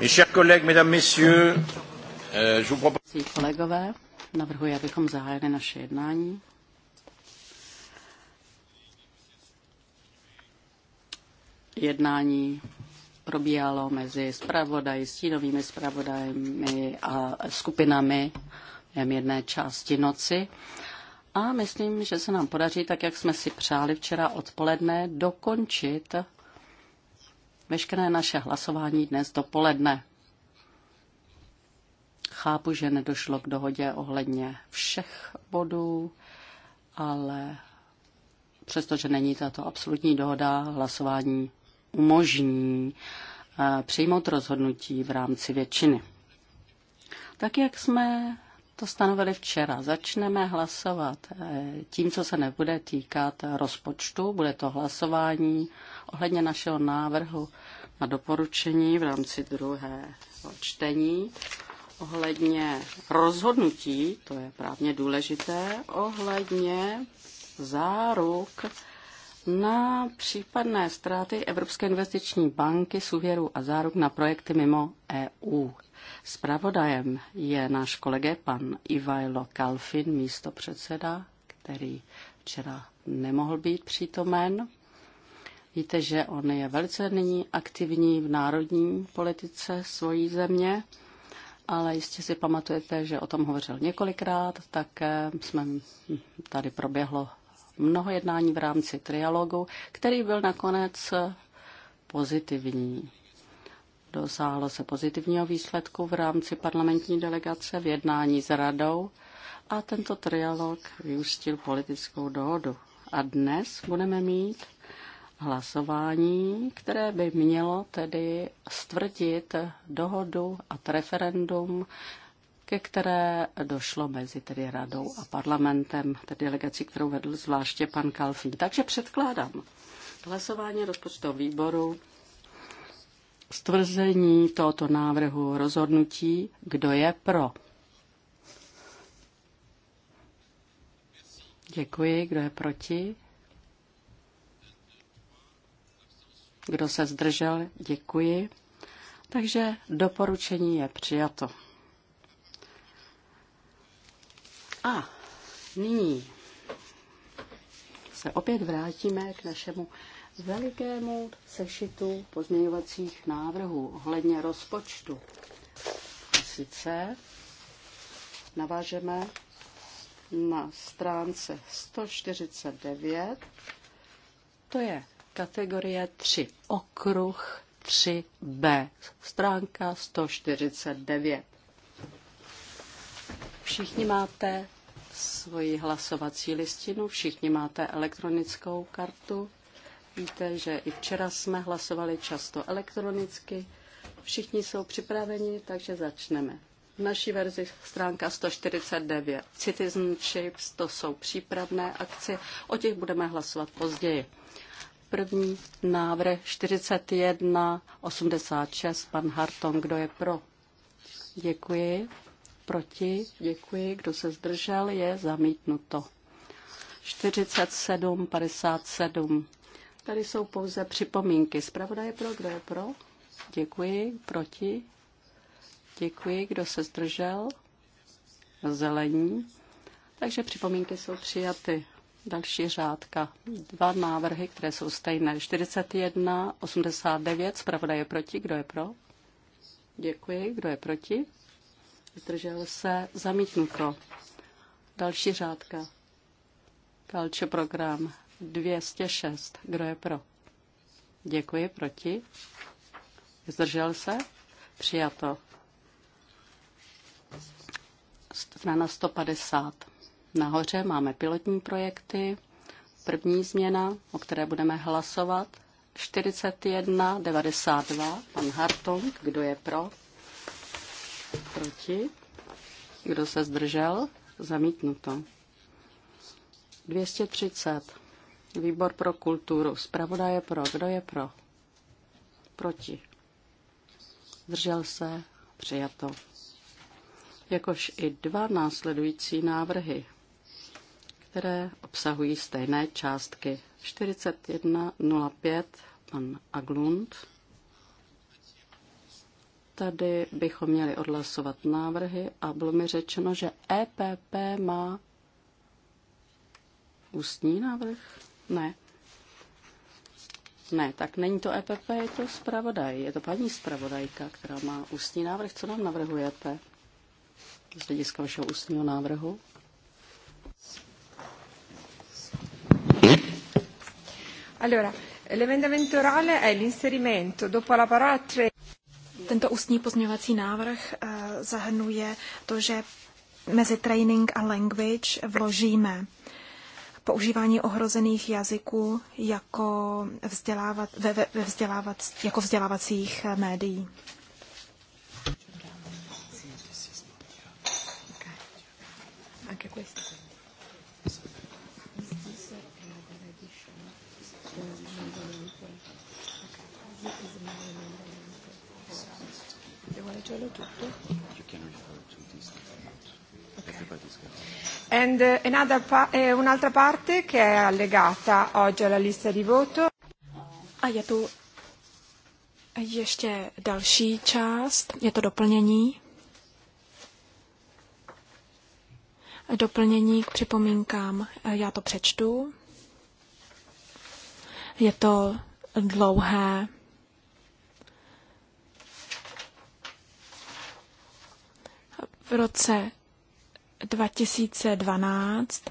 Euh, kolegové, navrhuji, abychom zahájili naše jednání. Jednání probíhalo mezi zpravodaji, stínovými zpravodajmi a skupinami během jedné části noci. A myslím, že se nám podaří, tak jak jsme si přáli včera odpoledne, dokončit veškeré naše hlasování dnes dopoledne. Chápu, že nedošlo k dohodě ohledně všech bodů, ale přestože není tato absolutní dohoda, hlasování umožní eh, přijmout rozhodnutí v rámci většiny. Tak jak jsme to stanovili včera. Začneme hlasovat eh, tím, co se nebude týkat rozpočtu. Bude to hlasování ohledně našeho návrhu na doporučení v rámci druhého čtení ohledně rozhodnutí, to je právně důležité, ohledně záruk na případné ztráty Evropské investiční banky suvěru a záruk na projekty mimo EU. Spravodajem je náš kolega pan Ivajlo Kalfin, místo předseda, který včera nemohl být přítomen. Víte, že on je velice nyní aktivní v národní politice svojí země, ale jistě si pamatujete, že o tom hovořil několikrát, Tak jsme, tady proběhlo mnoho jednání v rámci trialogu, který byl nakonec pozitivní. Dosáhlo se pozitivního výsledku v rámci parlamentní delegace v jednání s radou a tento trialog vyústil politickou dohodu. A dnes budeme mít hlasování, které by mělo tedy stvrdit dohodu a referendum, ke které došlo mezi tedy radou a parlamentem, tedy delegací, kterou vedl zvláště pan Kalfín. Takže předkládám hlasování rozpočtového výboru stvrzení tohoto návrhu rozhodnutí, kdo je pro. Děkuji, kdo je proti. Kdo se zdržel, děkuji. Takže doporučení je přijato. A nyní se opět vrátíme k našemu velikému sešitu pozměňovacích návrhů ohledně rozpočtu. A sice navážeme na stránce 149, to je kategorie 3, okruh 3b, stránka 149. Všichni máte svoji hlasovací listinu, všichni máte elektronickou kartu. Víte, že i včera jsme hlasovali často elektronicky. Všichni jsou připraveni, takže začneme. V naší verzi stránka 149 Citizen Chips, to jsou přípravné akce, o těch budeme hlasovat později. První návrh 4186, pan Harton, kdo je pro? Děkuji. Proti? Děkuji. Kdo se zdržel, je zamítnuto. 4757 Tady jsou pouze připomínky. Zpravodaj pro, kdo je pro? Děkuji. Proti? Děkuji. Kdo se zdržel? Zelení. Takže připomínky jsou přijaty. Další řádka. Dva návrhy, které jsou stejné. 41, 89. Zpravodaj je proti. Kdo je pro? Děkuji. Kdo je proti? Zdržel se. Zamítnuto. Další řádka. Kalče program. 206. Kdo je pro? Děkuji. Proti? Zdržel se? Přijato. Strana 150. Nahoře máme pilotní projekty. První změna, o které budeme hlasovat. 41, 92. Pan Hartung, kdo je pro? Proti? Kdo se zdržel? Zamítnuto. 230. Výbor pro kulturu. Zpravodaje pro. Kdo je pro? Proti. Zdržel se. Přijato. Jakož i dva následující návrhy, které obsahují stejné částky. 41.05 pan Aglund. Tady bychom měli odhlasovat návrhy a bylo mi řečeno, že EPP má ústní návrh. Ne. Ne, tak není to EPP, je to zpravodaj. Je to paní zpravodajka, která má ústní návrh. Co nám navrhujete z hlediska vašeho ústního návrhu? Allora, l'emendamento orale è l'inserimento dopo la parola tre. Tento ústní pozměňovací návrh eh, zahrnuje to, že mezi training a language vložíme používání ohrozených jazyků jako, vzdělávat, ve, ve ve vzdělávat, jako vzdělávacích médií. Anche questo. And eh, another pa- eh, un'altra parte che è allegata oggi alla lista di voto. A je tu ještě další část, je to doplnění. Doplnění k připomínkám, eh, já to přečtu. Je to dlouhé. V roce 2012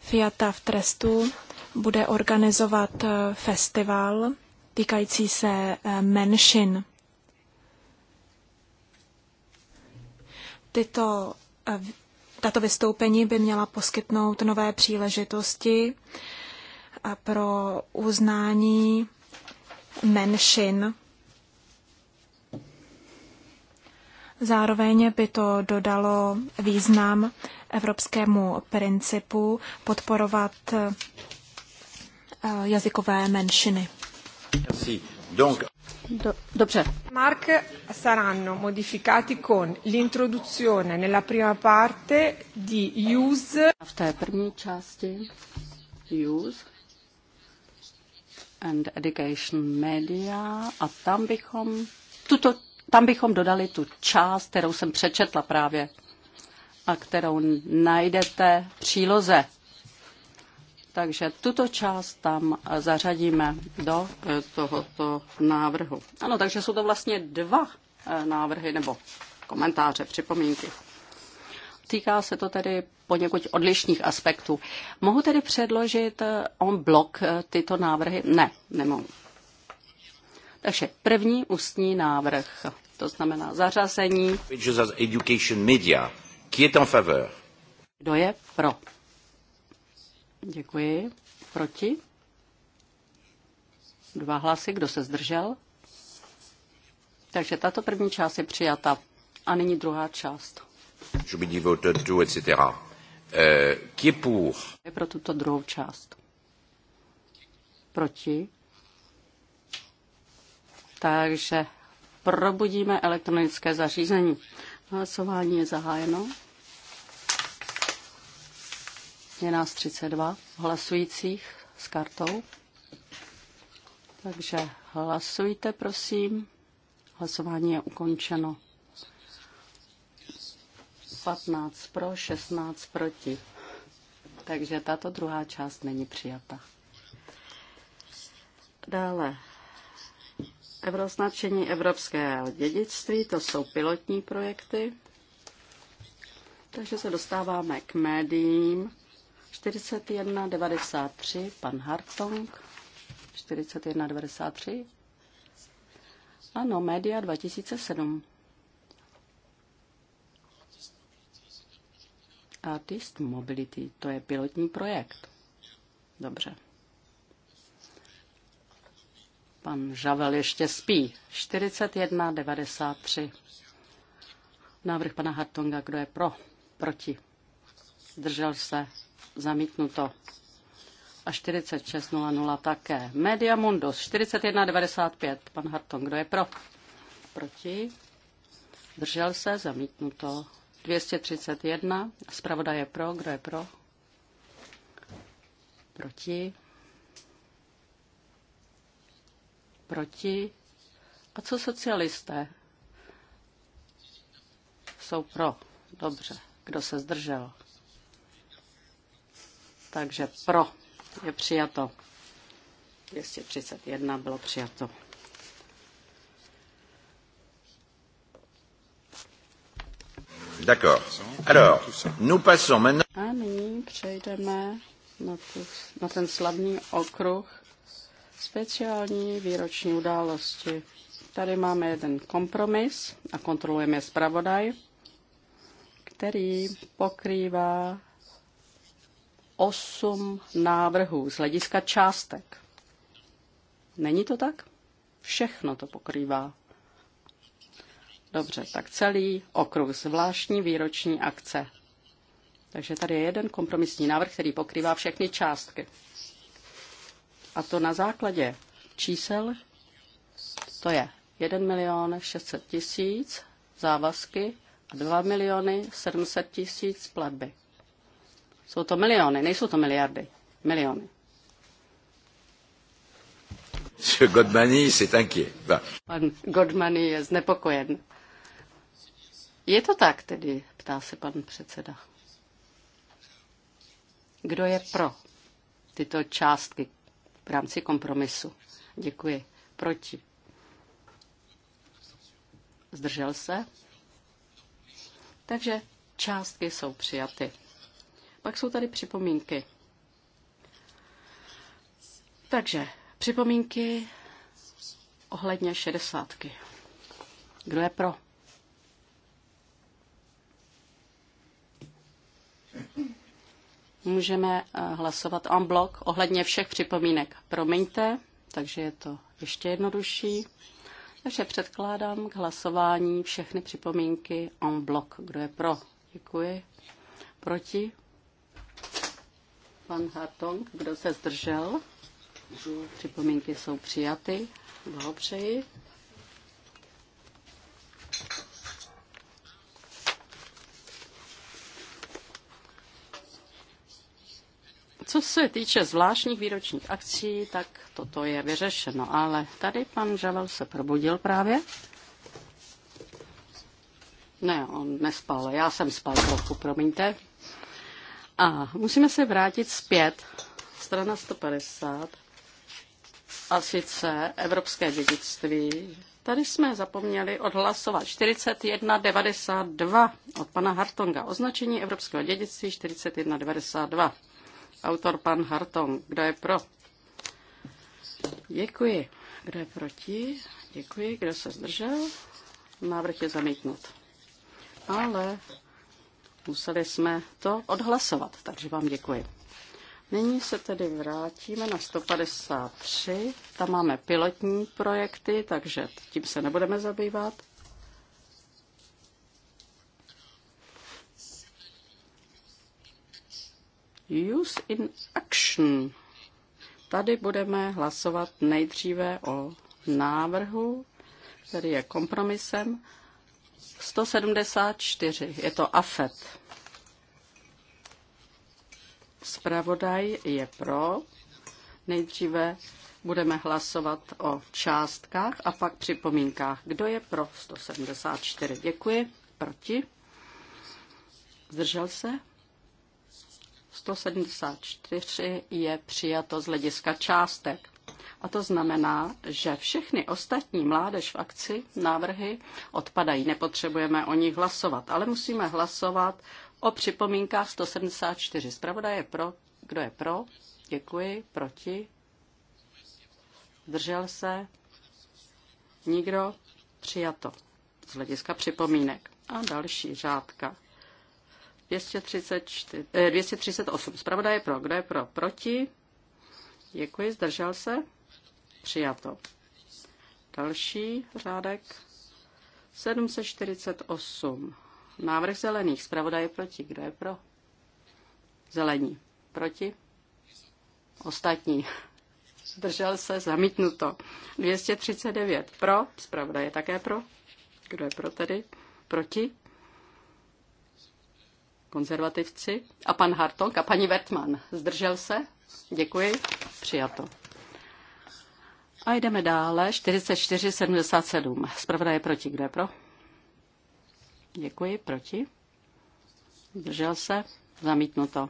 Fiata v trestu bude organizovat eh, festival týkající se eh, menšin. Tyto, eh, tato vystoupení by měla poskytnout nové příležitosti pro uznání menšin Zároveň by to dodalo význam evropskému principu podporovat eh, jazykové menšiny. Do, dobře. Mark saranno modificati con l'introduzione nella prima parte di use. V té první části use and education media a tam bychom tuto tam bychom dodali tu část, kterou jsem přečetla právě a kterou najdete v příloze. Takže tuto část tam zařadíme do eh, tohoto návrhu. Ano, takže jsou to vlastně dva eh, návrhy nebo komentáře, připomínky. Týká se to tedy poněkud odlišných aspektů. Mohu tedy předložit on eh, blok tyto návrhy? Ne, nemohu. Takže první ústní návrh, to znamená zařazení. Education media. Kdo je pro? Děkuji. Proti? Dva hlasy. Kdo se zdržel? Takže tato první část je přijata. A nyní druhá část. Je euh, pro tuto druhou část. Proti? takže probudíme elektronické zařízení. Hlasování je zahájeno. Je nás 32 hlasujících s kartou. Takže hlasujte, prosím. Hlasování je ukončeno. 15 pro, 16 proti. Takže tato druhá část není přijata. Dále Euroznačení evropské dědictví, to jsou pilotní projekty. Takže se dostáváme k médiím. 4193, pan Hartong. 4193. Ano, Média 2007. Artist Mobility, to je pilotní projekt. Dobře. Pan Žavel ještě spí. 41.93. Návrh pana Hartonga, kdo je pro, proti. Zdržel se, zamítnuto. A 46.00 také. Media Mundus, 41.95. Pan Hartong, kdo je pro? Proti. Držel se, zamítnuto. 231. Zpravodaj je pro, kdo je pro? Proti. Proti? A co socialisté? Jsou pro. Dobře. Kdo se zdržel? Takže pro je přijato. 231 bylo přijato. D'accord. Alors, nous passons maintenant... A nyní přejdeme na, tu, na ten slavný okruh speciální výroční události. Tady máme jeden kompromis a kontrolujeme zpravodaj, který pokrývá osm návrhů z hlediska částek. Není to tak? Všechno to pokrývá. Dobře, tak celý okruh zvláštní výroční akce. Takže tady je jeden kompromisní návrh, který pokrývá všechny částky. A to na základě čísel, to je 1 milion 600 tisíc závazky a 2 miliony 700 tisíc platby. Jsou to miliony, nejsou to miliardy. Miliony. Godmany, Pan Godmany je znepokojen. Je to tak tedy, ptá se pan předseda. Kdo je pro tyto částky? v rámci kompromisu. Děkuji. Proti. Zdržel se. Takže částky jsou přijaty. Pak jsou tady připomínky. Takže připomínky ohledně šedesátky. Kdo je pro? Můžeme eh, hlasovat en bloc ohledně všech připomínek. Promiňte, takže je to ještě jednodušší. Takže předkládám k hlasování všechny připomínky en bloc. Kdo je pro? Děkuji. Proti? Pan Hartong, kdo se zdržel? Připomínky jsou přijaty. Blahopřeji. Co se týče zvláštních výročních akcí, tak toto je vyřešeno, ale tady pan Žavel se probudil právě. Ne, on nespal, já jsem spal trochu, promiňte. A musíme se vrátit zpět. Strana 150. A sice Evropské dědictví. Tady jsme zapomněli odhlasovat 4192 od pana Hartonga. Označení Evropského dědictví 4192. Autor pan Hartong. Kdo je pro? Děkuji. Kdo je proti? Děkuji. Kdo se zdržel? Návrh je zamítnut. Ale museli jsme to odhlasovat, takže vám děkuji. Nyní se tedy vrátíme na 153. Tam máme pilotní projekty, takže tím se nebudeme zabývat. Use in Action. Tady budeme hlasovat nejdříve o návrhu, který je kompromisem 174. Je to AFET. Spravodaj je pro. Nejdříve budeme hlasovat o částkách a pak připomínkách. Kdo je pro 174? Děkuji. Proti? Zdržel se? 174 je přijato z hlediska částek. A to znamená, že všechny ostatní mládež v akci návrhy odpadají. Nepotřebujeme o nich hlasovat, ale musíme hlasovat o připomínkách 174. Zpravodaj je pro. Kdo je pro? Děkuji. Proti? Držel se? Nikdo? Přijato. Z hlediska připomínek. A další řádka. 234, eh, 238. Zpravodaj je pro. Kdo je pro? Proti? Děkuji. Zdržel se? Přijato. Další řádek. 748. Návrh zelených. Zpravodaj je proti. Kdo je pro? Zelení. Proti? Ostatní. Zdržel se? Zamítnuto. 239. Pro? Zpravodaj je také pro. Kdo je pro tedy? Proti? konzervativci, a pan Hartog a paní Wertmann. Zdržel se? Děkuji. Přijato. A jdeme dále. 44,77. Zpravda je proti. Kdo je pro? Děkuji. Proti. Zdržel se? Zamítnuto.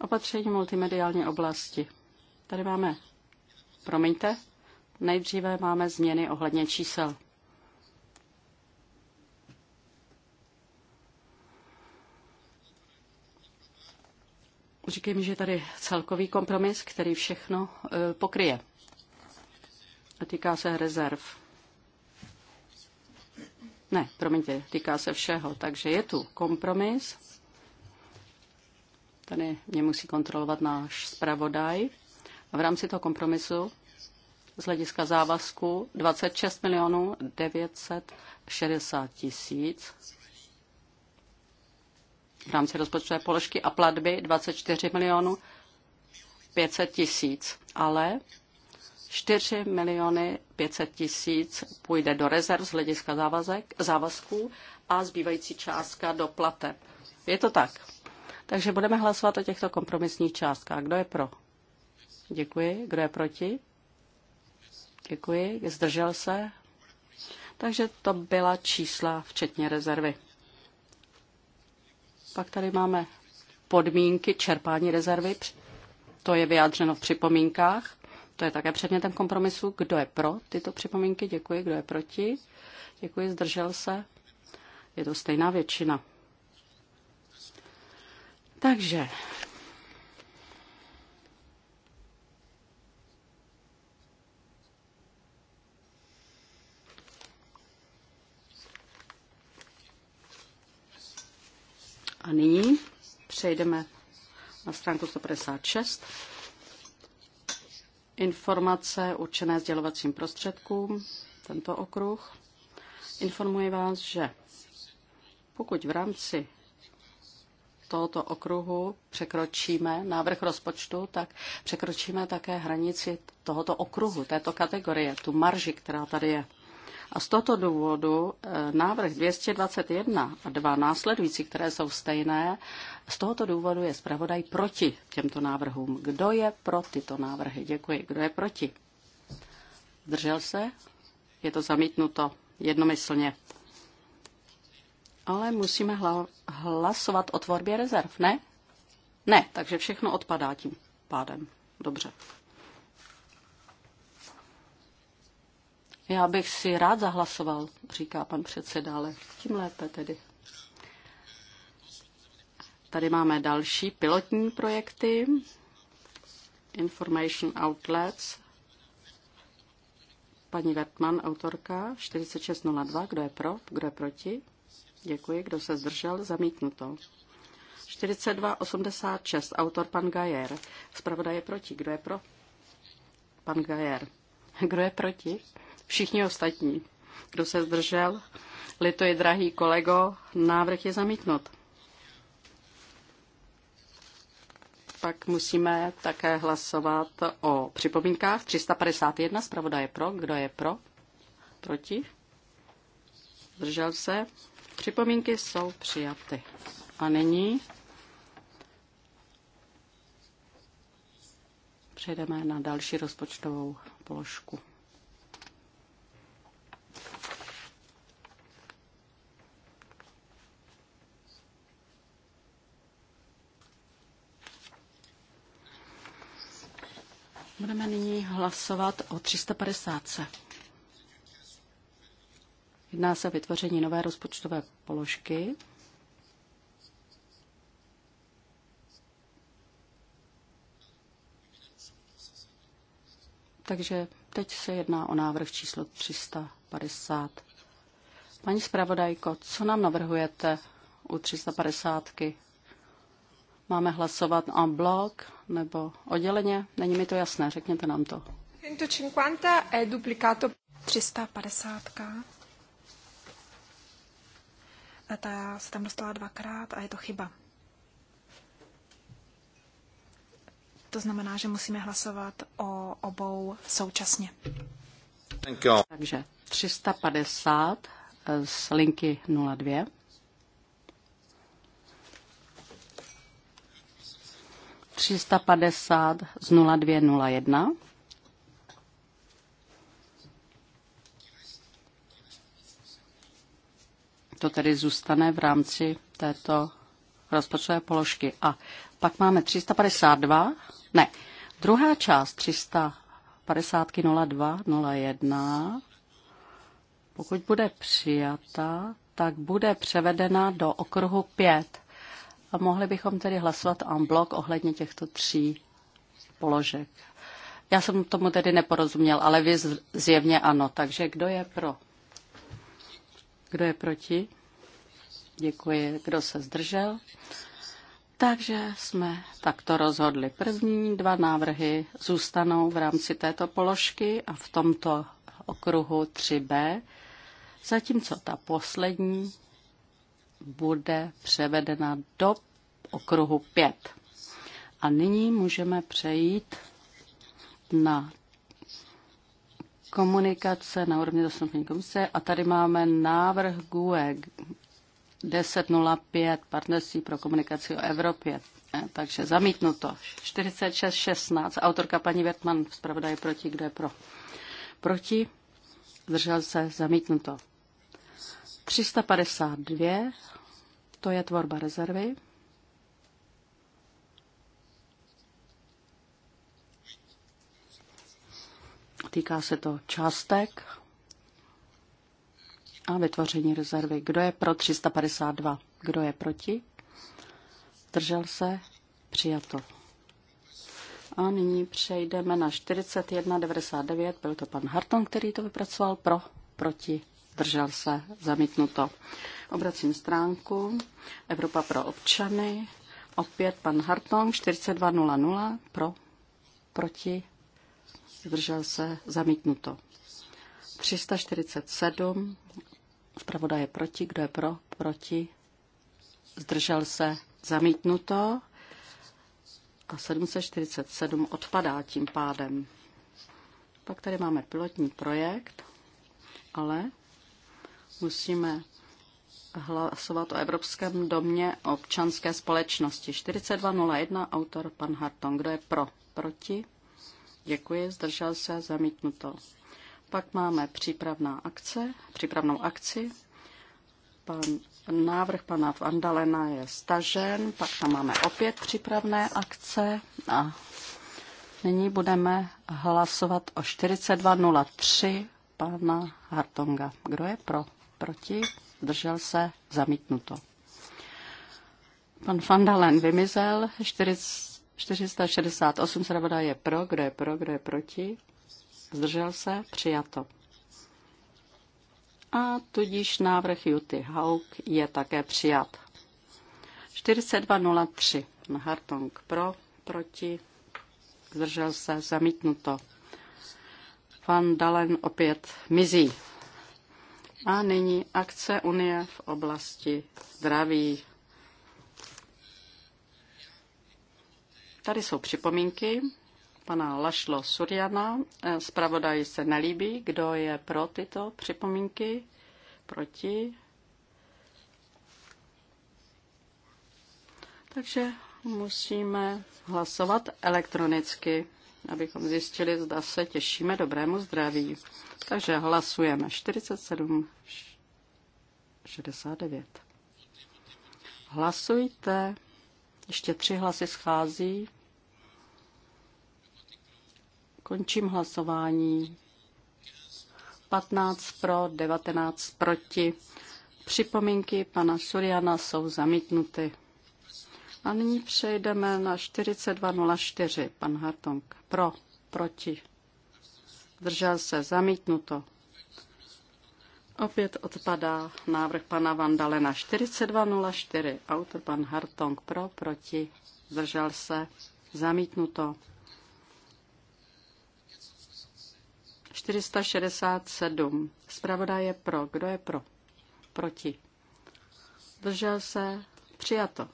Opatření multimediální oblasti. Tady máme, promiňte, nejdříve máme změny ohledně čísel. Říkají mi, že tady celkový kompromis, který všechno e, pokryje. A týká se rezerv. Ne, promiňte, týká se všeho. Takže je tu kompromis. Tady mě musí kontrolovat náš zpravodaj. A v rámci toho kompromisu z hlediska závazku 26 milionů 960 tisíc v rámci rozpočtové položky a platby 24 milionů 500 tisíc, ale 4 miliony 500 tisíc půjde do rezerv z hlediska závazek, závazků a zbývající částka do plateb. Je to tak. Takže budeme hlasovat o těchto kompromisních částkách. Kdo je pro? Děkuji. Kdo je proti? Děkuji. Zdržel se? Takže to byla čísla včetně rezervy. Pak tady máme podmínky čerpání rezervy. To je vyjádřeno v připomínkách. To je také předmětem kompromisu. Kdo je pro tyto připomínky? Děkuji. Kdo je proti? Děkuji. Zdržel se? Je to stejná většina. Takže A nyní přejdeme na stránku 156. Informace určené sdělovacím prostředkům, tento okruh. Informuji vás, že pokud v rámci tohoto okruhu překročíme návrh rozpočtu, tak překročíme také hranici tohoto okruhu, této kategorie, tu marži, která tady je. A z tohoto důvodu eh, návrh 221 a dva následující, které jsou stejné, z tohoto důvodu je zpravodaj proti těmto návrhům. Kdo je pro tyto návrhy? Děkuji. Kdo je proti? Držel se? Je to zamítnuto jednomyslně. Ale musíme hla- hlasovat o tvorbě rezerv, ne? Ne, takže všechno odpadá tím pádem. Dobře. Já bych si rád zahlasoval, říká pan předseda, ale tím lépe tedy. Tady máme další pilotní projekty. Information Outlets. Paní Vertman, autorka 4602. Kdo je pro? Kdo je proti? Děkuji. Kdo se zdržel? Zamítnuto. 4286. Autor pan Gajer. Zpravodaj je proti. Kdo je pro? Pan Gajer. Kdo je proti? všichni ostatní. Kdo se zdržel? Lito je drahý kolego, návrh je zamítnut. Pak musíme také hlasovat o připomínkách. 351, zpravoda je pro. Kdo je pro? Proti? Zdržel se? Připomínky jsou přijaty. A nyní přejdeme na další rozpočtovou položku. Budeme nyní hlasovat o 350. Jedná se o vytvoření nové rozpočtové položky. Takže teď se jedná o návrh číslo 350. Paní zpravodajko, co nám navrhujete u 350? -ky? Máme hlasovat en bloc nebo odděleně? Není mi to jasné, řekněte nám to. 150 je duplicato 350. A ta se tam dostala dvakrát a je to chyba. To znamená, že musíme hlasovat o obou současně. Takže 350 z eh, linky 02. 350 z 0201. To tedy zůstane v rámci této rozpočtové položky. A pak máme 352, ne, druhá část 350 0201, Pokud bude přijata, tak bude převedena do okruhu 5. A mohli bychom tedy hlasovat en blok ohledně těchto tří položek. Já jsem tomu tedy neporozuměl, ale vy zjevně ano. Takže kdo je pro? Kdo je proti? Děkuji. Kdo se zdržel? Takže jsme takto rozhodli. První dva návrhy zůstanou v rámci této položky a v tomto okruhu 3b, zatímco ta poslední bude převedena do okruhu 5. A nyní můžeme přejít na komunikace na úrovni dostupní komise a tady máme návrh GUE 1005 partnerství pro komunikaci o Evropě. Eh, takže zamítnuto. 4616. Autorka paní Vertman, zpravodaj proti, kdo je pro. Proti. Zdržel se zamítnuto. 352 to je tvorba rezervy. Týká se to částek a vytvoření rezervy. Kdo je pro 352? Kdo je proti? Držel se? Přijato. A nyní přejdeme na 41.99. Byl to pan Harton, který to vypracoval pro, proti, zdržel se, zamítnuto. Obracím stránku Evropa pro občany. Opět pan Hartong 4200 pro, proti, zdržel se, zamítnuto. 347, zpravodaj je proti, kdo je pro, proti, zdržel se, zamítnuto. A 747 odpadá tím pádem. Pak tady máme pilotní projekt, ale Musíme hlasovat o Evropském domě občanské společnosti. 4201, autor pan Harton. Kdo je pro? Proti? Děkuji, zdržel se, zamítnuto. Pak máme přípravná akce, přípravnou akci. Pan, návrh pana Vandalena je stažen, pak tam máme opět přípravné akce a nyní budeme hlasovat o 4203 pana Hartonga. Kdo je pro? proti, zdržel se, zamítnuto. Pan Fandalen vymizel, 468 zravoda je pro, kdo je pro, kdo je proti, zdržel se, přijato. A tudíž návrh Juty Hauk je také přijat. 4203 na Hartong pro, proti, zdržel se, zamítnuto. Pan Dalen opět mizí. A nyní akce Unie v oblasti zdraví. Tady jsou připomínky pana Lašlo Suriana. Eh, Zpravodaj se nelíbí. Kdo je pro tyto připomínky? Proti? Takže musíme hlasovat elektronicky abychom zjistili, zda se těšíme dobrému zdraví. Takže hlasujeme 47, 69. Hlasujte. Ještě tři hlasy schází. Končím hlasování. 15 pro, 19 proti. Připomínky pana Suriana jsou zamítnuty. A nyní přejdeme na 4204. Pan Hartong. Pro, proti. Držel se, zamítnuto. Opět odpadá návrh pana Vandalena 4204. Autor pan Hartong. Pro, proti. Zdržel se, zamítnuto. 467. Zpravodaj je pro. Kdo je pro? Proti. Držel se, přijato.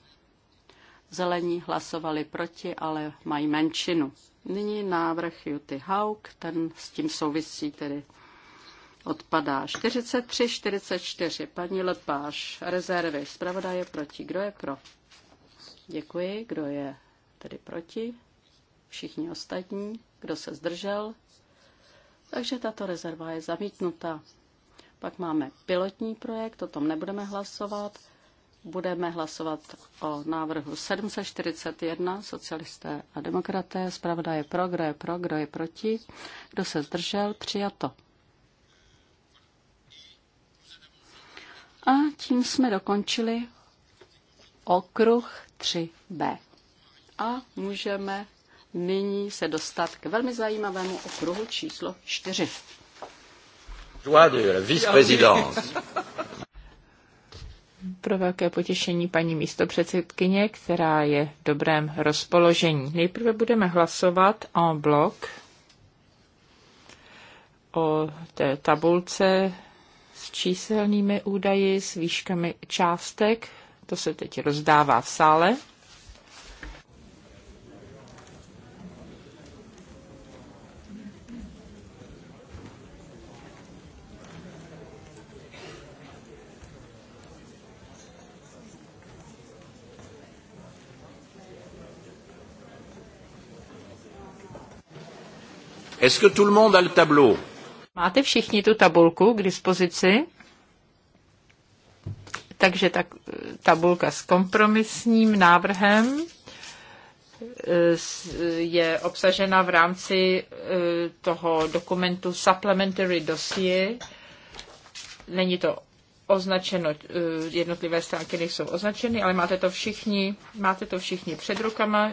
Zelení hlasovali proti, ale mají menšinu. Nyní návrh Juty Hauk, ten s tím souvisí tedy odpadá 43, 44. Paní Lepáš, rezervy, zpravodaje proti. Kdo je pro? Děkuji. Kdo je tedy proti? Všichni ostatní. Kdo se zdržel? Takže tato rezerva je zamítnuta. Pak máme pilotní projekt, o tom nebudeme hlasovat budeme hlasovat o návrhu 741, socialisté a demokraté. Zpravda je pro, kdo je pro, kdo je proti. Kdo se zdržel, přijato. A tím jsme dokončili okruh 3b. A můžeme nyní se dostat k velmi zajímavému okruhu číslo 4. Joie de la vice-présidence pro velké potěšení paní místopředsedkyně, která je v dobrém rozpoložení. Nejprve budeme hlasovat o blok o té tabulce s číselnými údaji, s výškami částek. To se teď rozdává v sále. Est-ce que tout le monde a le tableau? Máte všichni tu tabulku k dispozici? Takže ta eh, tabulka s kompromisním návrhem eh, je obsažena v rámci eh, toho dokumentu Supplementary Dossier. Není to označeno, jednotlivé stránky nejsou označeny, ale máte to všichni, máte to všichni před rukama,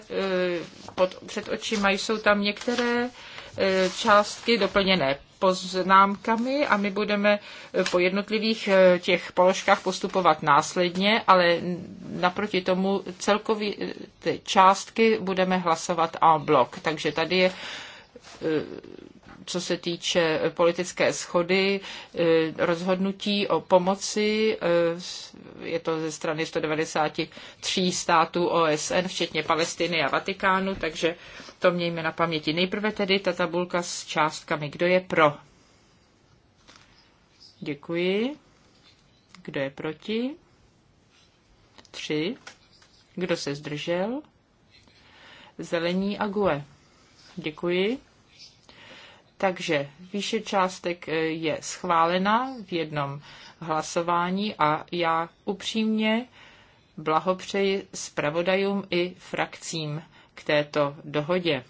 pod, před očima. Jsou tam některé E, částky doplněné poznámkami a my budeme po jednotlivých e, těch položkách postupovat následně, ale naproti tomu celkově e, ty částky budeme hlasovat a blok. Takže tady je co se týče eh, politické schody, eh, rozhodnutí o pomoci, eh, je to ze strany 193 států OSN, včetně Palestiny a Vatikánu, takže to mějme na paměti. Nejprve tedy ta tabulka s částkami. Kdo je pro? Děkuji. Kdo je proti? Tři. Kdo se zdržel? Zelení a gue. Děkuji. Takže výše částek eh, je schválena v jednom hlasování a já upřímně blahopřeji zpravodajům i frakcím k této dohodě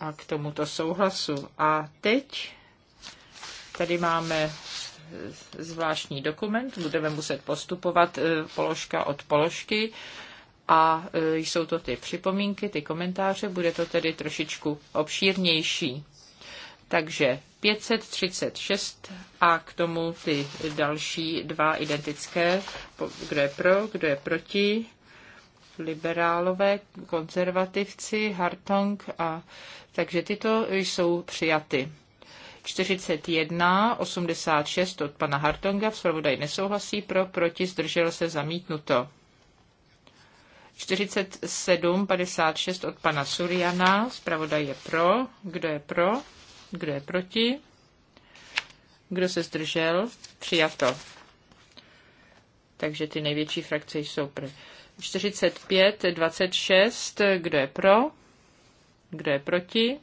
a k tomuto souhlasu. A teď tady máme zvláštní dokument, budeme muset postupovat eh, položka od položky a e, jsou to ty připomínky, ty komentáře, bude to tedy trošičku obšírnější. Takže 536 a k tomu ty další dva identické, kdo je pro, kdo je proti, liberálové, konzervativci, Hartong a takže tyto jsou přijaty. 41, 86 od pana Hartonga, v nesouhlasí pro, proti, zdržel se zamítnuto. 47,56 od pana Suriana. Zpravodaj je pro. Kdo je pro? Kdo je proti? Kdo se zdržel? Přijato. Takže ty největší frakce jsou pro. 45, 26, kdo je pro? Kdo je proti?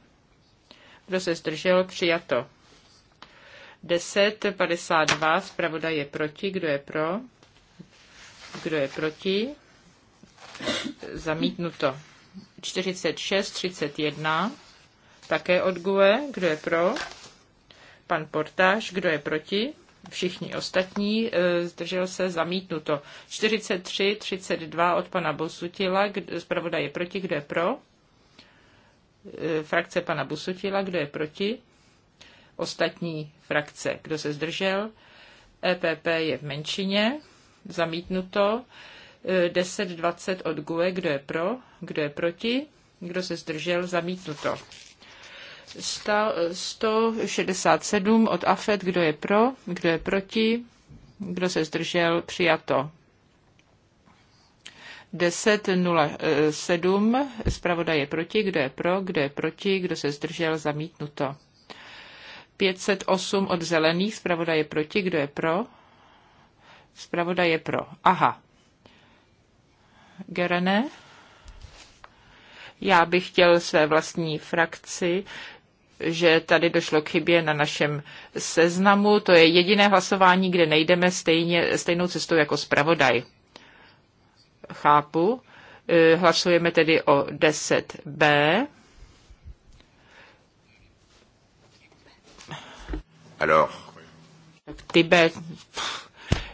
Kdo se zdržel? Přijato. 10, 52, zpravodaj je proti. Kdo je pro? Kdo je proti? Zamítnuto. 46, 31. Také od GUE. Kdo je pro? Pan Portáž. Kdo je proti? Všichni ostatní. E, zdržel se zamítnuto. 43, 32 od pana Bosutila. Zpravodaj je proti. Kdo je pro? E, frakce pana Busutila. Kdo je proti? Ostatní frakce. Kdo se zdržel? EPP je v menšině. Zamítnuto. 1020 od GUE, kdo je pro, kdo je proti, kdo se zdržel, zamítnuto. 167 od AFED, kdo je pro, kdo je proti, kdo se zdržel, přijato. 10.07, zpravodaj je proti, kdo je pro, kdo je proti, kdo se zdržel, zamítnuto. 508 od zelených, zpravodaj je proti, kdo je pro, zpravodaj je pro. Aha, Gerene. Já bych chtěl své vlastní frakci že tady došlo k chybě na našem seznamu. To je jediné hlasování, kde nejdeme stejně, stejnou cestou jako zpravodaj. Chápu. E, hlasujeme tedy o 10b. Alors. Tibet.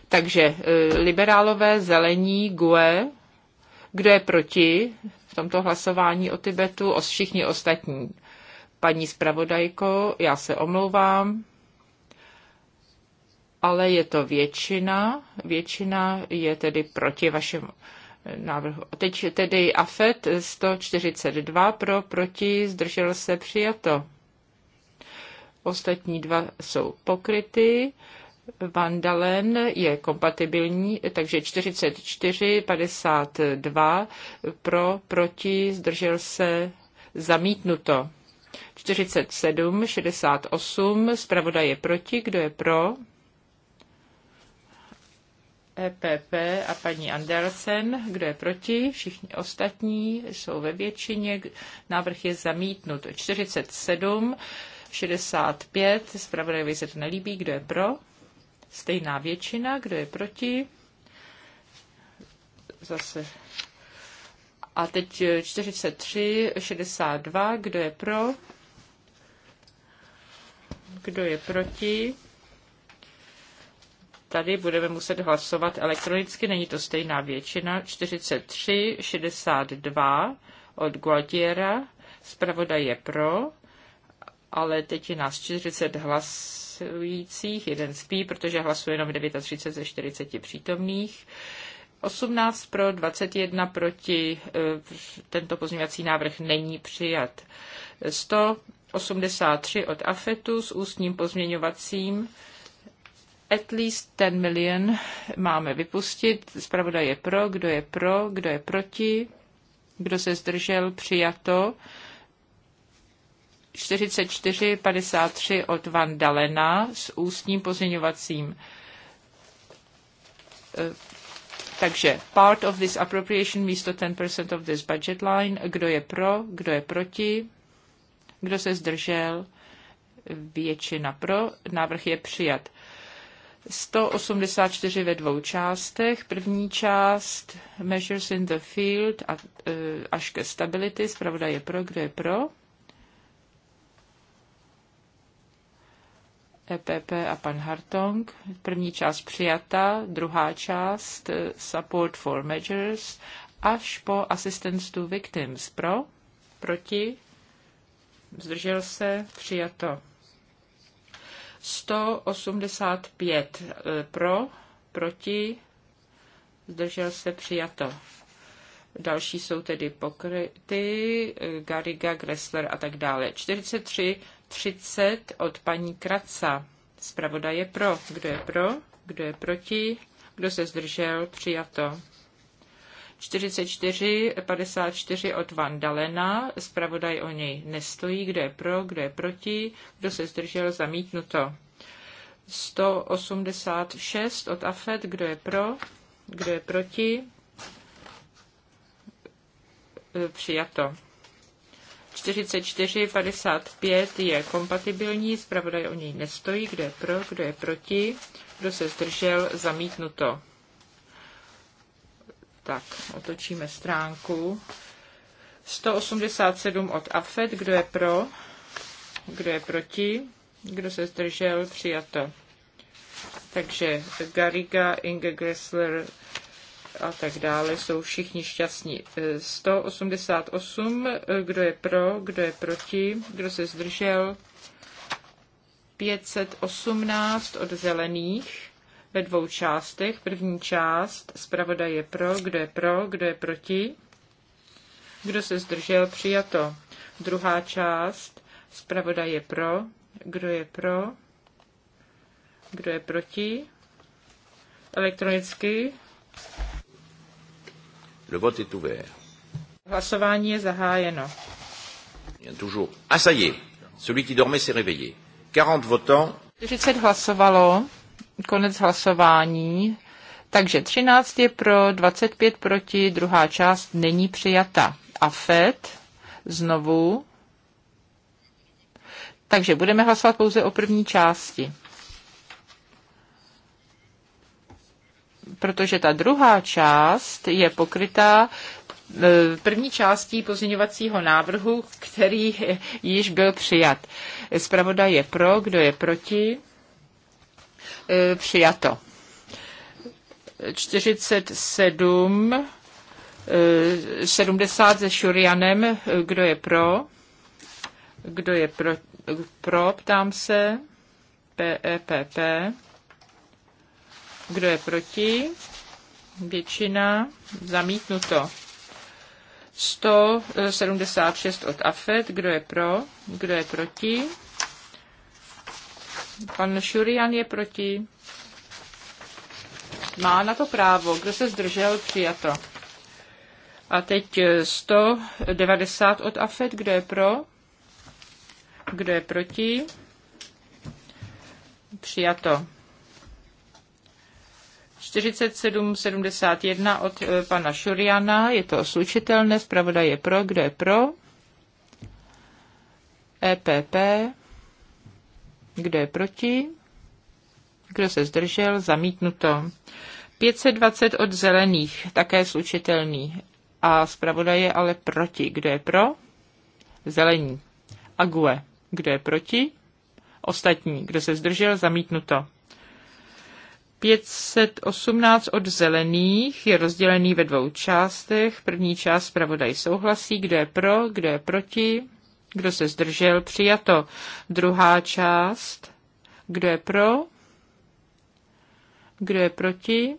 Takže e, liberálové, zelení, GUE, kdo je proti v tomto hlasování o Tibetu? O všichni ostatní. Paní zpravodajko, já se omlouvám, ale je to většina. Většina je tedy proti vašemu návrhu. Teď tedy AFET 142 pro, proti, zdržel se, přijato ostatní dva jsou pokryty. Vandalen je kompatibilní, takže 44, 52 pro, proti, zdržel se, zamítnuto. 47, 68, zpravodaj je proti, kdo je pro? EPP a paní Andersen, kdo je proti, všichni ostatní jsou ve většině, návrh je zamítnut. 47, 65, zpravodajovi se to nelíbí, kdo je pro? Stejná většina, kdo je proti? Zase. A teď 43, 62, kdo je pro? Kdo je proti? Tady budeme muset hlasovat elektronicky, není to stejná většina. 43, 62 od Gualtiera, zpravodaj je pro ale teď je nás 40 hlasujících, jeden spí, protože hlasuje jenom 39 ze 40 přítomných. 18 pro, 21 proti, e, tento pozměňovací návrh není přijat. 183 od AFETu s ústním pozměňovacím at least 10 million máme vypustit. Zpravodaj je pro, kdo je pro, kdo je proti, kdo se zdržel, přijato. 4453 od Van Dalena s ústním pozměňovacím. Eh, takže part of this appropriation místo 10% of this budget line. Kdo je pro, kdo je proti, kdo se zdržel, většina pro. Návrh je přijat. 184 ve dvou částech. První část Measures in the Field a, eh, až ke stability. Zpravda je pro, kdo je pro EPP a pan Hartong. První část přijata, druhá část eh, Support for Measures až po Assistance to Victims. Pro, proti, zdržel se, přijato. 185 eh, pro, proti, zdržel se, přijato další jsou tedy pokryty, eh, Gariga, Gressler a tak dále. 43, 30 od paní Kraca. Zpravoda je pro. Kdo je pro? Kdo je proti? Kdo se zdržel? Přijato. 44, 54 od Van Dalena. Zpravodaj o něj nestojí. Kdo je pro? Kdo je proti? Kdo se zdržel? Zamítnuto. 186 od Afet. Kdo je pro? Kdo je proti? E, přijato. 4455 je kompatibilní, zpravodaj o něj nestojí, kdo je pro, kdo je proti, kdo se zdržel, zamítnuto. Tak, otočíme stránku. 187 od AFED, kdo je pro, kdo je proti, kdo se zdržel, přijato. Takže Gariga, Inge Gressler, a tak dále, jsou všichni šťastní. 188, kdo je pro, kdo je proti, kdo se zdržel. 518 od zelených ve dvou částech. První část, zpravodaj je pro, kdo je pro, kdo je proti, kdo se zdržel, přijato. Druhá část, zpravodaj je pro, kdo je pro, kdo je proti, elektronicky Le vote est ouvert. Hlasování je zahájeno. Toujours. Ah, ça y est. Celui qui dormait s'est réveillé. 40 votants. 40 hlasovalo. Konec hlasování. Takže 13 je pro, 25 proti, druhá část není přijata. A FED znovu. Takže budeme hlasovat pouze o první části. protože ta druhá část je pokrytá e, první částí pozměňovacího návrhu, který již byl přijat. Zpravoda je pro, kdo je proti? E, přijato. 47, 70 e, se Šurianem, kdo je pro? Kdo je pro, pro ptám se? PEPP. -E kdo je proti? Většina. Zamítnuto. 176 od AFED. Kdo je pro? Kdo je proti? Pan Šurian je proti. Má na to právo. Kdo se zdržel? Přijato. A teď 190 od AFED. Kdo je pro? Kdo je proti? Přijato. 4771 od eh, pana Šuriana, je to slučitelné, Zpravoda je pro, kdo je pro? EPP, kdo je proti? Kdo se zdržel? Zamítnuto. 520 od zelených, také slučitelný. A zpravoda je ale proti. Kdo je pro? Zelení. Ague. Kdo je proti? Ostatní. Kdo se zdržel? Zamítnuto. 518 od zelených je rozdělený ve dvou částech. První část zpravodaj souhlasí, kdo je pro, kdo je proti, kdo se zdržel, přijato. Druhá část, kdo je pro, kdo je proti.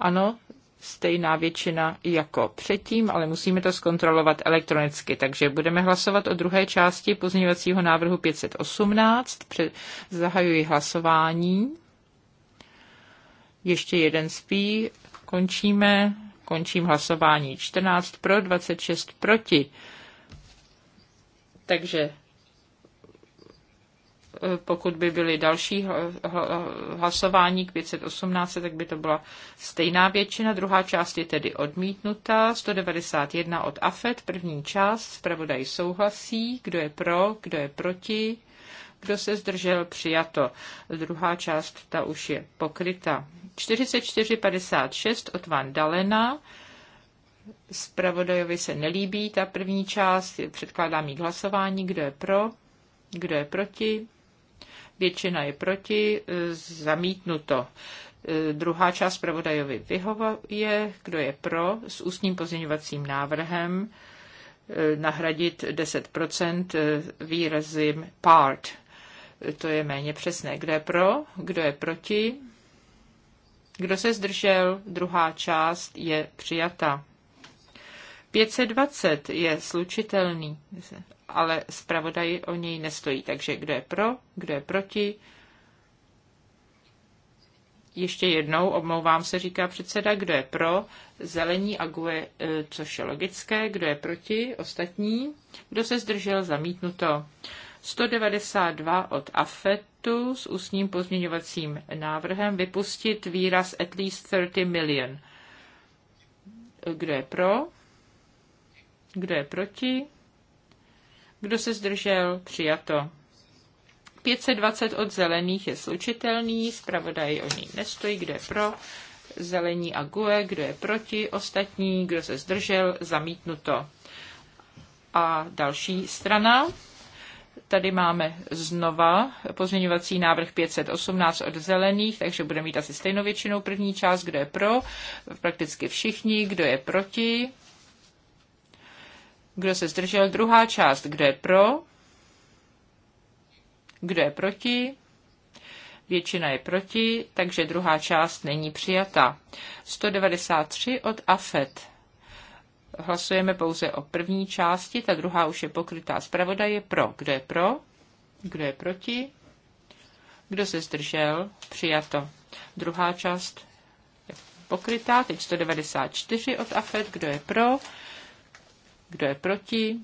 Ano, stejná většina jako předtím, ale musíme to zkontrolovat elektronicky. Takže budeme hlasovat o druhé části pozměňovacího návrhu 518. Zahajuji hlasování. Ještě jeden spí, končíme, končím hlasování. 14 pro, 26 proti. Takže eh, pokud by byly další hlasování k 518, tak by to byla stejná většina. Druhá část je tedy odmítnuta. 191 od AFET, první část, zpravodaj souhlasí, kdo je pro, kdo je proti, kdo se zdržel? Přijato. Druhá část, ta už je pokryta. 44,56 od Van Dalena. Spravodajovi se nelíbí ta první část, předkládám jí k hlasování, kdo je pro, kdo je proti. Většina je proti, zamítnuto. Druhá část zpravodajovi vyhovuje, kdo je pro, s ústním pozměňovacím návrhem eh, nahradit 10% eh, výrazem part to je méně přesné. Kdo je pro, kdo je proti, kdo se zdržel, druhá část je přijata. 520 je slučitelný, ale zpravodaj o něj nestojí. Takže kdo je pro, kdo je proti, ještě jednou, omlouvám se, říká předseda, kdo je pro, zelení a GUE, eh, což je logické, kdo je proti, ostatní, kdo se zdržel, zamítnuto. 192 od AFETu s ústním pozměňovacím návrhem vypustit výraz at least 30 million. Kdo je pro? Kdo je proti? Kdo se zdržel? Přijato. 520 od zelených je slučitelný, zpravodaj o něj nestojí, kdo je pro, zelení a GUE, kdo je proti, ostatní, kdo se zdržel, zamítnuto. A další strana. Tady máme znova pozměňovací návrh 518 od zelených, takže bude mít asi stejnou většinou první část, kdo je pro, prakticky všichni, kdo je proti, kdo se zdržel, druhá část, kdo je pro, kdo je proti, většina je proti, takže druhá část není přijata. 193 od AFET. Hlasujeme pouze o první části, ta druhá už je pokrytá. Zpravodaj je pro. Kdo je pro? Kdo je proti? Kdo se zdržel? Přijato. Druhá část je pokrytá, teď 194 od AFED. Kdo je pro? Kdo je proti?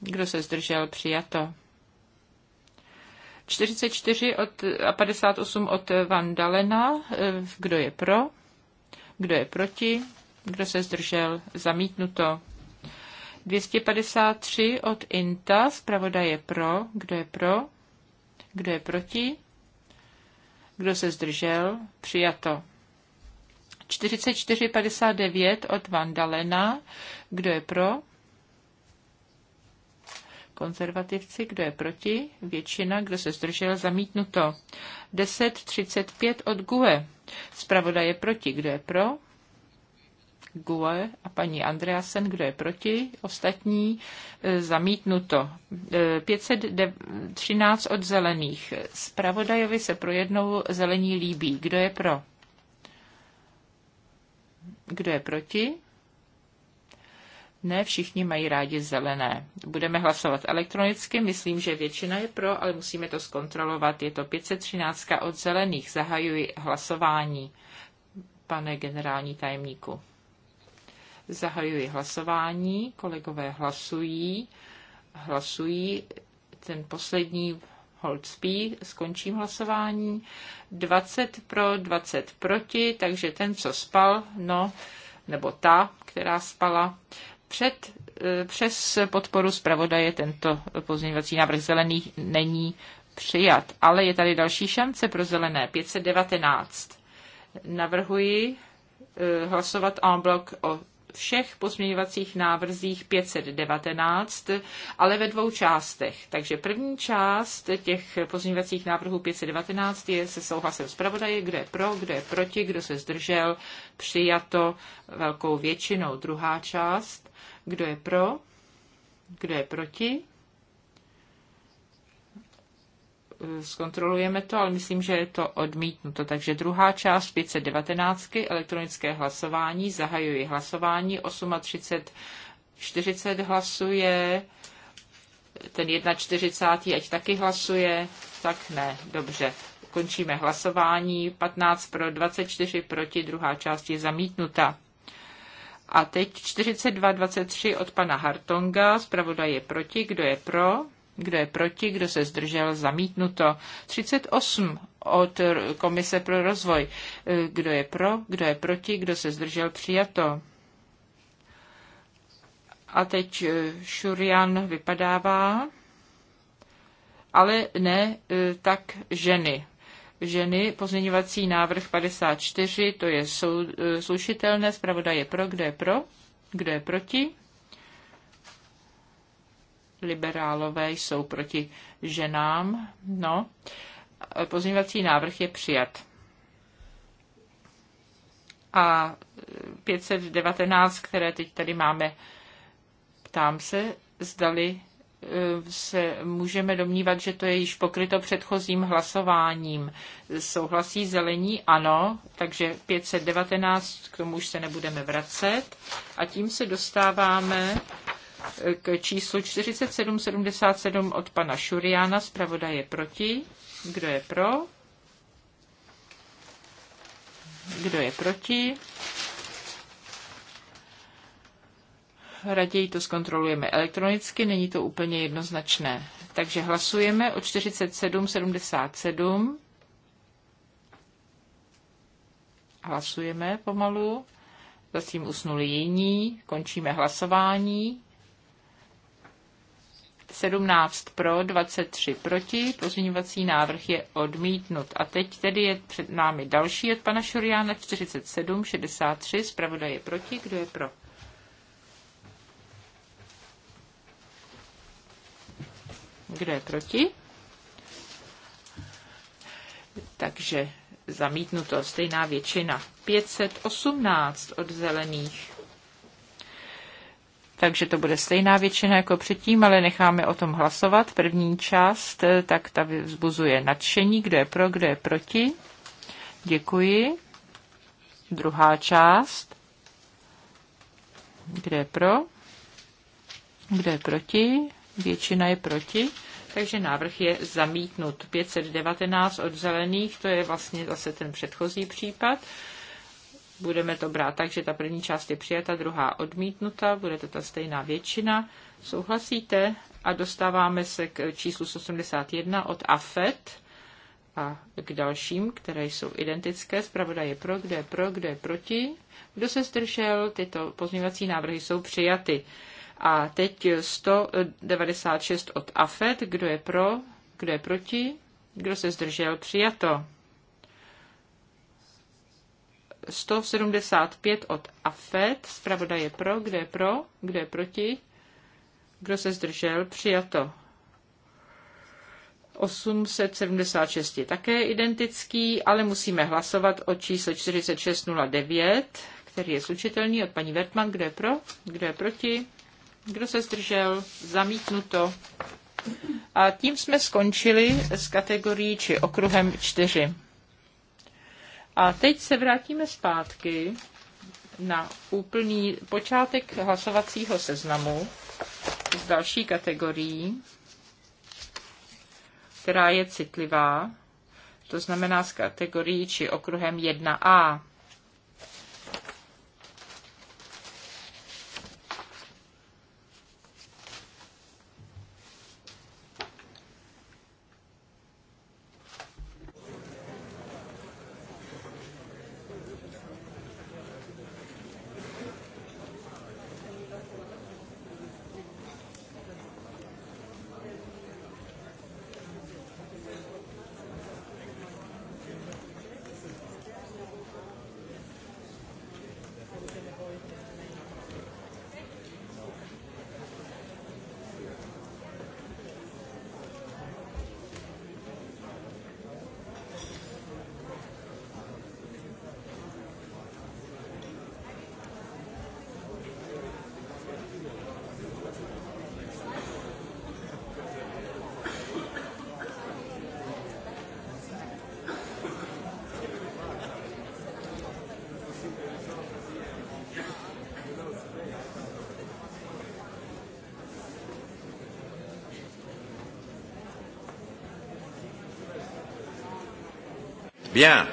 Kdo se zdržel? Přijato. 44 od, a 58 od Vandalena. Kdo je pro? Kdo je proti? Kdo se zdržel? Zamítnuto. 253 od INTA. Zpravodaj je pro. Kdo je pro? Kdo je proti? Kdo se zdržel? Přijato. 4459 od Vandalena. Kdo je pro? konzervativci, kdo je proti, většina, kdo se zdržel, zamítnuto. 10.35 od GUE. spravodaje je proti, kdo je pro, Gule a paní Andreasen, kdo je proti, ostatní e, zamítnuto. 513 e, od zelených. Spravodajovi se pro jednou zelení líbí. Kdo je pro? Kdo je proti? Ne všichni mají rádi zelené. Budeme hlasovat elektronicky, myslím, že většina je pro, ale musíme to zkontrolovat. Je to 513 od zelených. Zahajuji hlasování, pane generální tajemníku. Zahajuji hlasování, kolegové hlasují, hlasují ten poslední hold spí, skončím hlasování. 20 pro, 20 proti, takže ten, co spal, no, nebo ta, která spala, před, eh, přes podporu zpravodaje tento pozměňovací návrh zelený není přijat. Ale je tady další šance pro zelené, 519. Navrhuji eh, hlasovat en bloc o všech pozměňovacích návrzích 519, ale ve dvou částech. Takže první část těch pozměňovacích návrhů 519 je se souhlasem zpravodaje, kde je pro, kde je proti, kdo se zdržel, přijato velkou většinou. Druhá část, kdo je pro, kdo je proti, Eh, zkontrolujeme to, ale myslím, že je to odmítnuto. Takže druhá část 519, elektronické hlasování, zahajuji hlasování, 38, 40 hlasuje, ten 1,40, ať taky hlasuje, tak ne, dobře. Končíme hlasování, 15 pro, 24 proti, druhá část je zamítnuta. A teď 42,23 od pana Hartonga, zpravodaj je proti, kdo je pro? Kdo je proti? Kdo se zdržel? Zamítnuto. 38 od Komise pro rozvoj. Kdo je pro? Kdo je proti? Kdo se zdržel? Přijato. A teď eh, Šurian vypadává, ale ne eh, tak ženy ženy. Pozměňovací návrh 54, to je eh, slušitelné. Zpravodaj je pro, kdo je pro, kdo je proti, liberálové jsou proti ženám. No, pozměňovací návrh je přijat. A 519, které teď tady máme, ptám se, zdali eh, se můžeme domnívat, že to je již pokryto předchozím hlasováním. Souhlasí zelení? Ano, takže 519, k tomu už se nebudeme vracet. A tím se dostáváme k číslu 4777 od pana Šuriána. Zpravoda je proti. Kdo je pro? Kdo je proti? Raději to zkontrolujeme elektronicky, není to úplně jednoznačné. Takže hlasujeme o 4777. Hlasujeme pomalu. Zatím usnuli jiní. Končíme hlasování. 17 pro, 23 proti, pozměňovací návrh je odmítnut. A teď tedy je před námi další od pana Šuriána 47, 63, zpravodaj je proti, kdo je pro? Kdo je proti? Takže zamítnuto, stejná většina. 518 od zelených takže to bude stejná většina jako předtím, ale necháme o tom hlasovat. První část, eh, tak ta vzbuzuje nadšení, kdo je pro, kdo je proti. Děkuji. Druhá část, kde je pro, kde je proti, většina je proti. Takže návrh je zamítnut. 519 od zelených, to je vlastně zase ten předchozí případ. Budeme to brát tak, že ta první část je přijata, druhá odmítnuta, bude to ta stejná většina. Souhlasíte? A dostáváme se k číslu 81 od AFET a k dalším, které jsou identické. Zpravodaj je pro, kde je pro, kde je proti. Kdo se zdržel, tyto pozměňovací návrhy jsou přijaty. A teď 196 od AFET. Kdo je pro, kdo je proti? Kdo se zdržel, přijato. 175 od AFET. Zpravodaj je pro. kde je pro? kde je proti? Kdo se zdržel? Přijato. 876 je také identický, ale musíme hlasovat o čísle 4609, který je slučitelný od paní Vertman. Kdo je pro? Kdo je proti? Kdo se zdržel? Zamítnuto. A tím jsme skončili s kategorií či okruhem 4. A teď se vrátíme zpátky na úplný počátek hlasovacího seznamu z další kategorií, která je citlivá, to znamená s kategorií či okruhem 1A. Bien.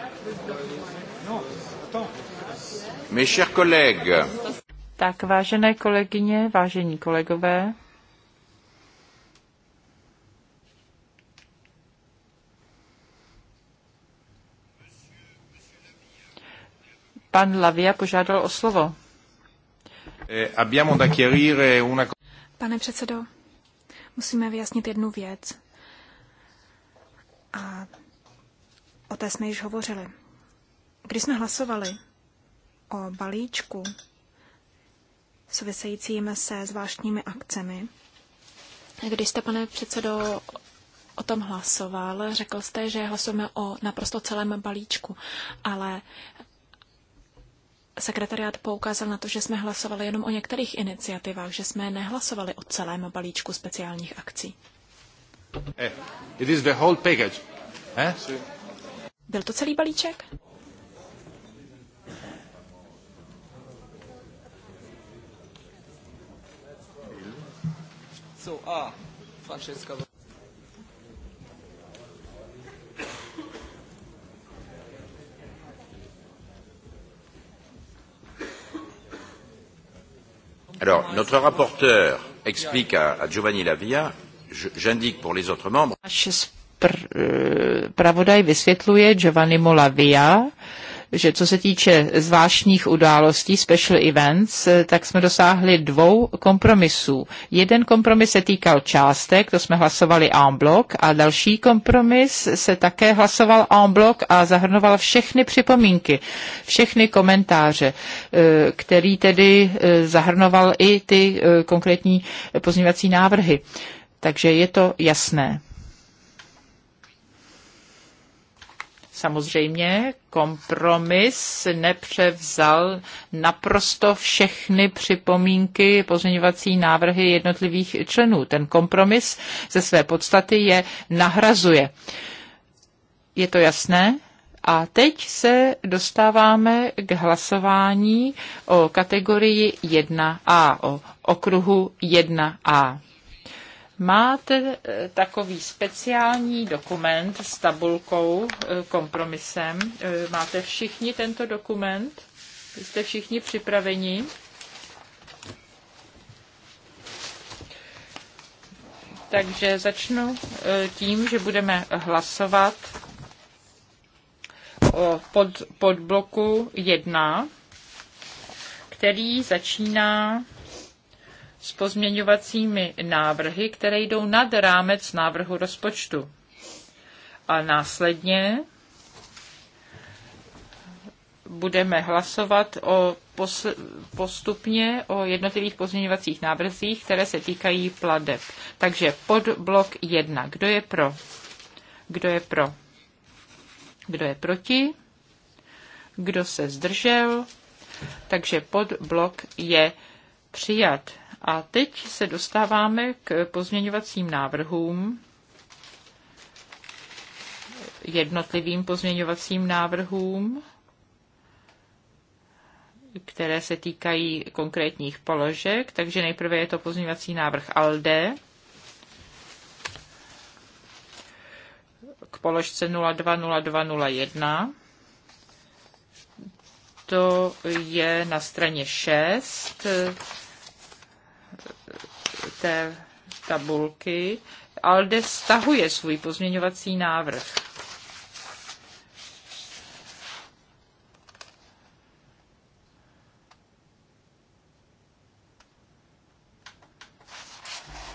No, Mes chers collègues. Tak, vážené kolegyně, vážení kolegové. Pan Lavia požádal o slovo. Eh, Pane předsedo, musíme vyjasnit jednu věc. A O té jsme již hovořili. Když jsme hlasovali o balíčku souvisejícím se zvláštními akcemi, když jste, pane předsedo, o tom hlasoval, řekl jste, že hlasujeme o naprosto celém balíčku, ale sekretariát poukázal na to, že jsme hlasovali jenom o některých iniciativách, že jsme nehlasovali o celém balíčku speciálních akcí. Eh, it is the whole package. Eh? Byl to celý balíček? So, a, ah, Francesca. Alors, notre rapporteur explique à, à Giovanni Lavia, j'indique pour les autres membres pr- eh, pravodaj vysvětluje Giovanni Molavia, že co se týče zvláštních událostí, special events, eh, tak jsme dosáhli dvou kompromisů. Jeden kompromis se týkal částek, to jsme hlasovali en bloc, a další kompromis se také hlasoval en bloc a zahrnoval všechny připomínky, všechny komentáře, eh, který tedy zahrnoval i ty konkrétní pozměňovací návrhy. Takže je to jasné. Samozřejmě kompromis nepřevzal naprosto všechny připomínky, pozměňovací návrhy jednotlivých členů. Ten kompromis ze své podstaty je nahrazuje. Je to jasné? A teď se dostáváme k hlasování o kategorii 1A, o okruhu 1A máte eh, takový speciální dokument s tabulkou, eh, kompromisem. Eh, máte všichni tento dokument? Jste všichni připraveni? Takže začnu tím, že budeme hlasovat o pod, bloku 1, který začíná s pozměňovacími návrhy, které jdou nad rámec návrhu rozpočtu. A následně budeme hlasovat o postupně o jednotlivých pozměňovacích návrzích, které se týkají pladeb. Takže pod blok 1. Kdo je pro? Kdo je pro? Kdo je proti? Kdo se zdržel? Takže pod blok je přijat. A teď se dostáváme k pozměňovacím návrhům, jednotlivým pozměňovacím návrhům, které se týkají konkrétních položek. Takže nejprve je to pozměňovací návrh ALDE k položce 020201. To je na straně 6 té tabulky, ALDE stahuje svůj pozměňovací návrh.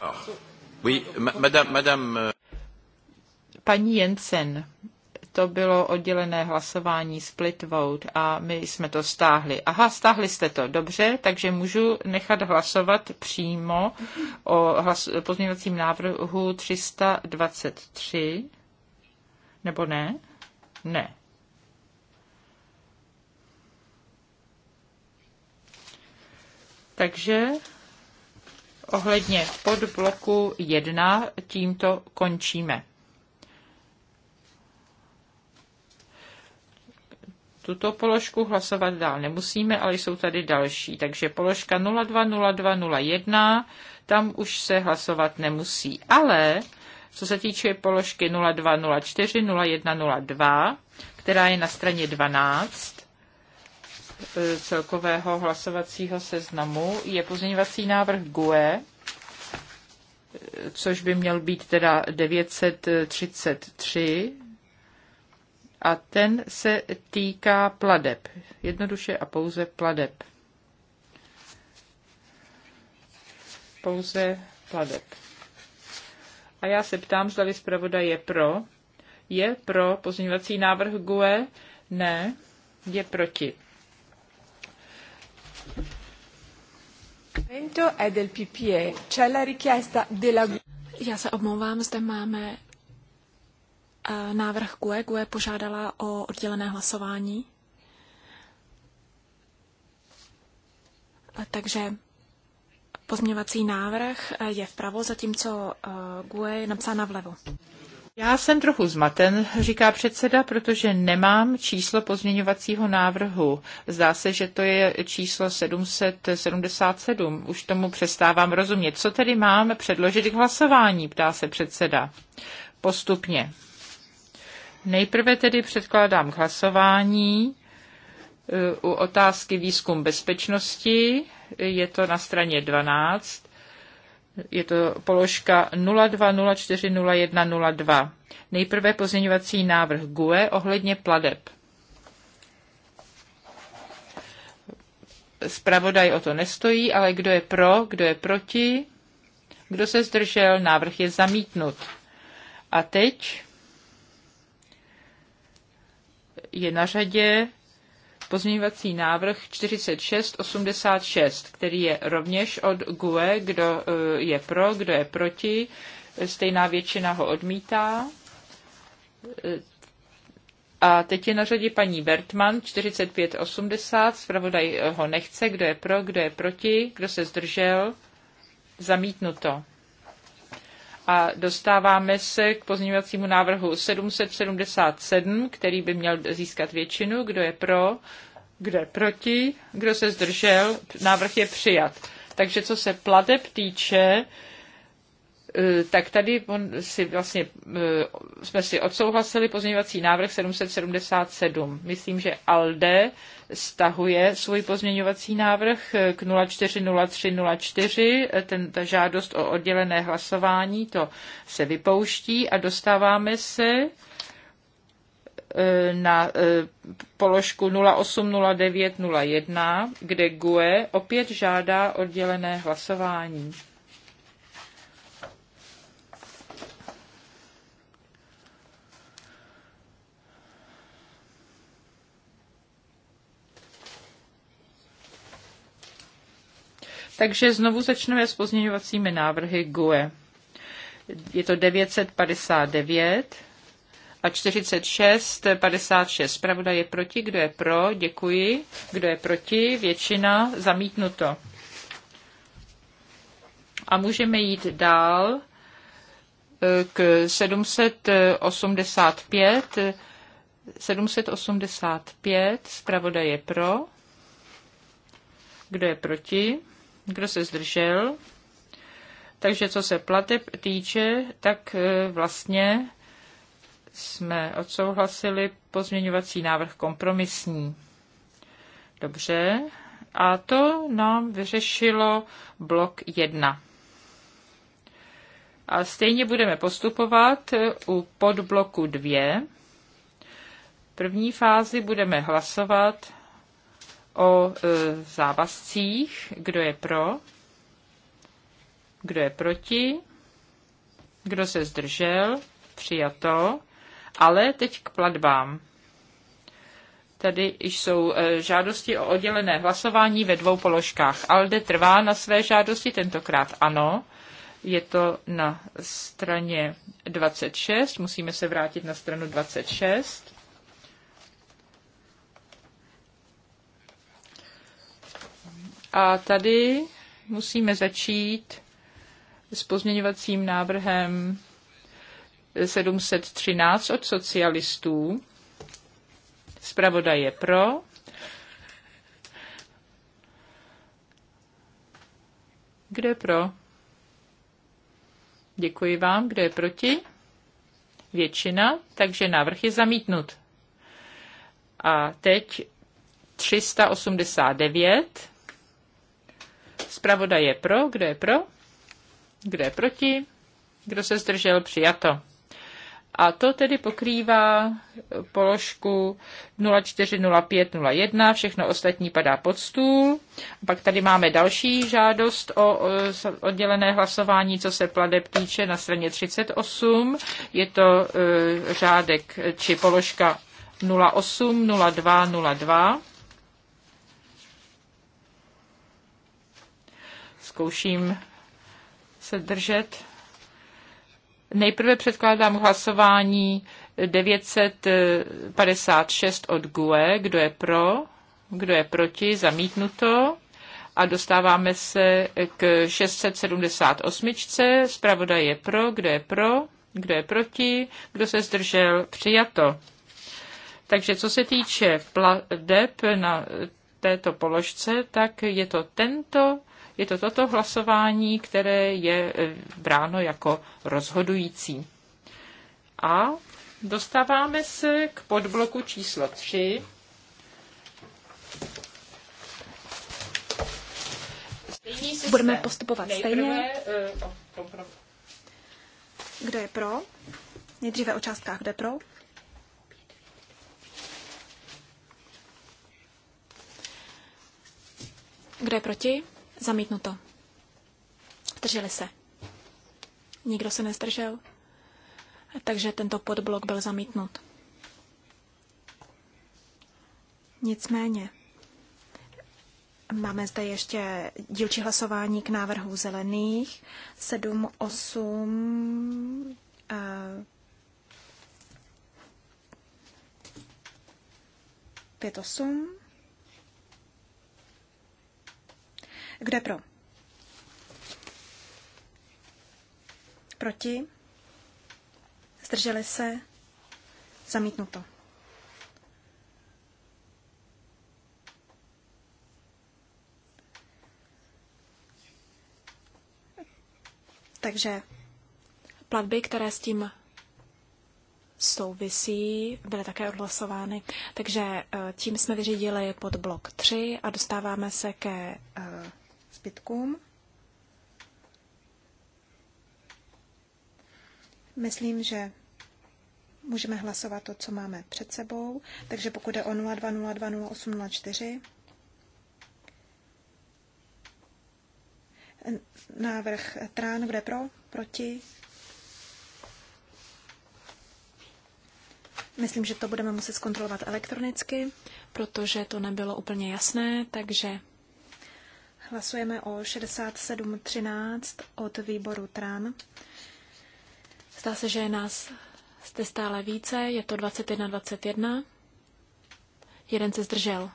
Ah. Oui, madame, madame... Euh, Paní Jensen, to bylo oddělené hlasování split vote a my jsme to stáhli. Aha, stáhli jste to, dobře, takže můžu nechat hlasovat přímo o hlas, pozměňovacím návrhu 323, nebo ne? Ne. Takže ohledně podbloku 1 tímto končíme. tuto položku, hlasovat dál nemusíme, ale jsou tady další. Takže položka 020201, tam už se hlasovat nemusí. Ale co se týče položky 0204 0102, která je na straně 12 e, celkového hlasovacího seznamu, je pozměňovací návrh GUE, e, což by měl být teda 933 a ten se týká pladeb. Jednoduše a pouze pladeb. Pouze pladeb. A já se ptám, zda-li zpravodaj je pro. Je pro pozměňovací návrh GUE? Ne, je proti. E. Já se omlouvám, zde máme Eh, návrh GUE. GUE požádala o oddělené hlasování. Eh, takže pozměňovací návrh eh, je vpravo, zatímco GUE je napsána vlevo. Já jsem trochu zmaten, říká předseda, protože nemám číslo pozměňovacího návrhu. Zdá se, že to je číslo 777. Už tomu přestávám rozumět. Co tedy mám předložit k hlasování, ptá se předseda. Postupně. Nejprve tedy předkládám k hlasování eh, u otázky výzkum bezpečnosti. Je to na straně 12. Je to položka 02040102. Nejprve pozměňovací návrh GUE ohledně pladeb. Spravodaj o to nestojí, ale kdo je pro, kdo je proti, kdo se zdržel, návrh je zamítnut. A teď je na řadě pozměňovací návrh 4686, který je rovněž od GUE, kdo eh, je pro, kdo je proti. Stejná většina ho odmítá. Eh, a teď je na řadě paní Bertman, 4580, zpravodaj eh, ho nechce, kdo je pro, kdo je proti, kdo se zdržel, zamítnuto. A dostáváme se k pozměňovacímu návrhu 777, který by měl získat většinu. Kdo je pro? Kdo je proti? Kdo se zdržel? Návrh je přijat. Takže co se plateb týče, Eh, tak tady si vlastně, eh, jsme si odsouhlasili pozměňovací návrh 777. Myslím, že ALDE stahuje svůj pozměňovací návrh eh, k 040304. Ten, ta žádost o oddělené hlasování, to se vypouští a dostáváme se na položku 080901, kde GUE opět žádá oddělené hlasování. Takže znovu začneme s pozměňovacími návrhy GUE. Je to 959 a 46, 56. Pravda je proti, kdo je pro, děkuji. Kdo je proti, většina, zamítnuto. A můžeme jít dál e, k 785. 785, zpravodaj je pro. Kdo je proti? kdo se zdržel. Takže co se plateb týče, tak e, vlastně jsme odsouhlasili pozměňovací návrh kompromisní. Dobře. A to nám vyřešilo blok 1. A stejně budeme postupovat e, u podbloku 2. V první fázi budeme hlasovat o e, závazcích. Kdo je pro? Kdo je proti? Kdo se zdržel? Přijato. Ale teď k platbám. Tady jsou e, žádosti o oddělené hlasování ve dvou položkách. ALDE trvá na své žádosti, tentokrát ano. Je to na straně 26, musíme se vrátit na stranu 26. A tady musíme začít s pozměňovacím návrhem 713 od socialistů. Zpravodaj je pro. Kde je pro? Děkuji vám. Kde je proti? Většina, takže návrh je zamítnut. A teď 389 Zpravodaj je pro, kdo je pro, kdo je proti, kdo se zdržel, přijato. A to tedy pokrývá položku 040501, všechno ostatní padá pod stůl. Pak tady máme další žádost o oddělené hlasování, co se pladeb týče na straně 38. Je to e, řádek či položka 080202. zkouším se držet. Nejprve předkládám hlasování 956 od GUE. Kdo je pro? Kdo je proti? Zamítnuto. A dostáváme se k 678. Zpravodaj je pro. Kdo je pro? Kdo je proti? Kdo se zdržel? Přijato. Takže co se týče plateb na této položce, tak je to tento je to toto hlasování, které je eh, bráno jako rozhodující. A dostáváme se k podbloku číslo 3. Budeme postupovat stejně. Eh, kdo je pro? Nejdříve o částkách, kdo je pro? Kdo je proti? Zamítnuto. Drželi se. Nikdo se nezdržel, takže tento podblok byl zamítnut. Nicméně, máme zde ještě dílčí hlasování k návrhu zelených 7, 8, eh, pět osm. Kde pro? Proti? Zdrželi se? Zamítnuto. Takže platby, které s tím souvisí, byly také odhlasovány. Takže eh, tím jsme vyřídili pod blok 3 a dostáváme se ke eh, zbytkům. Myslím, že můžeme hlasovat to, co máme před sebou. Takže pokud je o 02020804, návrh Trán, kde pro, proti. Myslím, že to budeme muset zkontrolovat elektronicky, protože to nebylo úplně jasné, takže Hlasujeme o 67.13 od výboru TRAN. Zdá se, že je nás jste stále více, je to 21-21. Jeden se zdržel.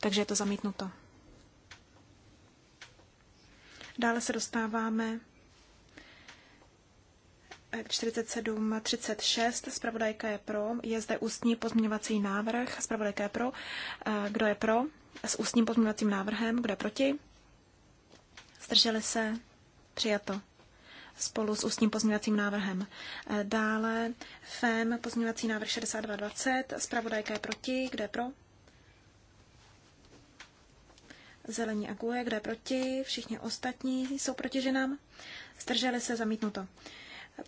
Takže je to zamítnuto. Dále se dostáváme k 47.36. Spravodajka je pro. Je zde ústní pozměňovací návrh. Spravodajka je pro. Eh, kdo je pro? s ústním pozměňovacím návrhem. Kdo je proti? Zdrželi se? Přijato. Spolu s ústním pozměňovacím návrhem. Eh, dále FEM pozměňovací návrh 6220. Spravodajka je proti. Kdo je pro? Zelení a guje, Kdo je proti? Všichni ostatní jsou proti ženám. Zdrželi se? Zamítnuto.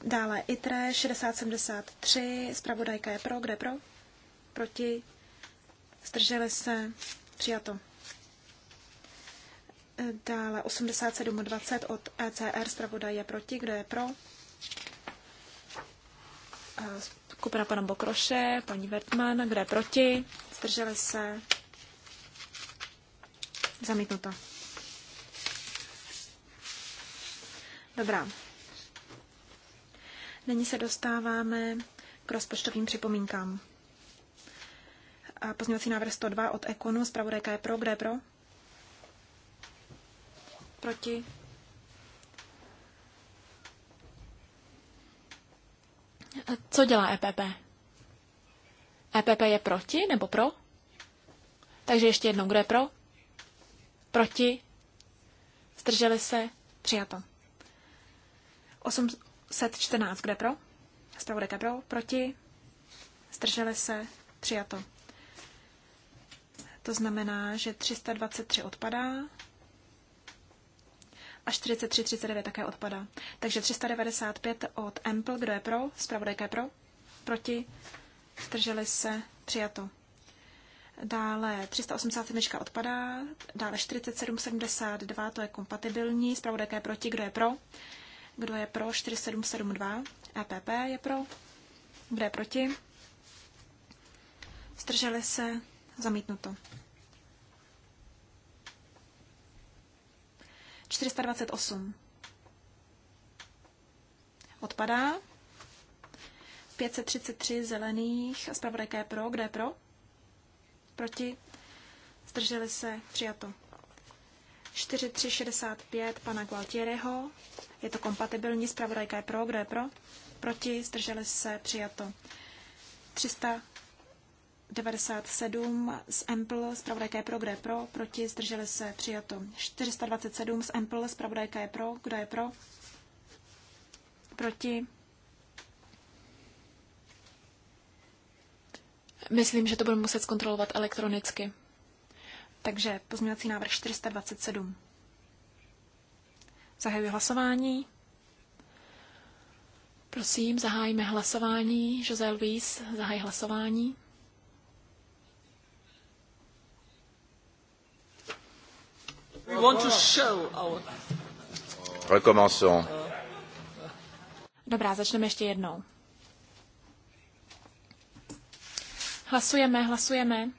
Dále ITRE 6073. Spravodajka je pro. Kdo je pro? Proti? Zdrželi se? Přijato. Dále 87.20 od ECR zpravodaje proti. Kdo je pro? Kupra pana Bokroše, paní Vertman. Kdo je proti? Zdrželi se. Zamítnuto. Dobrá. Nyní se dostáváme k rozpočtovým připomínkám. Pozměňovací návrh 102 od Ekonu, zpravodajka je pro, kde je pro? Proti? Co dělá EPP? EPP je proti nebo pro? Takže ještě jednou, kdo je pro? Proti? Zdrželi se? Přijato. 814, kde pro? Zpravodajka pro, proti? Zdrželi se? Přijato. To znamená, že 323 odpadá a 4339 také odpadá. Takže 395 od Ample, kdo je pro, zpravodajka je pro, proti, zdrželi se, přijato. Dále 387 odpadá, dále 4772, to je kompatibilní, zpravodajka je proti, kdo je pro, kdo je pro, 4772, EPP je pro, kdo je proti, zdrželi se, Zamítnuto. 428. Odpadá. 533 zelených. Zpravodajka je pro. Kde je pro? Proti. Zdrželi se. Přijato. 4365 pana Gualtiereho. Je to kompatibilní. Zpravodajka je pro. Kde je pro? Proti. Zdrželi se. Přijato. 300. 97 z Empl, zpravodajka je pro, kdo je pro, proti, zdrželi se, přijato. 427 z Empl, zpravodajka je pro, kdo je pro, proti. Myslím, že to budeme muset zkontrolovat elektronicky. Takže pozměňovací návrh 427. Zahajuji hlasování. Prosím, zahájíme hlasování. José Luis, zahaj hlasování. Recommençons. Dobrá, začneme ještě jednou. Hlasujeme, hlasujeme.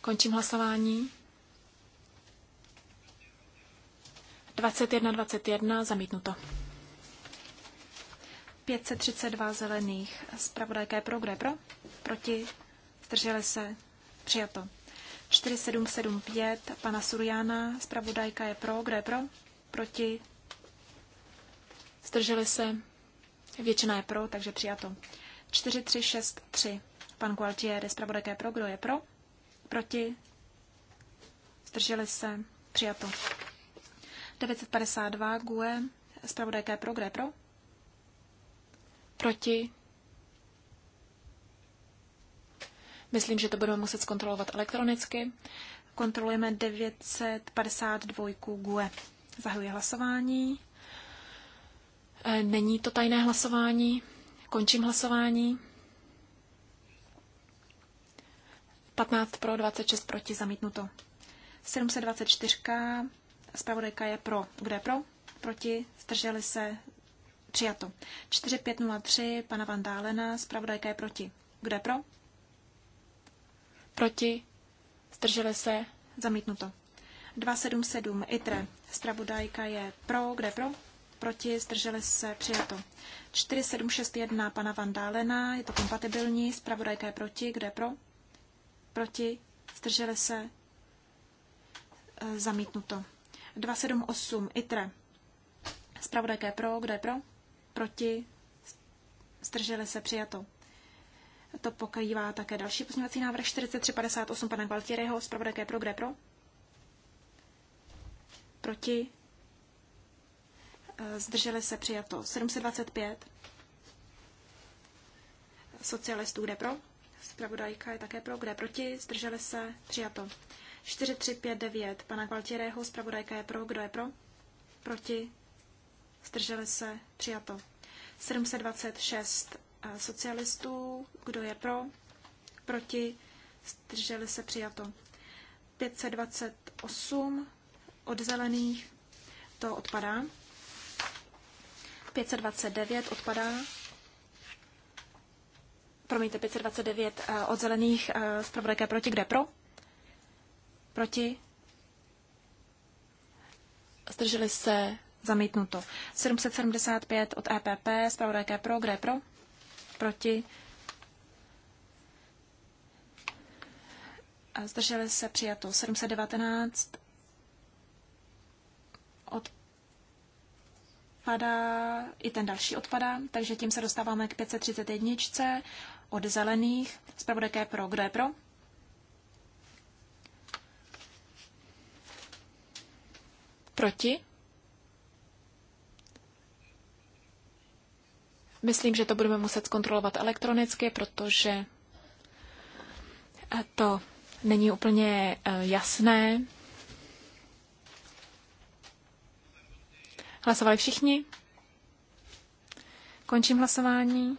Končím hlasování. 21, 21, zamítnuto. 532 zelených. Spravodajka je pro, kde pro? Proti? Zdrželi se? Přijato. 4775 pana Suriana, zpravodajka je pro, kdo je pro? Proti? Zdrželi se? Většina je pro, takže přijato. 4363 pan Gualtieri, zpravodajka je pro, kdo je pro? Proti? Zdrželi se? Přijato. 952 GUE, zpravodajka je pro, kdo je pro? Proti? Myslím, že to budeme muset zkontrolovat elektronicky. Kontrolujeme 952 GUE. Zahajuji hlasování. E, není to tajné hlasování. Končím hlasování. 15 pro, 26 proti, zamítnuto. 724. Spravodajka je pro. Kdo je pro? Proti, zdrželi se, přijato. 4503 pana Van Dálena, spravodajka je proti. Kdo je pro? proti, zdrželi se, zamítnuto. 277 ITRE, spravodajka je pro, kde pro? Proti, zdrželi se, přijato. 4761 pana Vandálena, je to kompatibilní, Spravodajka je proti, kde pro? Proti, zdrželi se, e, zamítnuto. 278 ITRE, spravodajka je pro, kde pro? Proti, zdrželi se, přijato. To pokrývá také další pozměňovací návrh 4358 pana Gualtiereho, zpravodajké pro Grepro. Proti. Eh, zdrželi se přijato 725 socialistů, kde pro. Zpravodajka je také pro, kde proti. Zdrželi se přijato 4359 pana Gualtiereho, zpravodajka je pro, kdo je pro. Proti. Zdrželi se přijato 726 socialistů. Kdo je pro? Proti? Zdrželi se přijato. 528 od zelených. To odpadá. 529 odpadá. Promiňte, 529 eh, od zelených eh, zpravodajka proti. Kde pro? Proti? Zdrželi se zamítnuto. 775 od EPP, zpravodajka pro, kde pro? proti, a zdrželi se přijato 719, odpadá, i ten další odpadá, takže tím se dostáváme k 531 od zelených. Zpravodajka pro. Kdo je pro? Proti? Myslím, že to budeme muset zkontrolovat elektronicky, protože eh, to není úplně eh, jasné. Hlasovali všichni? Končím hlasování.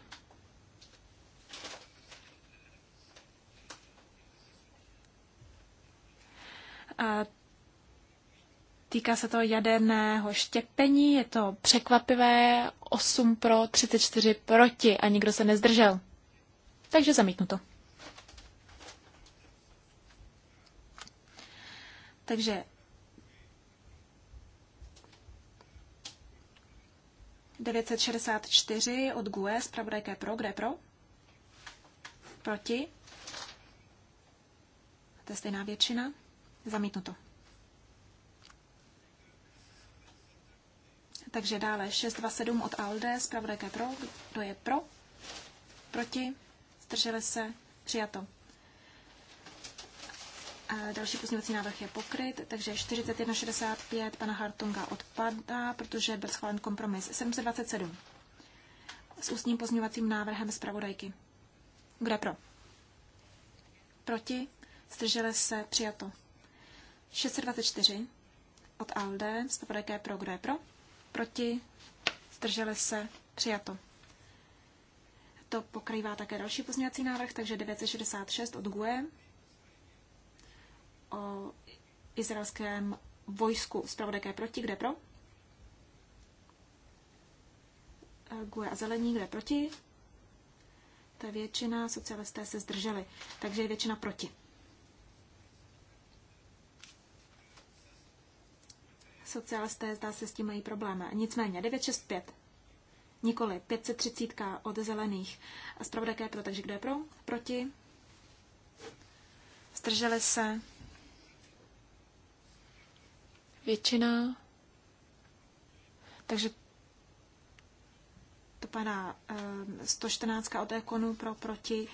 A eh, Týká se to jaderného štěpení, je to překvapivé 8 pro 34 proti a nikdo se nezdržel. Takže zamítnu to. Takže ...964 šedesát čtyři od GUE, zpravodajka pro, kde je pro? Proti? To je stejná většina. to. Takže dále 627 od ALDE, zpravodajka pro, kdo je pro, proti, zdrželi se, přijato. A další pozměňovací návrh je pokryt, takže 41,65 pana Hartunga odpadá, protože byl schválen kompromis 727 s ústním pozměňovacím návrhem zpravodajky. Kdo pro? Proti? Zdrželi se přijato. 624 od ALD, zpravodajka pro, kdo je pro? proti, zdrželi se, přijato. To pokrývá také další pozměňovací návrh, takže 966 od GUE o izraelském vojsku zpravodajké proti, kde pro? GUE a zelení, kde proti? Ta většina, socialisté se zdrželi, takže je většina proti. socialisté zdá se s tím mají problém. Nicméně 965, nikoli 530 od zelených. A zpravodajka je pro, takže kdo je pro? Proti? Zdrželi se? Většina? Takže to padá 114 eh, od ekonu pro proti,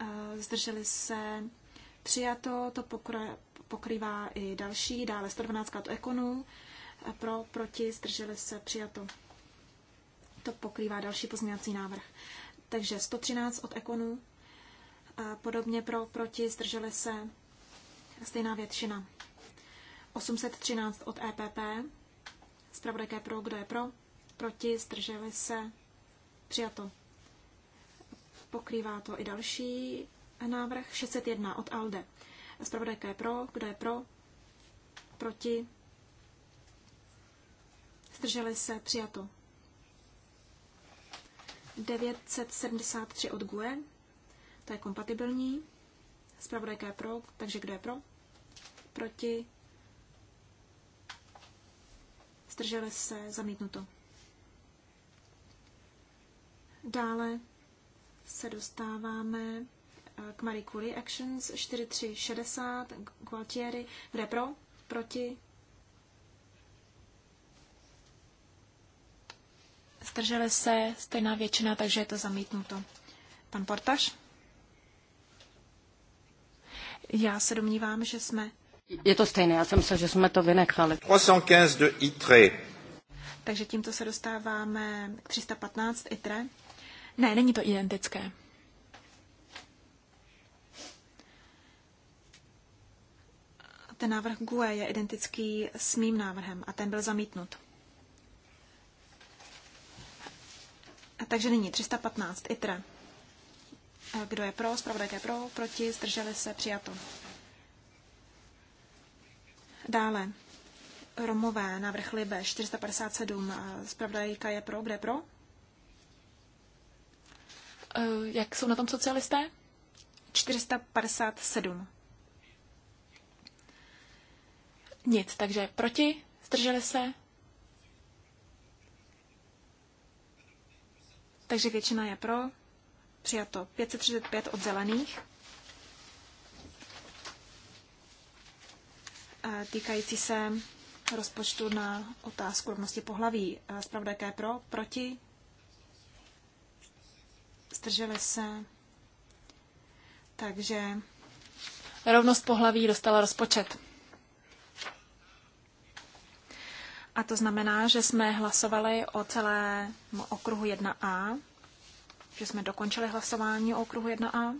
eh, zdrželi se přijato, to pokra, pokrývá i další, dále 112 od Ekonu, pro, proti, zdrželi se, přijato. To pokrývá další pozměňovací návrh. Takže 113 od Ekonu, podobně pro, proti, zdrželi se, stejná většina. 813 od EPP, zpravodajka pro, kdo je pro, proti, zdrželi se, přijato. Pokrývá to i další návrh, 601 od ALDE. Zpravodajka je pro. Kdo je pro? Proti? Zdrželi se? Přijato. 973 od GUE. To je kompatibilní. Zpravodajka je pro, takže kdo je pro? Proti? Zdrželi se? Zamítnuto. Dále se dostáváme k Marie Curie Actions 4360 Gualtieri. Kde pro? Proti? Zdrželi se stejná většina, takže je to zamítnuto. Pan Portaš? Já se domnívám, že jsme... Je to stejné, já jsem se, že jsme to vynechali. 315 de ITRE. Takže tímto se dostáváme k 315 ITRE. Ne, není to identické. Ten návrh GUE je identický s mým návrhem a ten byl zamítnut. A takže nyní 315 ITRE. Eh, kdo je pro, Spravodajka je pro, proti, zdrželi se, přijato. Dále. Romové, návrh Libe 457. spravodajka eh, je pro, kde je pro? Eh, jak jsou na tom socialisté? 457. Nic, takže proti, zdrželi se. Takže většina je pro. Přijato 535 od zelených. Týkající se rozpočtu na otázku rovnosti pohlaví. Spravodajka je pro, proti. Zdrželi se. Takže rovnost pohlaví dostala rozpočet. A to znamená, že jsme hlasovali o celém okruhu 1A, že jsme dokončili hlasování o okruhu 1A.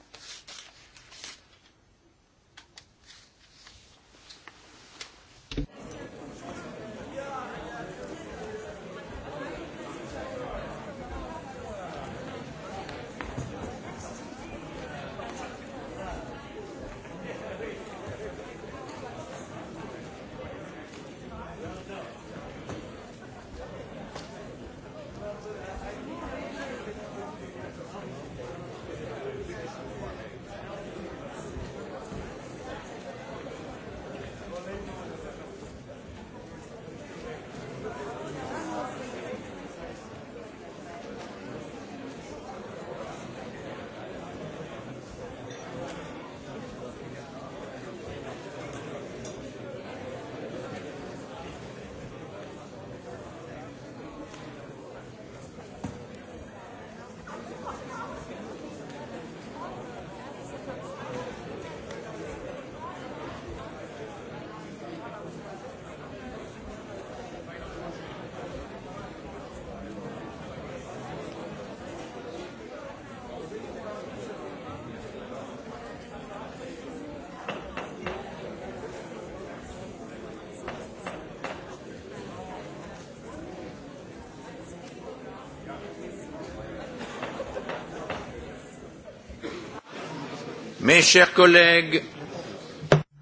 Mes chers collègues.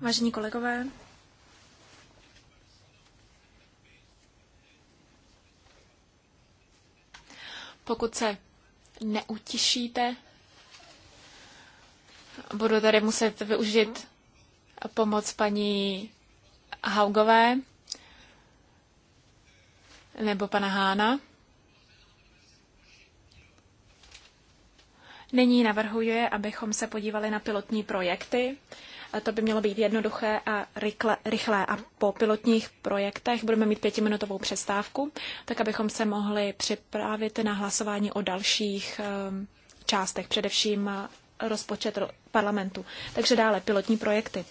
Vážení kolegové. Pokud se neutišíte, budu tady muset využít pomoc paní Haugové nebo pana Hána. Nyní navrhuje, abychom se podívali na pilotní projekty. To by mělo být jednoduché a rychlé. A po pilotních projektech budeme mít pětiminutovou přestávku, tak abychom se mohli připravit na hlasování o dalších ehm, částech, především eh, rozpočet parlamentu. Takže dále pilotní projekty.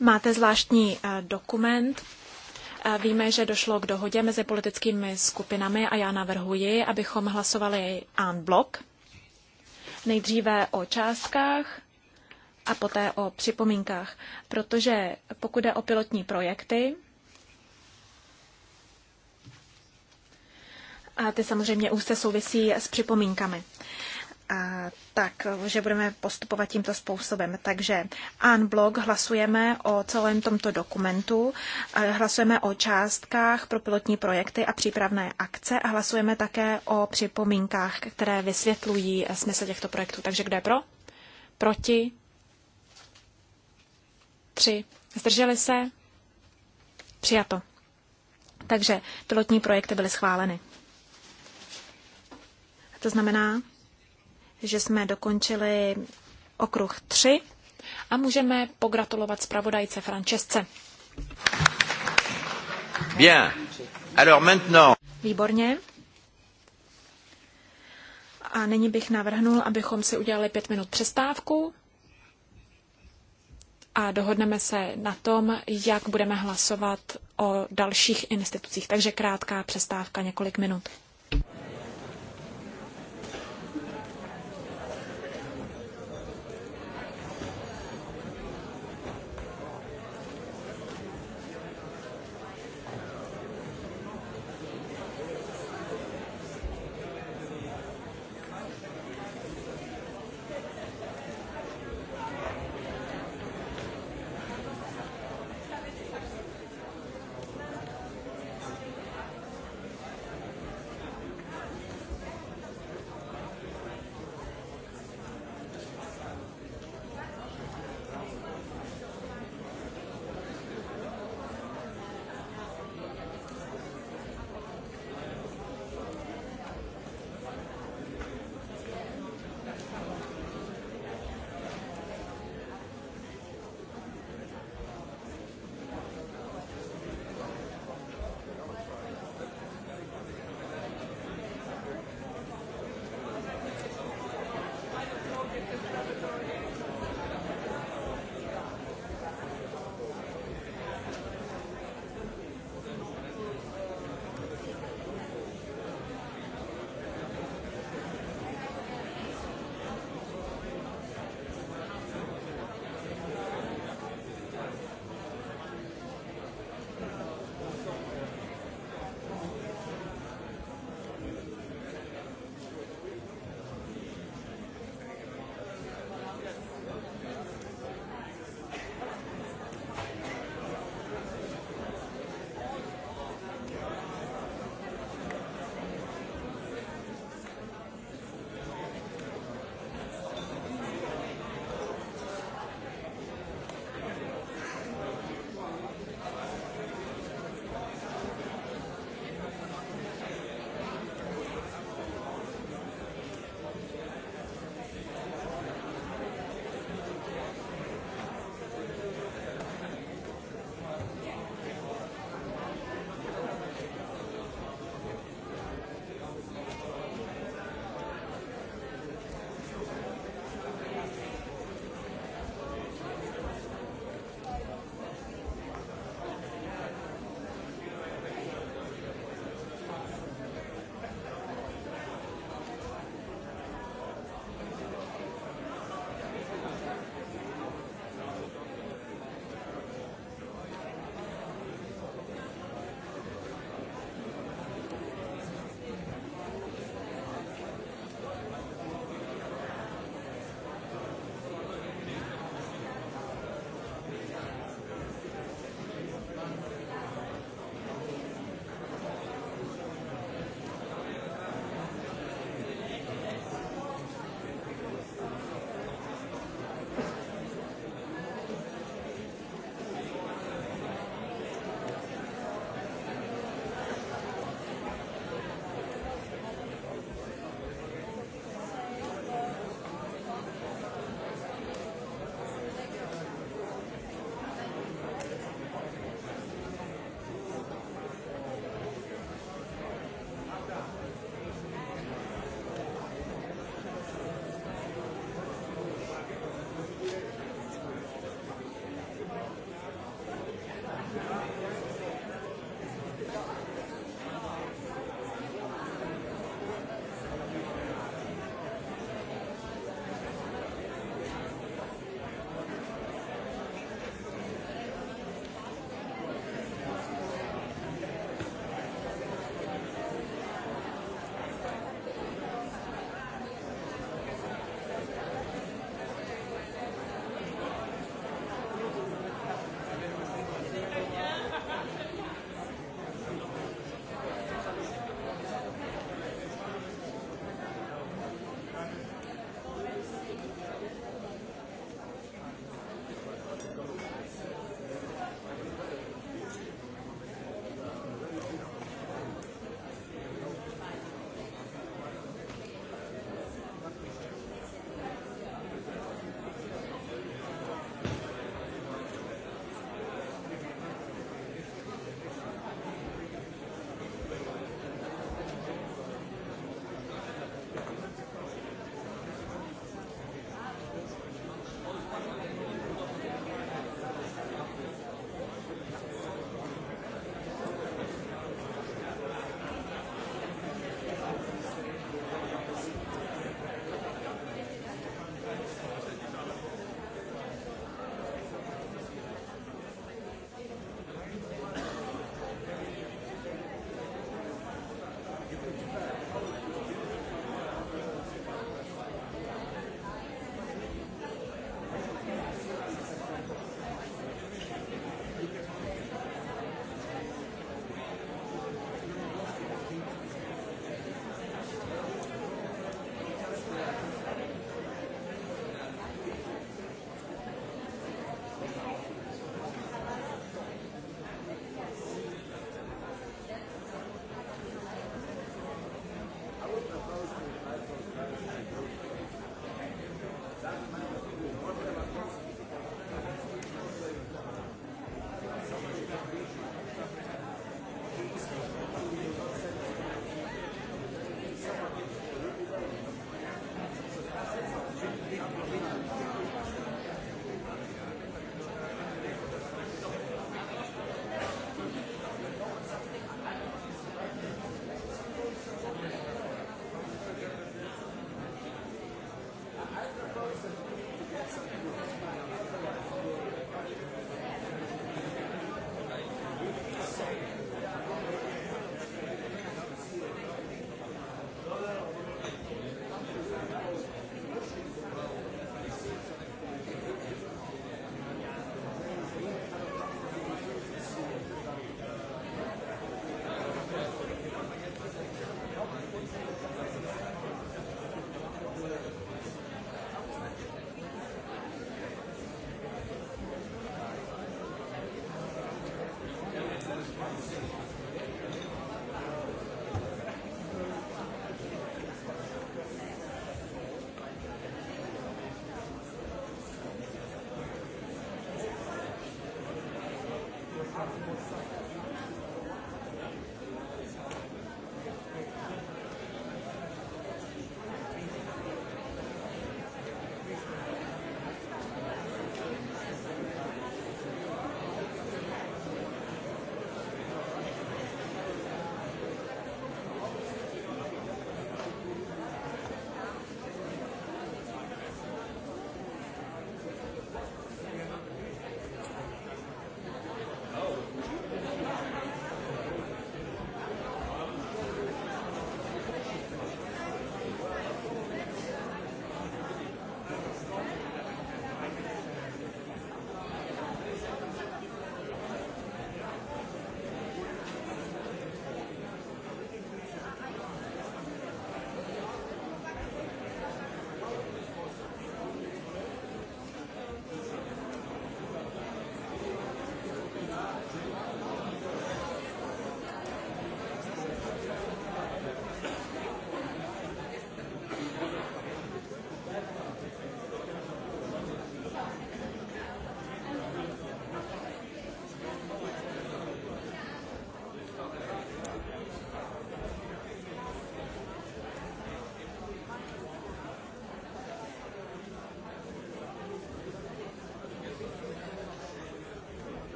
Máte zvláštní eh, dokument Víme, že došlo k dohodě mezi politickými skupinami a já navrhuji, abychom hlasovali en bloc. Nejdříve o částkách a poté o připomínkách, protože pokud jde o pilotní projekty, a ty samozřejmě úzce souvisí s připomínkami tak, že budeme postupovat tímto způsobem. Takže unblock hlasujeme o celém tomto dokumentu, hlasujeme o částkách pro pilotní projekty a přípravné akce a hlasujeme také o připomínkách, které vysvětlují smysl těchto projektů. Takže kdo je pro? Proti? Tři. Zdrželi se? Přijato. Takže pilotní projekty byly schváleny. To znamená, že jsme dokončili okruh 3 a můžeme pogratulovat zpravodajce Francesce. Bien. Alors maintenant. Výborně. A nyní bych navrhnul, abychom si udělali pět minut přestávku a dohodneme se na tom, jak budeme hlasovat o dalších institucích. Takže krátká přestávka, několik minut.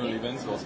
annual events was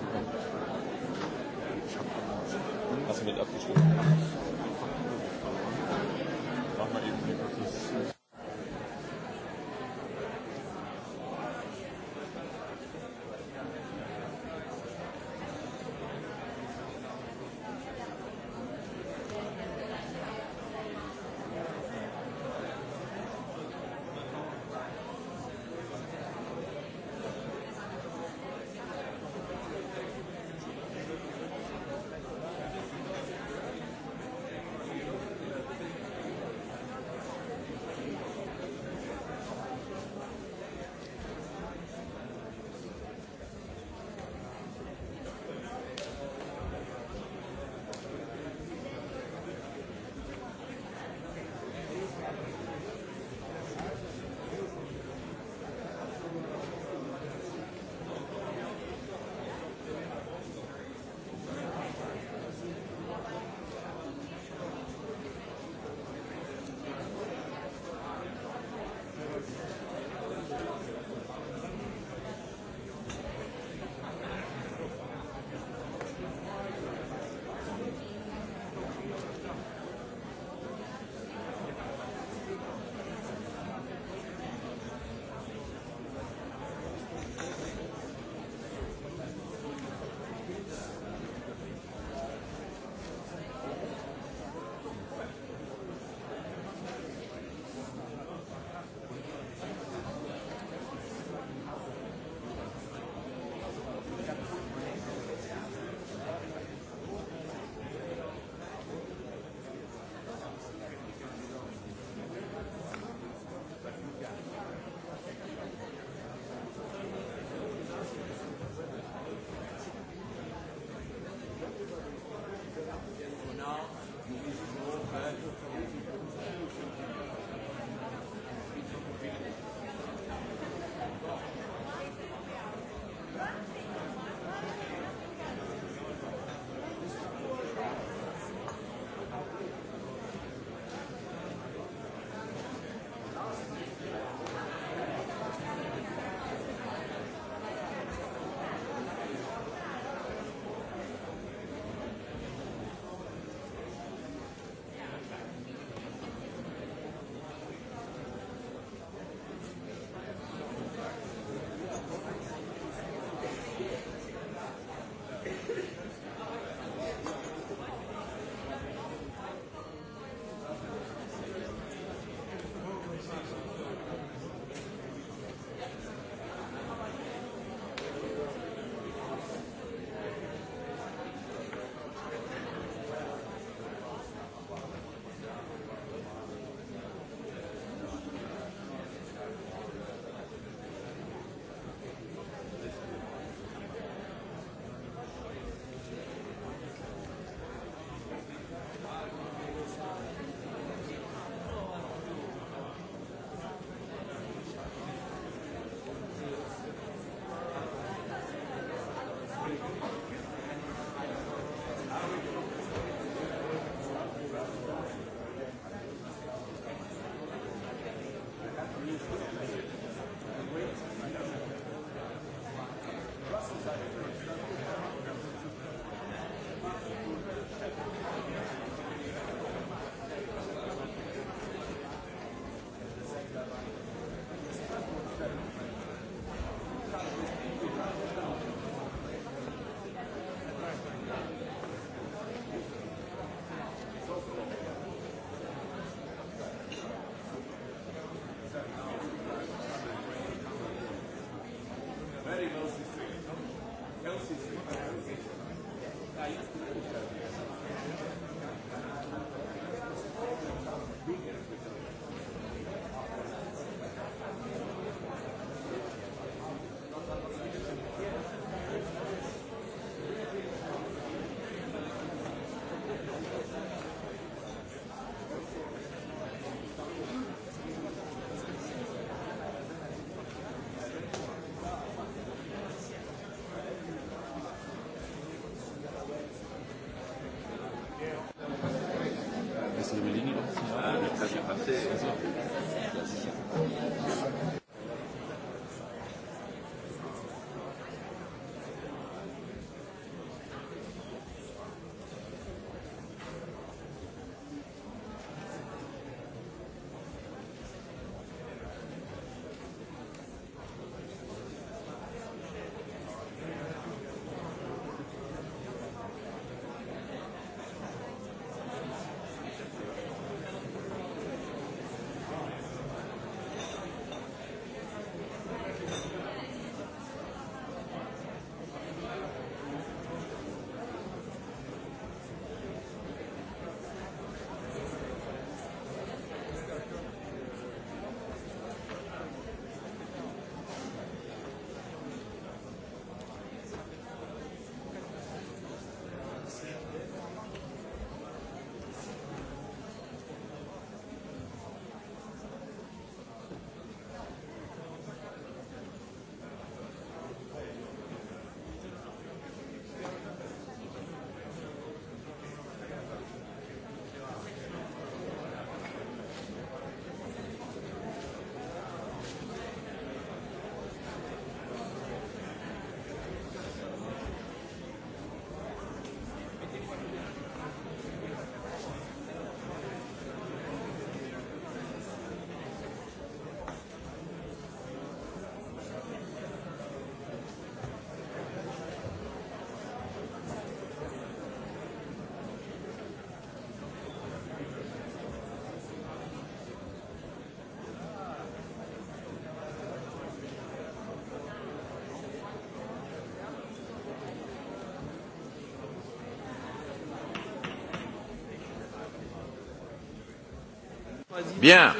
Bien.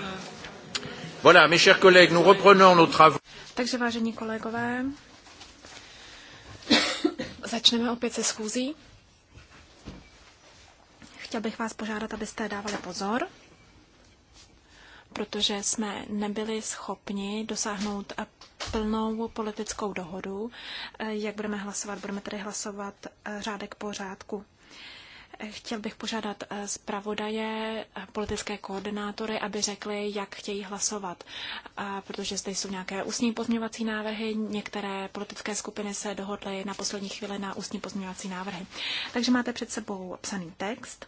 Voilà, mes chers collègues, nous reprenons nos travaux. Takže vážení kolegové, začneme opět se schůzí. Chtěl bych vás požádat, abyste dávali pozor, protože jsme nebyli schopni dosáhnout plnou politickou dohodu. Jak budeme hlasovat? Budeme tedy hlasovat řádek po řádku. Chtěl bych požádat zpravodaje politické koordinátory, aby řekli, jak chtějí hlasovat. A protože zde jsou nějaké ústní pozměňovací návrhy, některé politické skupiny se dohodly na poslední chvíli na ústní pozměňovací návrhy. Takže máte před sebou psaný text.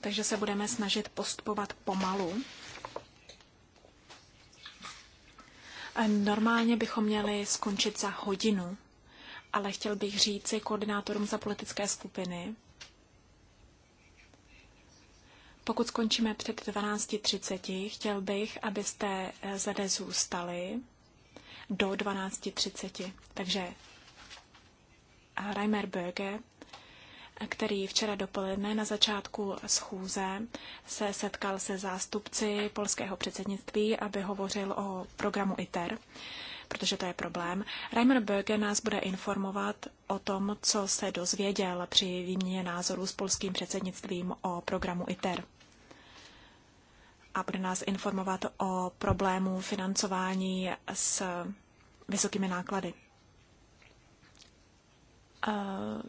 Takže se budeme snažit postupovat pomalu. Normálně bychom měli skončit za hodinu, ale chtěl bych říci koordinátorům za politické skupiny, pokud skončíme před 12.30, chtěl bych, abyste eh, zde zůstali do 12.30. Takže eh, Reimer Böge, který včera dopoledne na začátku schůze se setkal se zástupci polského předsednictví, aby hovořil o programu ITER, protože to je problém. Reimer Böge nás bude informovat o tom, co se dozvěděl při výměně názorů s polským předsednictvím o programu ITER a bude nás informovat o problému financování s vysokými náklady. Eh,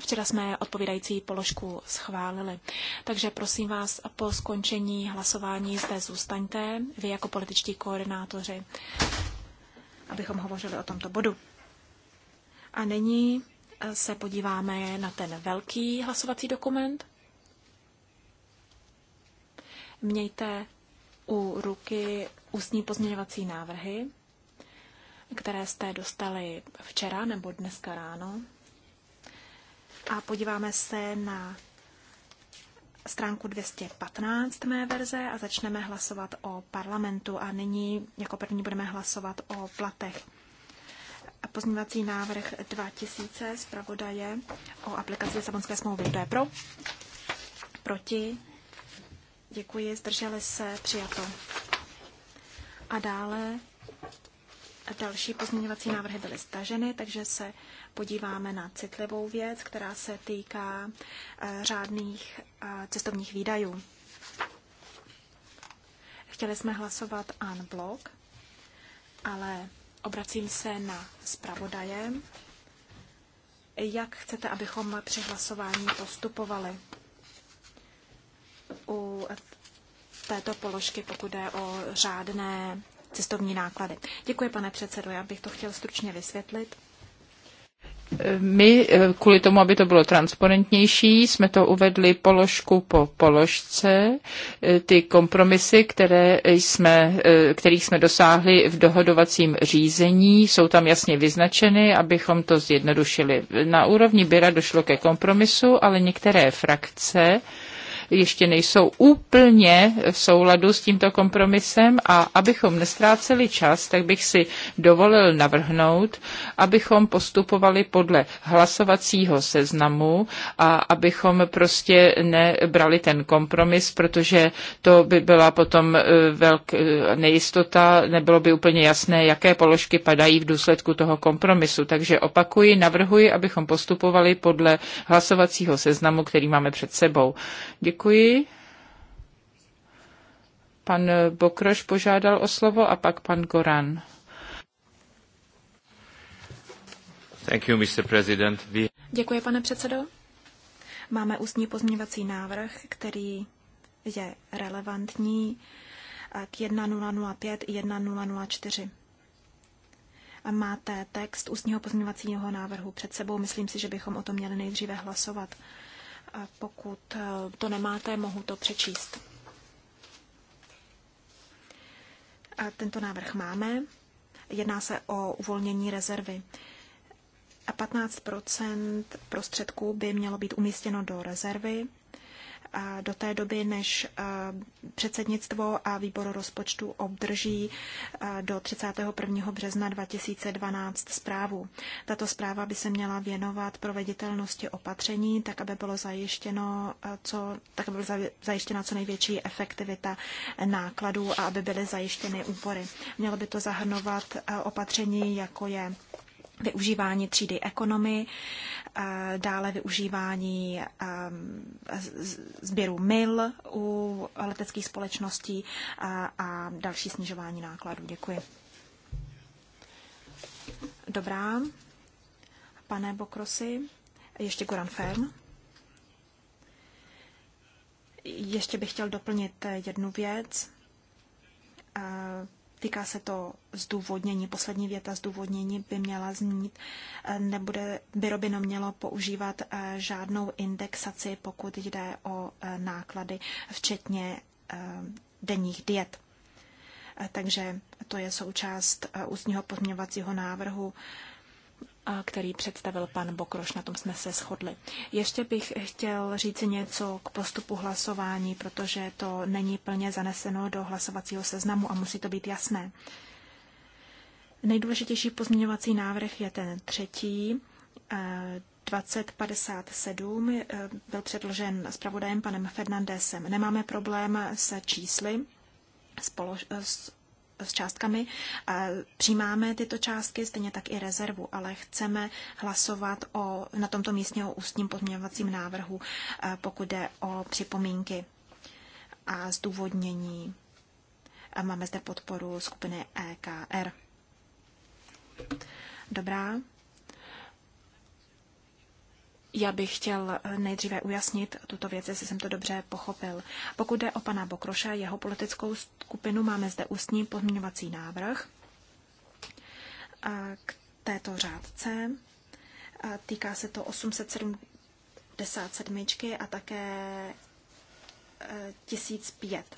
včera jsme odpovídající položku schválili. Takže prosím vás, po skončení hlasování zde zůstaňte, vy jako političtí koordinátoři, abychom hovořili o tomto bodu. A nyní eh, se podíváme na ten velký hlasovací dokument. Mějte u ruky ústní pozměňovací návrhy, které jste dostali včera nebo dneska ráno. A podíváme se na stránku 215 mé verze a začneme hlasovat o parlamentu. A nyní jako první budeme hlasovat o platech. Pozměňovací návrh 2000 zpravodaje o aplikaci Lisabonské smlouvy. Kdo je pro? Proti? Děkuji, zdrželi se, přijato. A dále další pozměňovací návrhy byly staženy, takže se podíváme na citlivou věc, která se týká eh, řádných eh, cestovních výdajů. Chtěli jsme hlasovat an blok, ale obracím se na zpravodaje. Jak chcete, abychom při hlasování postupovali? u této položky, pokud je o řádné cestovní náklady. Děkuji, pane předsedo, já bych to chtěl stručně vysvětlit. My, eh, kvůli tomu, aby to bylo transparentnější, jsme to uvedli položku po položce. Eh, ty kompromisy, které jsme, eh, kterých jsme dosáhli v dohodovacím řízení, jsou tam jasně vyznačeny, abychom to zjednodušili. Na úrovni Byra došlo ke kompromisu, ale některé frakce ještě nejsou úplně v souladu s tímto kompromisem a abychom nestráceli čas, tak bych si dovolil navrhnout, abychom postupovali podle hlasovacího seznamu a abychom prostě nebrali ten kompromis, protože to by byla potom e, velk, e, nejistota, nebylo by úplně jasné, jaké položky padají v důsledku toho kompromisu. Takže opakuji, navrhuji, abychom postupovali podle hlasovacího seznamu, který máme před sebou. Děkuji Děkuji. Pan Bokroš požádal o slovo a pak pan Goran. Thank you, Mr. President. We... Děkuji, pane předsedo. Máme ústní pozměňovací návrh, který je relevantní k 1005 i 1004. Máte text ústního pozměňovacího návrhu před sebou. Myslím si, že bychom o tom měli nejdříve hlasovat. Pokud eh, to nemáte, mohu to přečíst. A tento návrh máme. Jedná se o uvolnění rezervy. A 15 prostředků by mělo být umístěno do rezervy do té doby, než eh, předsednictvo a výbor rozpočtu obdrží eh, do 31. března 2012 zprávu. Tato zpráva by se měla věnovat proveditelnosti opatření, tak aby bylo zajištěno eh, co, tak aby byla zajištěna co největší efektivita nákladů a aby byly zajištěny úpory. Mělo by to zahrnovat opatření, jako je využívání třídy ekonomy, eh, dále využívání eh, sběru mil u leteckých společností eh, a další snižování nákladů. Děkuji. Dobrá. Pane Bokrosy, ještě Goran Fern. Ještě bych chtěl doplnit jednu věc Týká se to zdůvodnění. Poslední věta zdůvodnění by měla znít, eh, nebude, Robino mělo používat eh, žádnou indexaci, pokud jde o eh, náklady, včetně denních diet. Takže to je součást ústního pozměňovacího návrhu který představil pan Bokroš, na tom jsme se shodli. Ještě bych chtěl říct něco k postupu hlasování, protože to není plně zaneseno do hlasovacího seznamu a musí to být jasné. Nejdůležitější pozměňovací návrh je ten třetí, 2057, eh, eh, byl předložen zpravodajem panem Fernandesem. Nemáme problém se čísly, eh, s s částkami. Eh, přijímáme tyto částky, stejně tak i rezervu, ale chceme hlasovat o, na tomto místně o ústním podměňovacím návrhu, eh, pokud jde o připomínky a zdůvodnění. Máme zde podporu skupiny EKR. Dobrá. Já bych chtěl eh, nejdříve ujasnit tuto věc, jestli jsem to dobře pochopil. Pokud jde o pana Bokroše, jeho politickou skupinu máme zde ústní pozměňovací návrh eh, k této řádce. Eh, týká se to 877 a také 1005.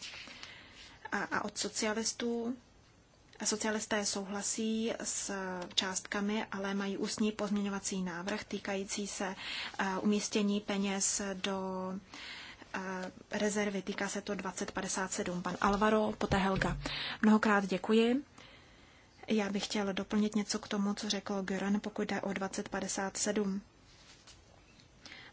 A, od socialistů Socialisté souhlasí s částkami, ale mají ústní pozměňovací návrh týkající se eh, umístění peněz do eh, rezervy. Týká se to 2057. Pan Alvaro, poté Helga. Mnohokrát děkuji. Já bych chtěl doplnit něco k tomu, co řekl Göran, pokud jde o 2057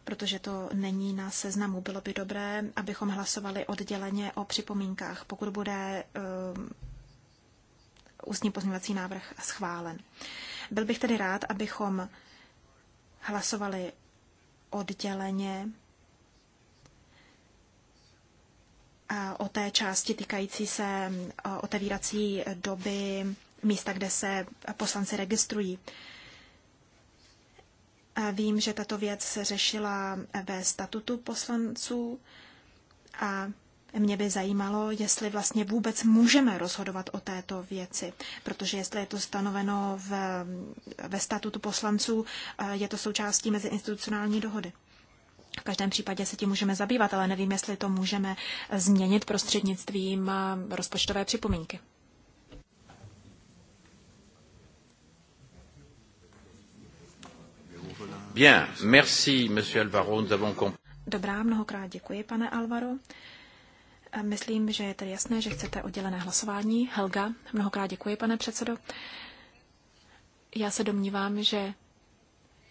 protože to není na seznamu. Bylo by dobré, abychom hlasovali odděleně o připomínkách. Pokud bude eh, ústní pozměňovací návrh schválen. Byl bych tedy rád, abychom hlasovali odděleně o té části týkající se otevírací doby místa, kde se poslanci registrují. Vím, že tato věc se řešila ve statutu poslanců a mě by zajímalo, jestli vlastně vůbec můžeme rozhodovat o této věci, protože jestli je to stanoveno v, ve statutu poslanců, eh, je to součástí meziinstitucionální dohody. V každém případě se tím můžeme zabývat, ale nevím, jestli to můžeme změnit prostřednictvím eh, rozpočtové připomínky. Bien, merci, monsieur Alvaro, nous avons Dobrá, mnohokrát děkuji, pane Alvaro. Myslím, že je tedy jasné, že chcete oddělené hlasování. Helga, mnohokrát děkuji, pane předsedo. Já se domnívám, že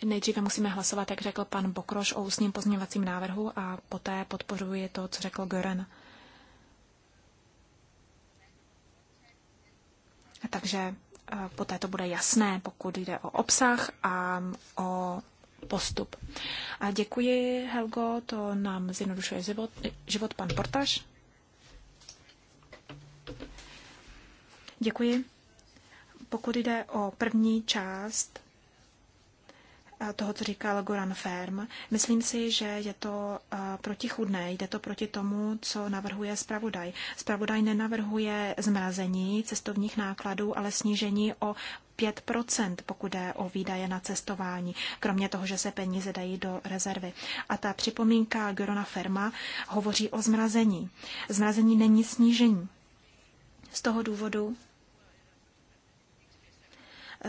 nejdříve musíme hlasovat, jak řekl pan Bokroš, o ústním pozměňovacím návrhu a poté podporuji to, co řekl Gören. Takže eh, poté to bude jasné, pokud jde o obsah a mm, o postup. A děkuji, Helgo, to nám zjednodušuje život, život pan Portaš. Děkuji. Pokud jde o první část eh, toho, co říkal Goran Ferm, myslím si, že je to eh, protichudné, jde to proti tomu, co navrhuje zpravodaj. Zpravodaj nenavrhuje zmrazení cestovních nákladů, ale snížení o 5 pokud jde o výdaje na cestování, kromě toho, že se peníze dají do rezervy. A ta připomínka Gerona Ferma hovoří o zmrazení. Zmrazení není snížení. Z toho důvodu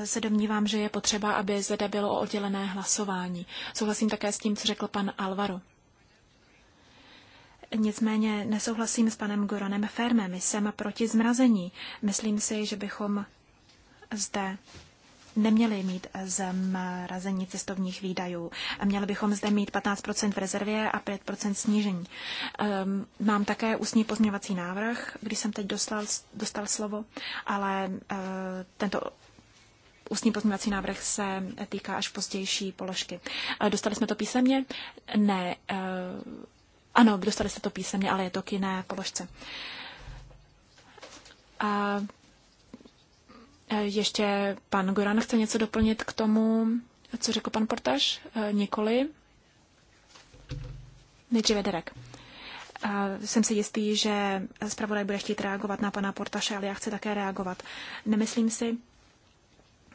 se domnívám, že je potřeba, aby zde bylo oddělené hlasování. Souhlasím také s tím, co řekl pan Alvaro. Nicméně nesouhlasím s panem Goranem Fermem, jsem proti zmrazení. Myslím si, že bychom zde neměli mít zmrazení cestovních výdajů. Měli bychom zde mít 15% v rezervě a 5% snížení. Ehm, mám také ústní pozměňovací návrh, když jsem teď dostal, dostal slovo, ale eh, tento Ústní pozměňovací návrh se týká až pozdější položky. Eh, dostali jsme to písemně? Ne. Eh, ano, dostali jste to písemně, ale je to k jiné položce. A eh, ještě pan Goran chce něco doplnit k tomu, co řekl pan Portaš? Nikoli. Nejdříve Derek. A jsem si jistý, že zpravodaj bude chtít reagovat na pana Portaše, ale já chci také reagovat. Nemyslím si,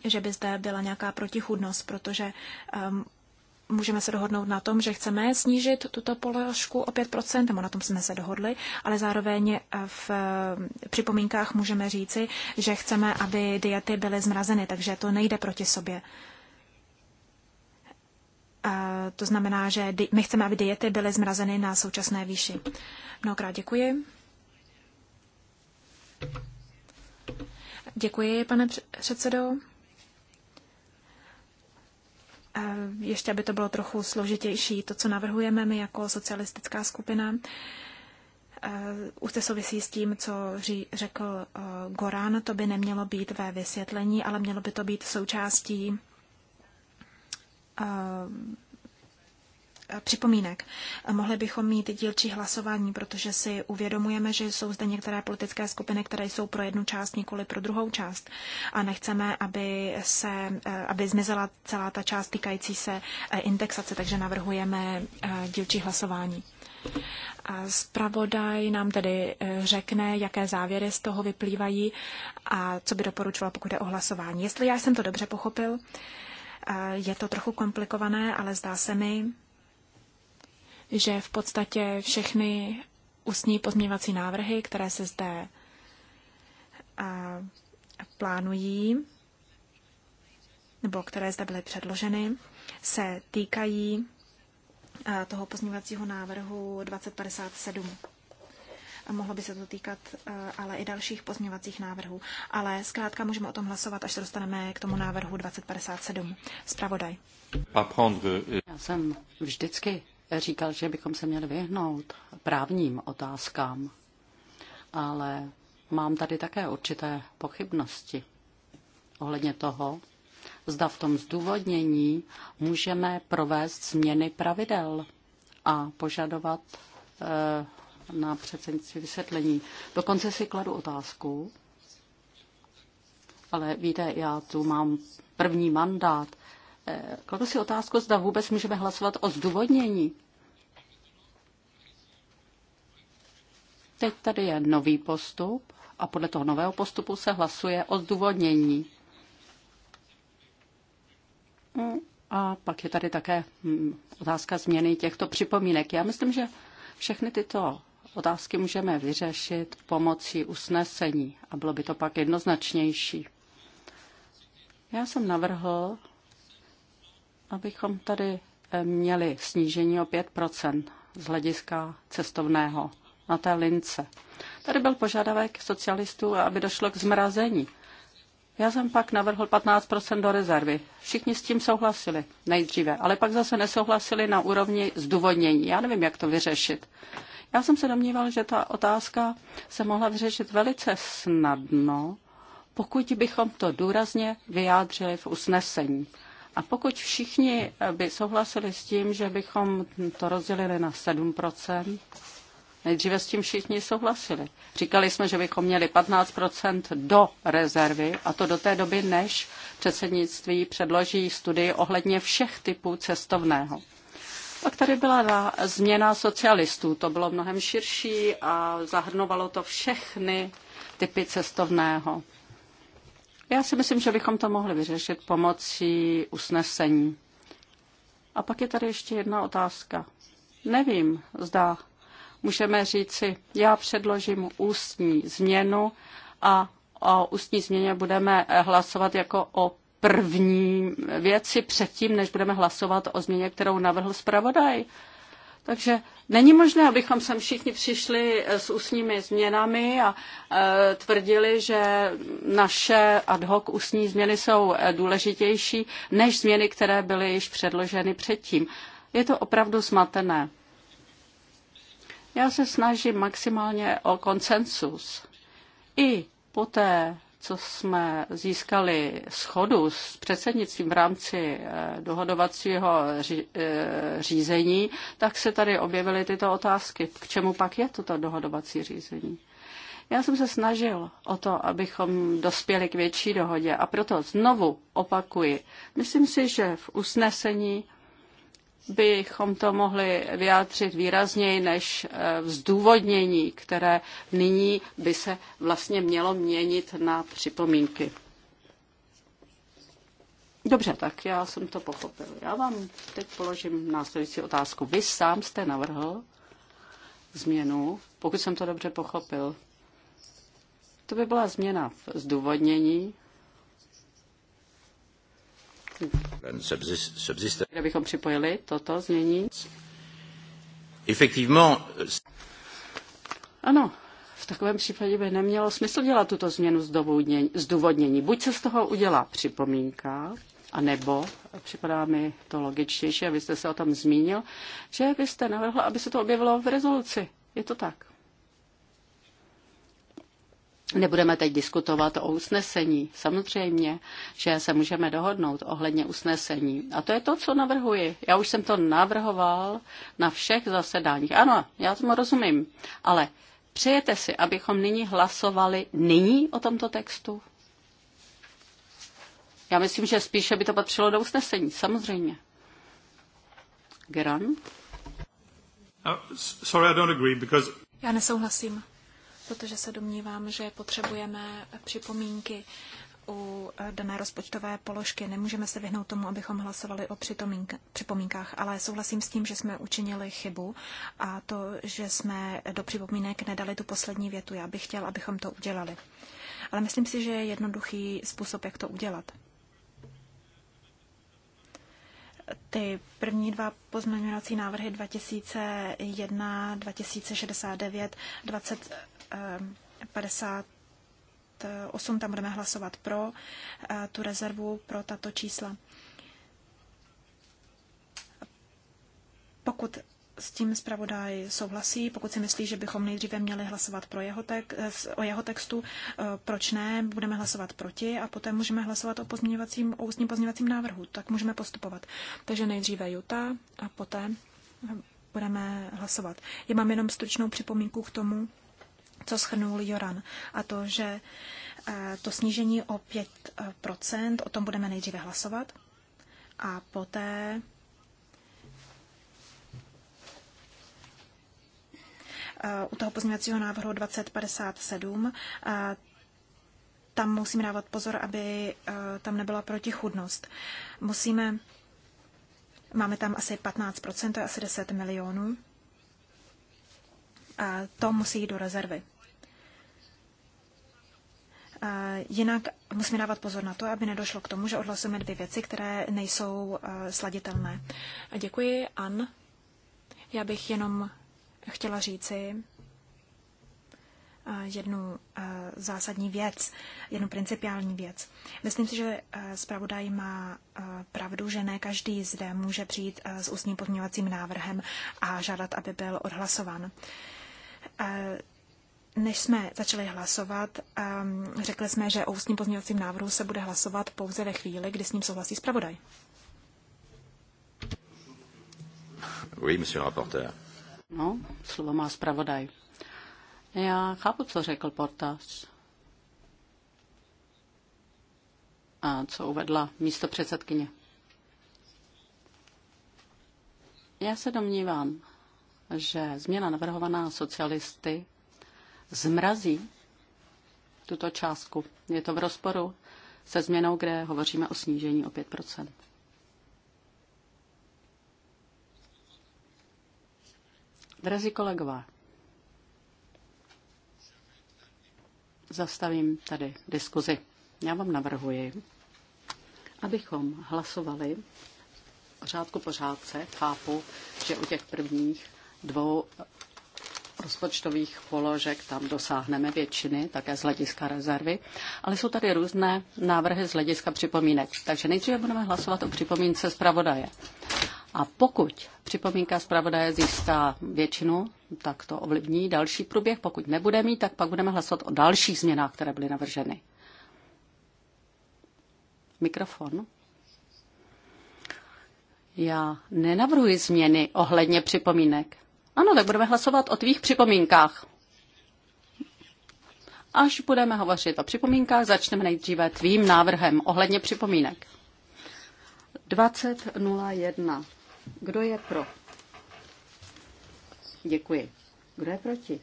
že by zde byla nějaká protichudnost, protože um, můžeme se dohodnout na tom, že chceme snížit tuto položku o 5%, nebo na tom jsme se dohodli, ale zároveň eh, v eh, připomínkách můžeme říci, že chceme, aby diety byly zmrazeny, takže to nejde proti sobě. A eh, to znamená, že my chceme, aby diety byly zmrazeny na současné výši. Mnohokrát děkuji. Děkuji, pane předsedo. Eh, ještě aby to bylo trochu složitější, to, co navrhujeme my jako socialistická skupina, eh, už se souvisí s tím, co řekl eh, Goran, to by nemělo být ve vysvětlení, ale mělo by to být součástí Eh, připomínek. Eh, mohli bychom mít dílčí hlasování, protože si uvědomujeme, že jsou zde některé politické skupiny, které jsou pro jednu část, nikoli pro druhou část. A nechceme, aby, se, eh, aby zmizela celá ta část týkající se indexace, takže navrhujeme dílčí hlasování. A zpravodaj nám tedy řekne, jaké závěry z toho vyplývají a co by doporučoval, pokud je o hlasování. Jestli já jsem to dobře pochopil, je to trochu komplikované, ale zdá se mi, že v podstatě všechny ústní pozměňovací návrhy, které se zde plánují, nebo které zde byly předloženy, se týkají toho pozměňovacího návrhu 2057. A mohlo by se to týkat ale i dalších pozměňovacích návrhů. Ale zkrátka můžeme o tom hlasovat, až se dostaneme k tomu návrhu 2057. Spravodaj. Euh, Já jsem vždycky říkal, že bychom se měli vyhnout právním otázkám, ale mám tady také určité pochybnosti ohledně toho, zda v tom zdůvodnění můžeme provést změny pravidel a požadovat eh, na předsednictví vysvětlení. Dokonce si kladu otázku, ale víte, já tu mám první mandát kladu si otázku, zda vůbec můžeme hlasovat o zdůvodnění. Teď tady je nový postup a podle toho nového postupu se hlasuje o zdůvodnění. No, a pak je tady také hm, otázka změny těchto připomínek. Já myslím, že všechny tyto otázky můžeme vyřešit pomocí usnesení a bylo by to pak jednoznačnější. Já jsem navrhl, abychom tady eh, měli snížení o 5 z hlediska cestovného na té lince. Tady byl požadavek socialistů, aby došlo k zmrazení. Já jsem pak navrhl 15 do rezervy. Všichni s tím souhlasili nejdříve, ale pak zase nesouhlasili na úrovni zdůvodnění. Já nevím, jak to vyřešit. Já jsem se domníval, že ta otázka se mohla vyřešit velice snadno, pokud bychom to důrazně vyjádřili v usnesení. A pokud všichni eh, by souhlasili s tím, že bychom to rozdělili na 7 Nejdříve s tím všichni souhlasili. Říkali jsme, že bychom měli 15 do rezervy a to do té doby, než předsednictví předloží studii ohledně všech typů cestovného. Pak tady byla změna socialistů. To bylo mnohem širší a zahrnovalo to všechny typy cestovného. Já si myslím, že bychom to mohli vyřešit pomocí usnesení. A pak je tady ještě jedna otázka. Nevím, zda můžeme říci, já předložím ústní změnu a o ústní změně budeme hlasovat jako o první věci předtím, než budeme hlasovat o změně, kterou navrhl zpravodaj. Takže není možné, abychom sem všichni přišli eh, s ústními změnami a eh, tvrdili, že naše ad hoc ústní změny jsou eh, důležitější než změny, které byly již předloženy předtím. Je to opravdu zmatené. Já se snažím maximálně o konsensus. I poté, co jsme získali schodu s předsednictvím v rámci eh, dohodovacího eh, řízení, tak se tady objevily tyto otázky. K čemu pak je toto dohodovací řízení? Já jsem se snažil o to, abychom dospěli k větší dohodě a proto znovu opakuji. Myslím si, že v usnesení bychom to mohli vyjádřit výrazněji než eh, zdůvodnění, které nyní by se vlastně mělo měnit na připomínky. Dobře, tak já jsem to pochopil. Já vám teď položím následující otázku. Vy sám jste navrhl změnu, pokud jsem to dobře pochopil. To by byla změna v zdůvodnění kde bychom připojili toto znění? Ano, v takovém případě by nemělo smysl dělat tuto změnu zdůvodnění. Buď se z toho udělá připomínka, a nebo, připadá mi to logičtější, abyste se o tom zmínil, že byste navrhl, aby se to objevilo v rezoluci. Je to tak? Nebudeme teď diskutovat o usnesení. Samozřejmě, že se můžeme dohodnout ohledně usnesení. A to je to, co navrhuji. Já už jsem to navrhoval na všech zasedáních. Ano, já tomu rozumím. Ale přejete si, abychom nyní hlasovali nyní o tomto textu? Já myslím, že spíše by to patřilo do usnesení, samozřejmě. Geran? Uh, sorry, I don't agree because... Já nesouhlasím protože se domnívám, že potřebujeme připomínky u eh, dané rozpočtové položky. Nemůžeme se vyhnout tomu, abychom hlasovali o připomínkách, ale souhlasím s tím, že jsme učinili chybu a to, že jsme do připomínek nedali tu poslední větu. Já bych chtěl, abychom to udělali. Ale myslím si, že je jednoduchý způsob, jak to udělat. Ty první dva pozměňovací návrhy 2001, 2069, 20, 58, tam budeme hlasovat pro eh, tu rezervu, pro tato čísla. Pokud s tím zpravodaj souhlasí, pokud si myslí, že bychom nejdříve měli hlasovat pro jeho text, eh, o jeho textu, eh, proč ne, budeme hlasovat proti a poté můžeme hlasovat o, pozměňovacím, o ústním pozměňovacím návrhu. Tak můžeme postupovat. Takže nejdříve Juta a poté budeme hlasovat. Já mám jenom stručnou připomínku k tomu, co schrnul Joran, a to, že eh, to snížení o 5%, eh, o tom budeme nejdříve hlasovat, a poté eh, u toho pozměňovacího návrhu 2057 tam musíme dávat pozor, aby tam nebyla protichudnost. Musíme, máme tam asi 15%, to je asi 10 milionů to musí jít do rezervy. Jinak musíme dávat pozor na to, aby nedošlo k tomu, že odhlasujeme dvě věci, které nejsou eh, sladitelné. Děkuji, An. Já bych jenom chtěla říci eh, jednu eh, zásadní věc, jednu principiální věc. Myslím si, že zpravodaj má pravdu, že ne každý zde může přijít s ústním podměvacím návrhem a žádat, aby byl odhlasován. Než jsme začali hlasovat, ehm, řekli jsme, že o ústním pozměňovacím návrhu se bude hlasovat pouze ve chvíli, kdy s ním souhlasí zpravodaj. Oui, monsieur rapporteur. No, slovo má zpravodaj. Já chápu, co řekl Portas. A co uvedla místo předsedkyně. Já se domnívám, že změna navrhovaná socialisty zmrazí tuto částku. Je to v rozporu se změnou, kde hovoříme o snížení o 5 Drazí kolegové, zastavím tady diskuzi. Já vám navrhuji, abychom hlasovali řádku po Chápu, že u těch prvních dvou rozpočtových položek tam dosáhneme většiny, také z hlediska rezervy, ale jsou tady různé návrhy z hlediska připomínek. Takže nejdříve budeme hlasovat o připomínce zpravodaje. A pokud připomínka zpravodaje získá většinu, tak to ovlivní další průběh. Pokud nebude mít, tak pak budeme hlasovat o dalších změnách, které byly navrženy. Mikrofon. Já nenavrhuji změny ohledně připomínek. Ano, tak budeme hlasovat o tvých připomínkách. Až budeme hovořit o připomínkách, začneme nejdříve tvým návrhem ohledně připomínek. 20.01. Kdo je pro? Děkuji. Kdo je proti?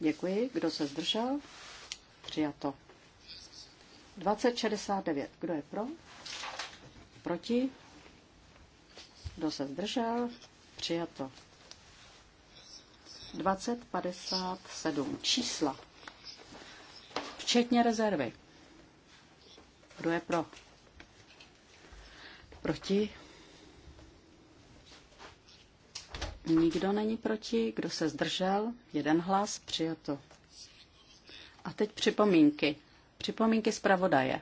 Děkuji. Kdo se zdržel? Přijato. 2069. Kdo je pro? Proti? Kdo se zdržel? Přijato. 2057 čísla, včetně rezervy. Kdo je pro? Proti? Nikdo není proti. Kdo se zdržel? Jeden hlas, přijato. A teď připomínky. Připomínky zpravodaje.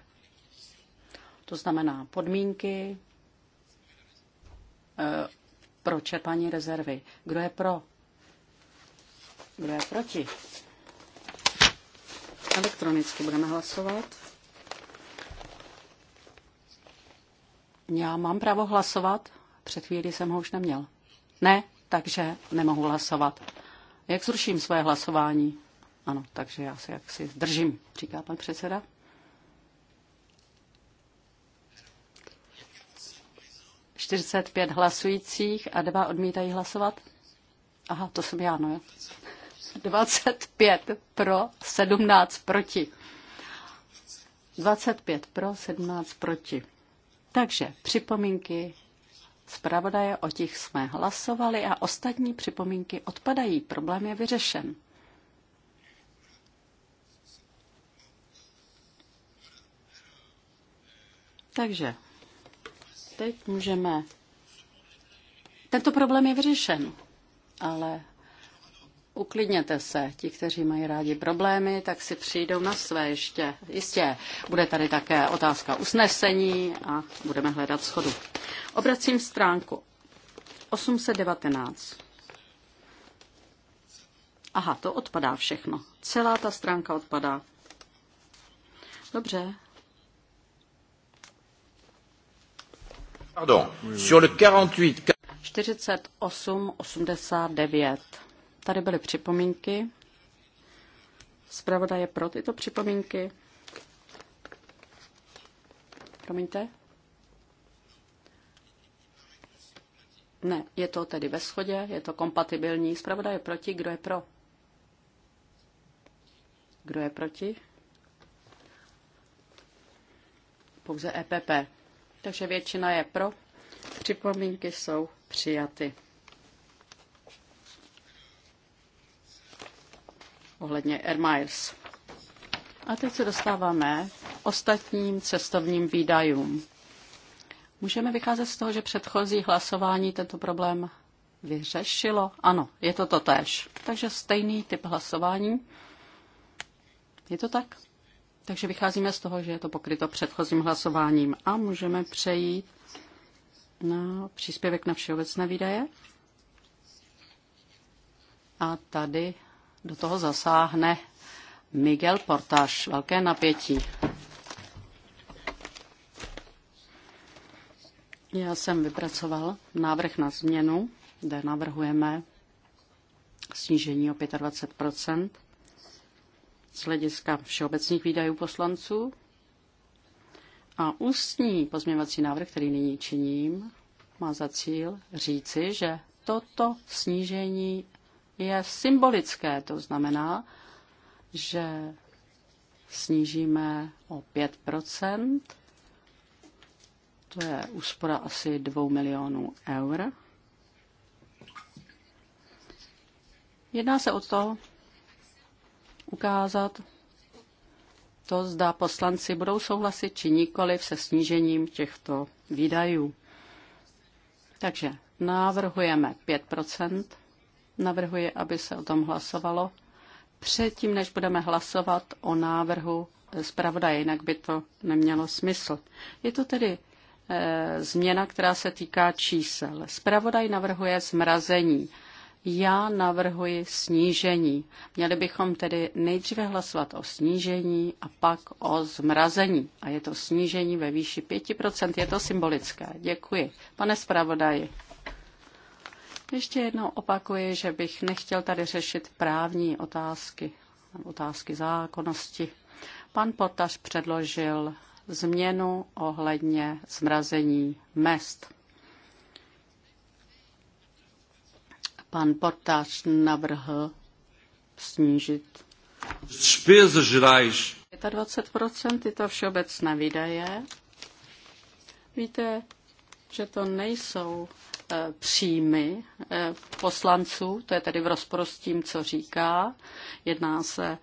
To znamená podmínky e, pro čerpání rezervy. Kdo je pro? Kdo je proti? Elektronicky budeme hlasovat. Já mám právo hlasovat? Před chvíli jsem ho už neměl. Ne, takže nemohu hlasovat. Jak zruším své hlasování? Ano, takže já se jaksi zdržím, říká pan předseda. Čtyřicet pět hlasujících a dva odmítají hlasovat? Aha, to jsem já, no jo. 25 pro, 17 proti. 25 pro, 17 proti. Takže připomínky zpravodaje, o těch jsme hlasovali a ostatní připomínky odpadají. Problém je vyřešen. Takže teď můžeme. Tento problém je vyřešen, ale Uklidněte se, ti, kteří mají rádi problémy, tak si přijdou na své ještě. Jistě, bude tady také otázka usnesení a budeme hledat schodu. Obracím stránku 819. Aha, to odpadá všechno. Celá ta stránka odpadá. Dobře. Pardon, sur le 48... 48, 89. Tady byly připomínky. Zpravodaj je pro tyto připomínky. Promiňte. Ne, je to tedy ve shodě, je to kompatibilní. Zpravodaj je proti, kdo je pro? Kdo je proti? Pouze EPP. Takže většina je pro. Připomínky jsou přijaty. ohledně Air Miles. A teď se dostáváme k ostatním cestovním výdajům. Můžeme vycházet z toho, že předchozí hlasování tento problém vyřešilo? Ano, je to to tež. Takže stejný typ hlasování. Je to tak? Takže vycházíme z toho, že je to pokryto předchozím hlasováním a můžeme přejít na příspěvek na všeobecné výdaje. A tady do toho zasáhne Miguel Portáš. Velké napětí. Já jsem vypracoval návrh na změnu, kde navrhujeme snížení o 25 z hlediska všeobecných výdajů poslanců. A ústní pozměňovací návrh, který nyní činím, má za cíl říci, že toto snížení je symbolické. To znamená, že snížíme o 5 to je úspora asi 2 milionů eur. Jedná se o to ukázat to, zda poslanci budou souhlasit či nikoli se snížením těchto výdajů. Takže návrhujeme 5 Navrhuji, aby se o tom hlasovalo předtím, než budeme hlasovat o návrhu zpravda, jinak by to nemělo smysl. Je to tedy e, změna, která se týká čísel. Zpravodaj navrhuje zmrazení. Já navrhuji snížení. Měli bychom tedy nejdříve hlasovat o snížení a pak o zmrazení. A je to snížení ve výši 5%. Je to symbolické. Děkuji. Pane zpravodaji. Ještě jednou opakuji, že bych nechtěl tady řešit právní otázky, otázky zákonnosti. Pan Potaš předložil změnu ohledně zmrazení mest. Pan Potaš navrhl snížit 25 tyto všeobecné výdaje. Víte, že to nejsou Eh, příjmy eh, poslanců, to je tedy v rozporu s tím, co říká. Jedná se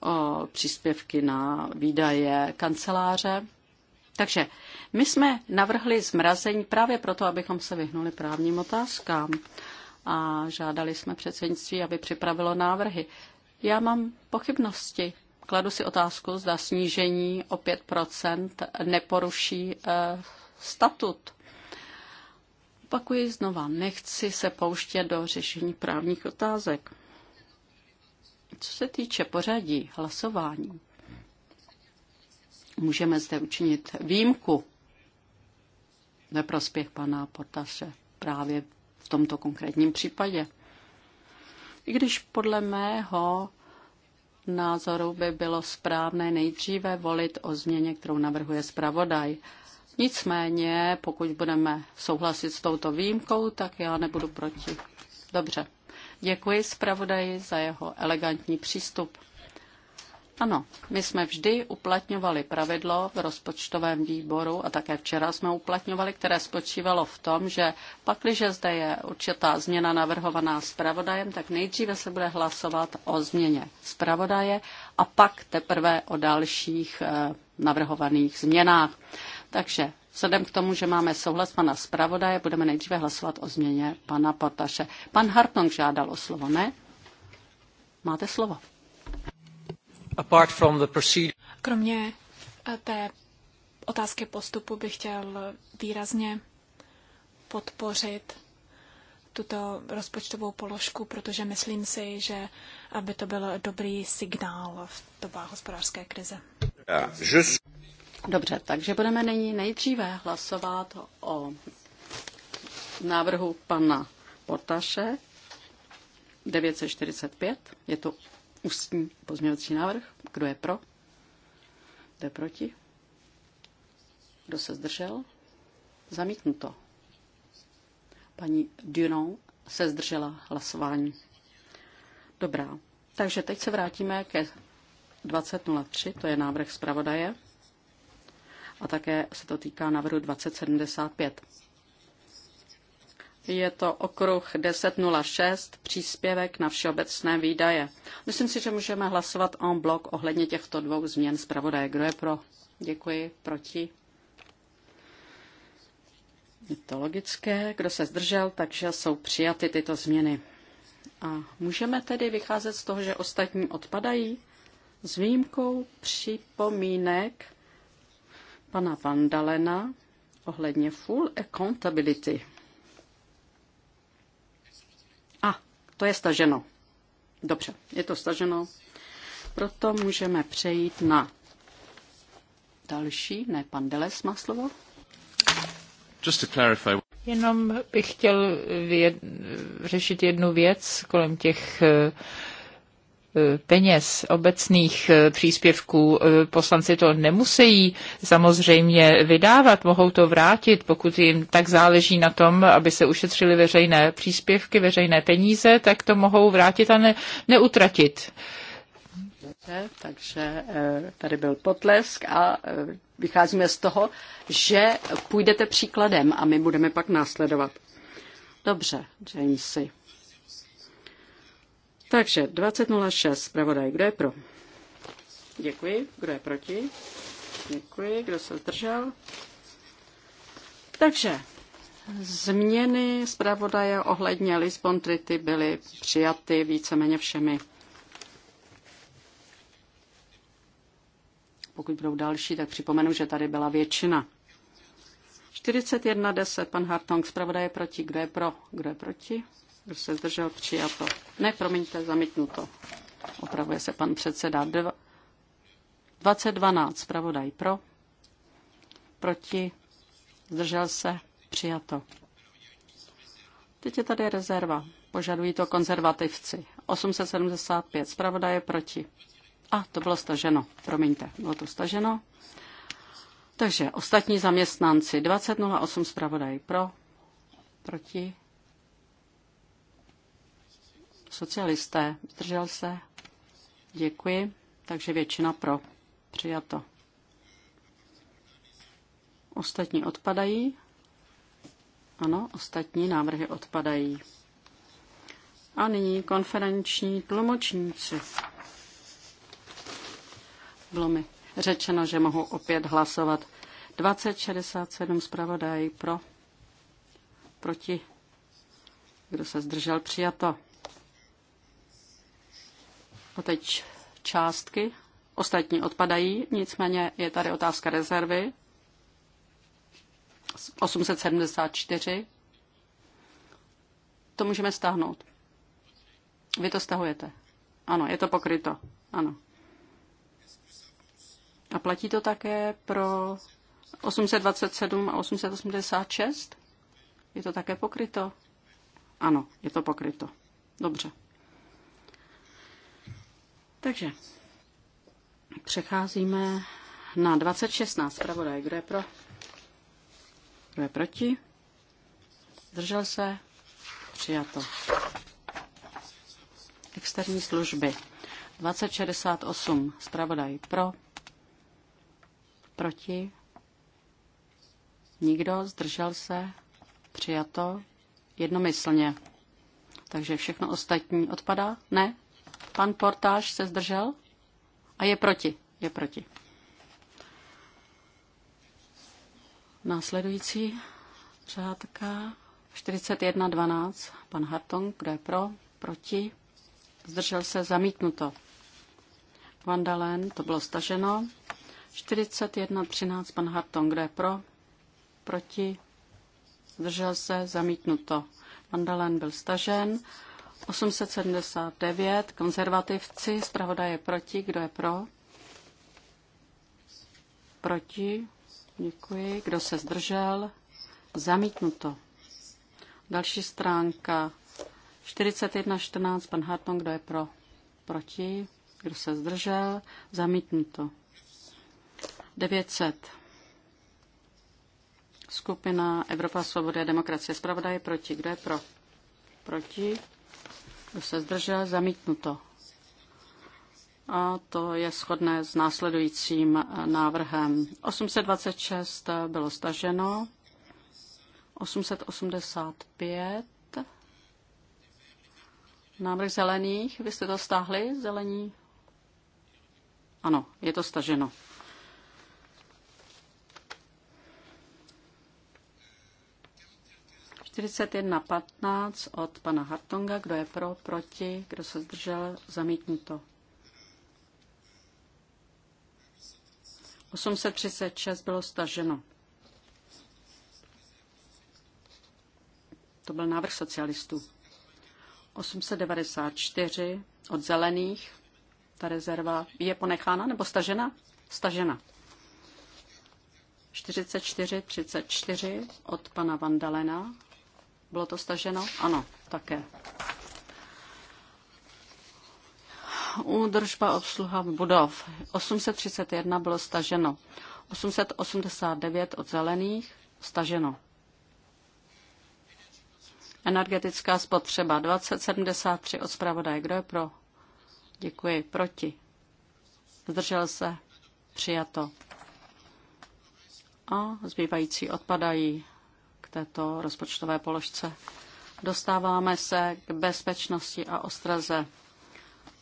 o příspěvky na výdaje kanceláře. Takže my jsme navrhli zmrazení právě proto, abychom se vyhnuli právním otázkám a žádali jsme předsednictví, aby připravilo návrhy. Já mám pochybnosti. Kladu si otázku, zda snížení o 5 neporuší eh, statut Opakuji znova, nechci se pouštět do řešení právních otázek. Co se týče pořadí hlasování, můžeme zde učinit výjimku ve prospěch pana Portaše právě v tomto konkrétním případě. I když podle mého názoru by bylo správné nejdříve volit o změně, kterou navrhuje zpravodaj, Nicméně, pokud budeme souhlasit s touto výjimkou, tak já nebudu proti. Dobře. Děkuji zpravodaji za jeho elegantní přístup. Ano, my jsme vždy uplatňovali pravidlo v rozpočtovém výboru a také včera jsme uplatňovali, které spočívalo v tom, že pakliže zde je určitá změna navrhovaná zpravodajem, tak nejdříve se bude hlasovat o změně zpravodaje a pak teprve o dalších eh, navrhovaných změnách. Takže vzhledem k tomu, že máme souhlas pana zpravodaje, budeme nejdříve hlasovat o změně pana Portaše. Pan Hartong žádal o slovo, ne? Máte slovo. Apart from the proceed- Kromě eh, té otázky postupu bych chtěl výrazně podpořit tuto rozpočtovou položku, protože myslím si, že aby to byl dobrý signál v dobách hospodářské krize. Dobře, takže budeme nyní nejdříve hlasovat o návrhu pana Portaše 945. Je to ústní pozměňovací návrh. Kdo je pro? Kdo je proti? Kdo se zdržel? Zamítnuto. Paní Dunon se zdržela hlasování. Dobrá. Takže teď se vrátíme ke 2003, to je návrh zpravodaje a také se to týká návrhu 2075. Je to okruh 1006, příspěvek na všeobecné výdaje. Myslím si, že můžeme hlasovat en blok ohledně těchto dvou změn zpravodaje. Kdo je pro? Děkuji. Proti? Je to logické. Kdo se zdržel, takže jsou přijaty tyto změny. A můžeme tedy vycházet z toho, že ostatní odpadají s výjimkou připomínek pana Vandalena ohledně full accountability. A, ah, to je staženo. Dobře, je to staženo. Proto můžeme přejít na další. Ne, pan Deles má slovo. Just to clarify. Jenom bych chtěl vě- řešit jednu věc kolem těch uh, E, peněz, obecných e, příspěvků. E, poslanci to nemusí samozřejmě vydávat, mohou to vrátit, pokud jim tak záleží na tom, aby se ušetřili veřejné příspěvky, veřejné peníze, tak to mohou vrátit a ne, neutratit. Dobře, takže tady byl potlesk a vycházíme z toho, že půjdete příkladem a my budeme pak následovat. Dobře, Jamesy. Takže 20.06, zpravodaj, kdo je pro? Děkuji. Kdo je proti? Děkuji. Kdo se zdržel? Takže změny zpravodaje ohledně Lisbon Trity byly přijaty víceméně všemi. Pokud budou další, tak připomenu, že tady byla většina. 41.10. Pan Hartong, zpravodaje proti. Kdo je pro? Kdo je proti? Kdo se zdržel? Přijato. Ne, promiňte, zamítnuto. Opravuje se pan předseda. 2012. Pravodaj pro. Proti. Zdržel se. Přijato. Teď je tady rezerva. Požadují to konzervativci. 875. Zpravoda je proti. A to bylo staženo. Promiňte, bylo to staženo. Takže ostatní zaměstnanci. 2008 zpravodaj pro, proti, Socialisté. Zdržel se? Děkuji. Takže většina pro. Přijato. Ostatní odpadají. Ano, ostatní návrhy odpadají. A nyní konferenční tlumočníci. Bylo mi řečeno, že mohu opět hlasovat. 2067 zpravodaj pro, proti, kdo se zdržel, přijato. A teď částky. Ostatní odpadají, nicméně je tady otázka rezervy. 874. To můžeme stáhnout. Vy to stahujete. Ano, je to pokryto. Ano. A platí to také pro 827 a 886? Je to také pokryto? Ano, je to pokryto. Dobře. Takže přecházíme na 2016. Pravodaj, kdo je pro? Kdo je proti? Zdržel se? Přijato. Externí služby. 2068. Spravodaj pro. Proti. Nikdo. Zdržel se. Přijato. Jednomyslně. Takže všechno ostatní odpadá? Ne? Pan Portáž se zdržel? A je proti. Je proti. Následující řádka 41.12. Pan Hartong, kdo je pro? Proti. Zdržel se zamítnuto. Vandalen, to bylo staženo. 41.13. Pan Hartong, kdo je pro? Proti. Zdržel se zamítnuto. Vandalen byl stažen. 879, konzervativci, zpravodaje proti, kdo je pro? Proti, děkuji. Kdo se zdržel? Zamítnuto. Další stránka 41.14, pan Harton, kdo je pro? Proti, kdo se zdržel? Zamítnuto. 900. Skupina Evropa, svobody a demokracie. Zpravodaj je proti. Kdo je pro? Proti. Kdo se zdržel? Zamítnuto. A to je shodné s následujícím návrhem. 826 bylo staženo, 885. Návrh zelených, vy jste to stáhli, zelení? Ano, je to staženo. 41.15 od pana Hartonga. Kdo je pro, proti, kdo se zdržel, zamítnuto. 836 bylo staženo. To byl návrh socialistů. 894 od zelených. Ta rezerva je ponechána nebo stažena? Stažena. 44, 34 od pana Vandalena. Bylo to staženo? Ano, také. Údržba obsluha budov. 831 bylo staženo. 889 od zelených staženo. Energetická spotřeba 2073 od zpravodaje. Kdo je pro? Děkuji. Proti? Zdržel se? Přijato. A zbývající odpadají této rozpočtové položce. Dostáváme se k bezpečnosti a ostraze.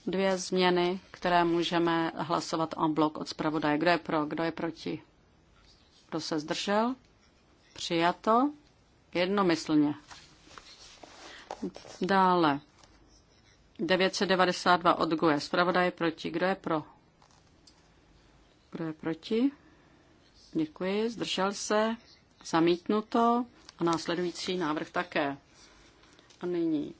Dvě změny, které můžeme hlasovat en blok od zpravodaje. Kdo je pro, kdo je proti? Kdo se zdržel? Přijato jednomyslně. Dále. 992 od GUE. Zpravodaj proti. Kdo je pro? Kdo je proti? Děkuji. Zdržel se. Zamítnuto následující návrh také. A nyní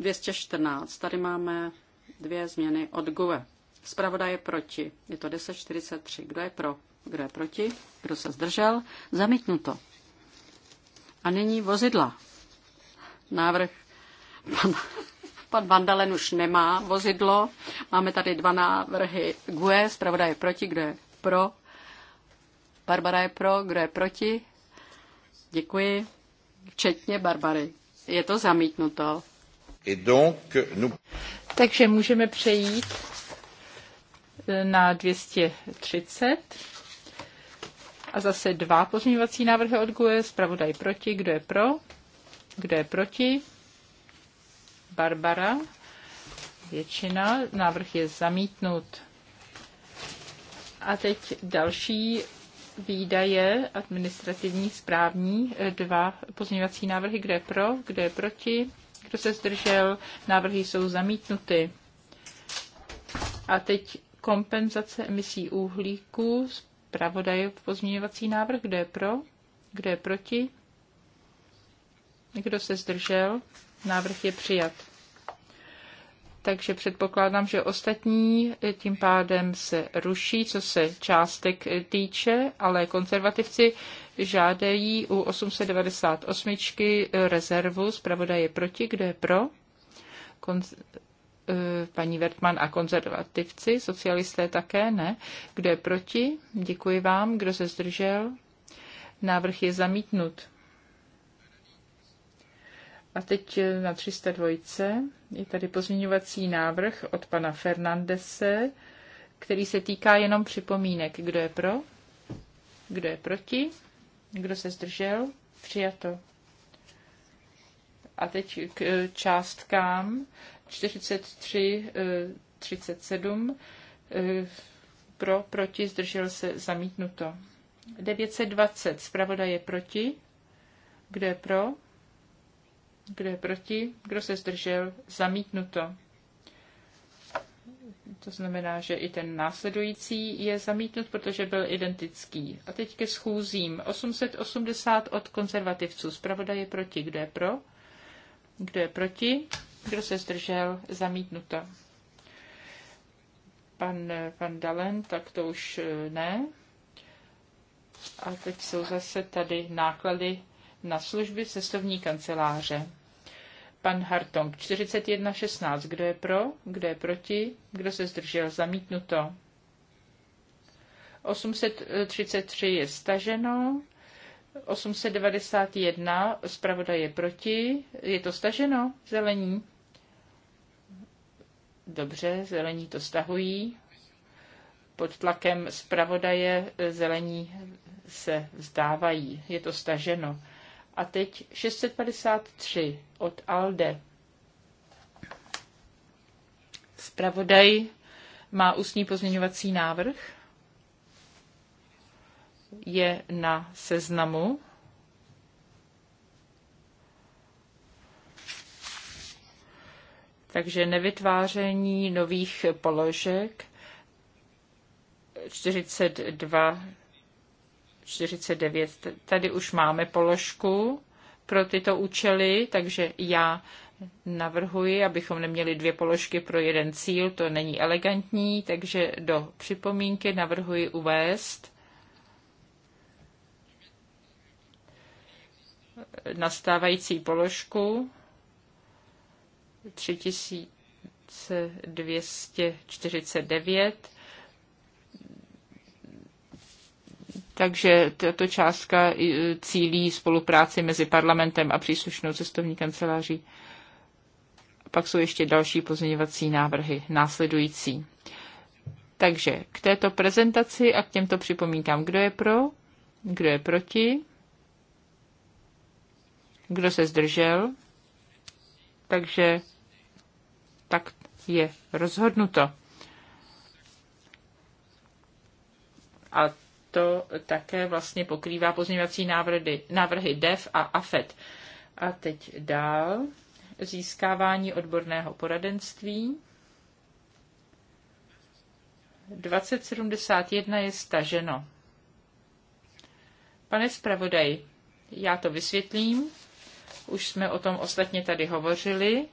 214. Tady máme dvě změny od GUE. Zpravodaj je proti. Je to 1043. Kdo je pro? Kdo je proti? Kdo se zdržel? Zamítnuto. A nyní vozidla. Návrh pan, pan Vandalen už nemá vozidlo. Máme tady dva návrhy GUE. Zpravodaj je proti. Kdo je pro? Barbara je pro. Kdo je proti? Děkuji, včetně Barbary. Je to zamítnuto. Donc, nous... Takže můžeme přejít e, na 230. A zase dva pozměňovací návrhy od GUE. Spravodaj proti. Kdo je pro? Kdo je proti? Barbara. Většina. Návrh je zamítnut. A teď další výdaje administrativní, správní, eh, dva pozměňovací návrhy, kde je pro, kde je proti, kdo se zdržel, návrhy jsou zamítnuty. A teď kompenzace emisí uhlíku, zpravodaj pozměňovací návrh, kde je pro, kde je proti, kdo se zdržel, návrh je přijat takže předpokládám, že ostatní eh, tím pádem se ruší, co se částek eh, týče, ale konzervativci žádají u 898 eh, rezervu. Zpravodaj je proti, kdo je pro? Konz- paní Vertman a konzervativci, socialisté také, ne. Kdo je proti? Děkuji vám. Kdo se zdržel? Návrh je zamítnut. A teď eh, na 302. Je tady pozměňovací návrh od pana Fernandese, který se týká jenom připomínek. Kdo je pro? Kdo je proti? Kdo se zdržel? Přijato. A teď k eh, částkám 43, 37 eh, pro, proti, zdržel se, zamítnuto. 920, zpravodaj je proti. Kdo je pro? Kdo je proti? Kdo se zdržel? Zamítnuto. To znamená, že i ten následující je zamítnut, protože byl identický. A teď ke schůzím. 880 od konzervativců. Zpravodaj je proti. Kdo je pro? Kdo je proti? Kdo se zdržel? Zamítnuto. Pan Van Dalen, tak to už eh, ne. A teď jsou zase tady náklady na služby cestovní kanceláře. Pan Hartong 4116. Kdo je pro? Kdo je proti? Kdo se zdržel? Zamítnuto. 833 je staženo. 891 zpravodaj je proti. Je to staženo? Zelení. Dobře, zelení to stahují. Pod tlakem zpravodaje zelení se vzdávají. Je to staženo. A teď 653 od ALDE. Spravodaj má ústní pozměňovací návrh. Je na seznamu. Takže nevytváření nových položek 42 49. Tady už máme položku pro tyto účely, takže já navrhuji, abychom neměli dvě položky pro jeden cíl, to není elegantní, takže do připomínky navrhuji uvést nastávající položku 3249 takže tato částka cílí spolupráci mezi parlamentem a příslušnou cestovní kanceláří. Pak jsou ještě další pozměňovací návrhy následující. Takže k této prezentaci a k těmto připomínkám, kdo je pro, kdo je proti, kdo se zdržel. Takže tak je rozhodnuto. A to také vlastně pokrývá pozměňovací návrhy, návrhy DEF a AFET. A teď dál. Získávání odborného poradenství. 2071 je staženo. Pane zpravodaj, já to vysvětlím. Už jsme o tom ostatně tady hovořili.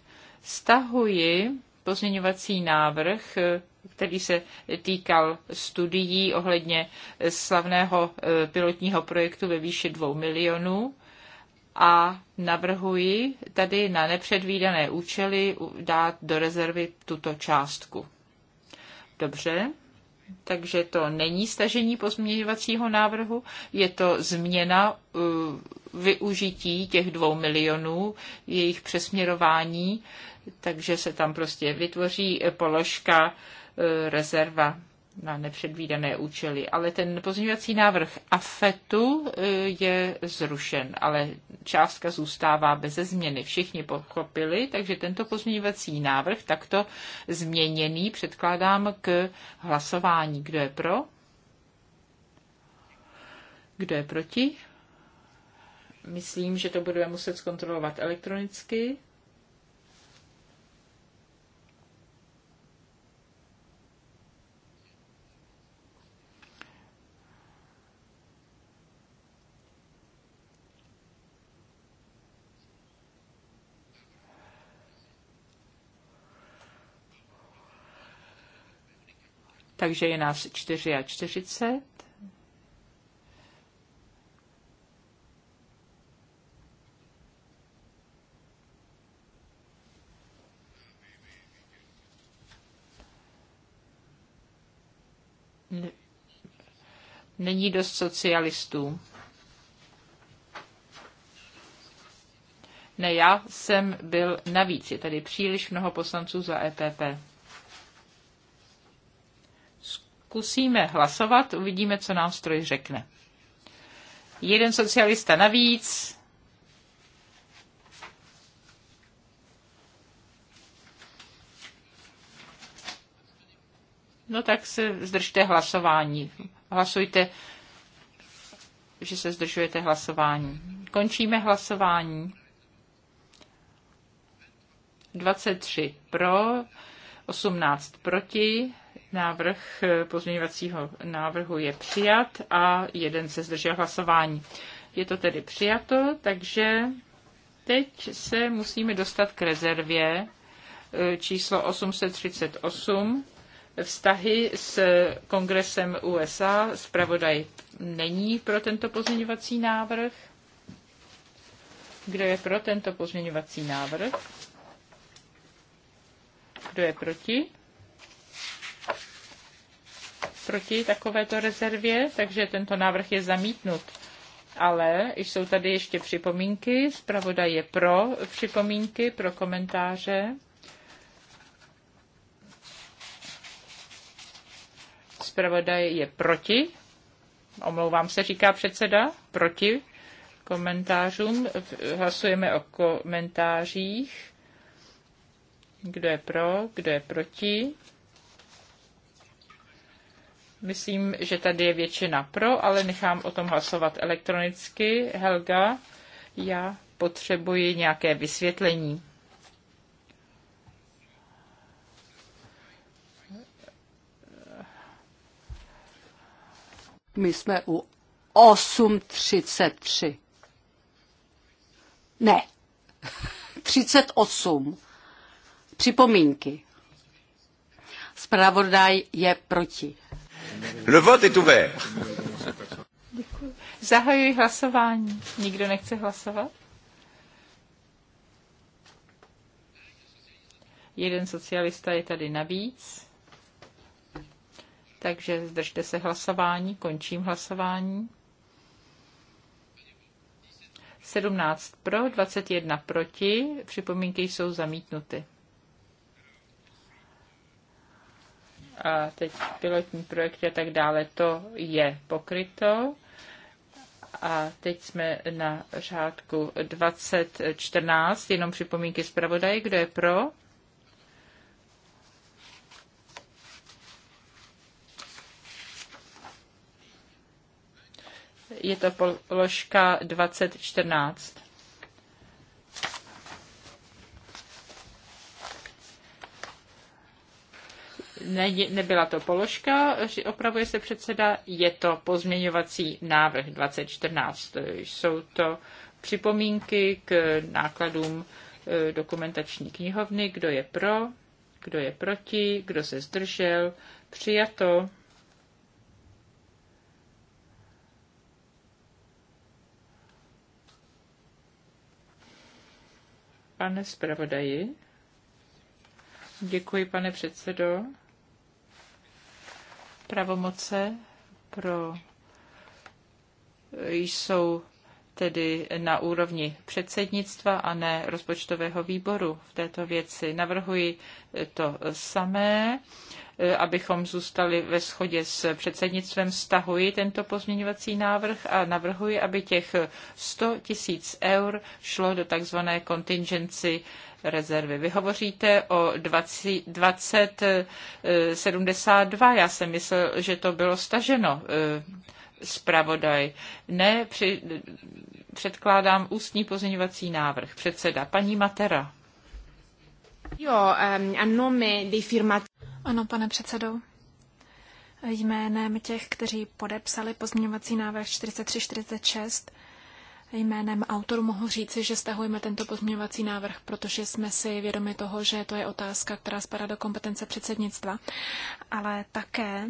Stahuji pozměňovací návrh který se týkal studií ohledně slavného eh, pilotního projektu ve výši 2 milionů a navrhuji tady na nepředvídané účely dát do rezervy tuto částku. Dobře, takže to není stažení pozměňovacího návrhu, je to změna eh, využití těch dvou milionů, jejich přesměrování, takže se tam prostě vytvoří položka E, rezerva na nepředvídané účely. Ale ten pozměňovací návrh AFETu e, je zrušen, ale částka zůstává bez změny. Všichni pochopili, takže tento pozměňovací návrh takto změněný předkládám k hlasování. Kdo je pro? Kdo je proti? Myslím, že to budeme muset zkontrolovat elektronicky. takže je nás 44. Není dost socialistů. Ne, já jsem byl navíc. Je tady příliš mnoho poslanců za EPP zkusíme hlasovat, uvidíme, co nám stroj řekne. Jeden socialista navíc. No tak se zdržte hlasování. Hlasujte, že se zdržujete hlasování. Končíme hlasování. 23 pro, 18 proti, Návrh eh, pozměňovacího návrhu je přijat a jeden se zdržel hlasování. Je to tedy přijato, takže teď se musíme dostat k rezervě eh, číslo 838 vztahy s kongresem USA. Spravodaj není pro tento pozměňovací návrh. Kdo je pro tento pozměňovací návrh? Kdo je proti? proti takovéto rezervě, takže tento návrh je zamítnut. Ale jsou tady ještě připomínky, zpravodaj je pro připomínky, pro komentáře. Zpravodaj je proti, omlouvám se, říká předseda, proti komentářům. Hlasujeme o komentářích. Kdo je pro, kdo je proti? Myslím, že tady je většina pro, ale nechám o tom hlasovat elektronicky. Helga, já potřebuji nějaké vysvětlení. My jsme u 8.33. Ne, 38. Připomínky. Spravodaj je proti. Le vote est ouvert. Děkuji. Zahajuji hlasování. Nikdo nechce hlasovat? Jeden socialista je tady navíc. Takže zdržte se hlasování. Končím hlasování. 17 pro, 21 proti. Připomínky jsou zamítnuty. a teď pilotní projekty a tak dále, to je pokryto. A teď jsme na řádku 2014, jenom připomínky zpravodaje, kdo je pro. Je to položka 2014. ne, nebyla to položka, opravuje se předseda, je to pozměňovací návrh 2014. Jsou to připomínky k nákladům e, dokumentační knihovny, kdo je pro, kdo je proti, kdo se zdržel, přijato. Pane zpravodaji. Děkuji, pane předsedo pravomoce pro jsou tedy na úrovni předsednictva a ne rozpočtového výboru v této věci. Navrhuji to samé, abychom zůstali ve shodě s předsednictvem. Stahuji tento pozměňovací návrh a navrhuji, aby těch 100 tisíc eur šlo do takzvané kontingenci rezervy. Vy hovoříte o 20, 2072. Eh, Já jsem myslel, že to bylo staženo eh, zpravodaj. Ne, při, předkládám ústní pozměňovací návrh. Předseda, paní Matera. Jo, a nome dei firmat... Ano, pane předsedo. Jménem těch, kteří podepsali pozměňovací návrh 4346, Jménem autorů mohu říci, že stahujeme tento pozměňovací návrh, protože jsme si vědomi toho, že to je otázka, která spadá do kompetence předsednictva, ale také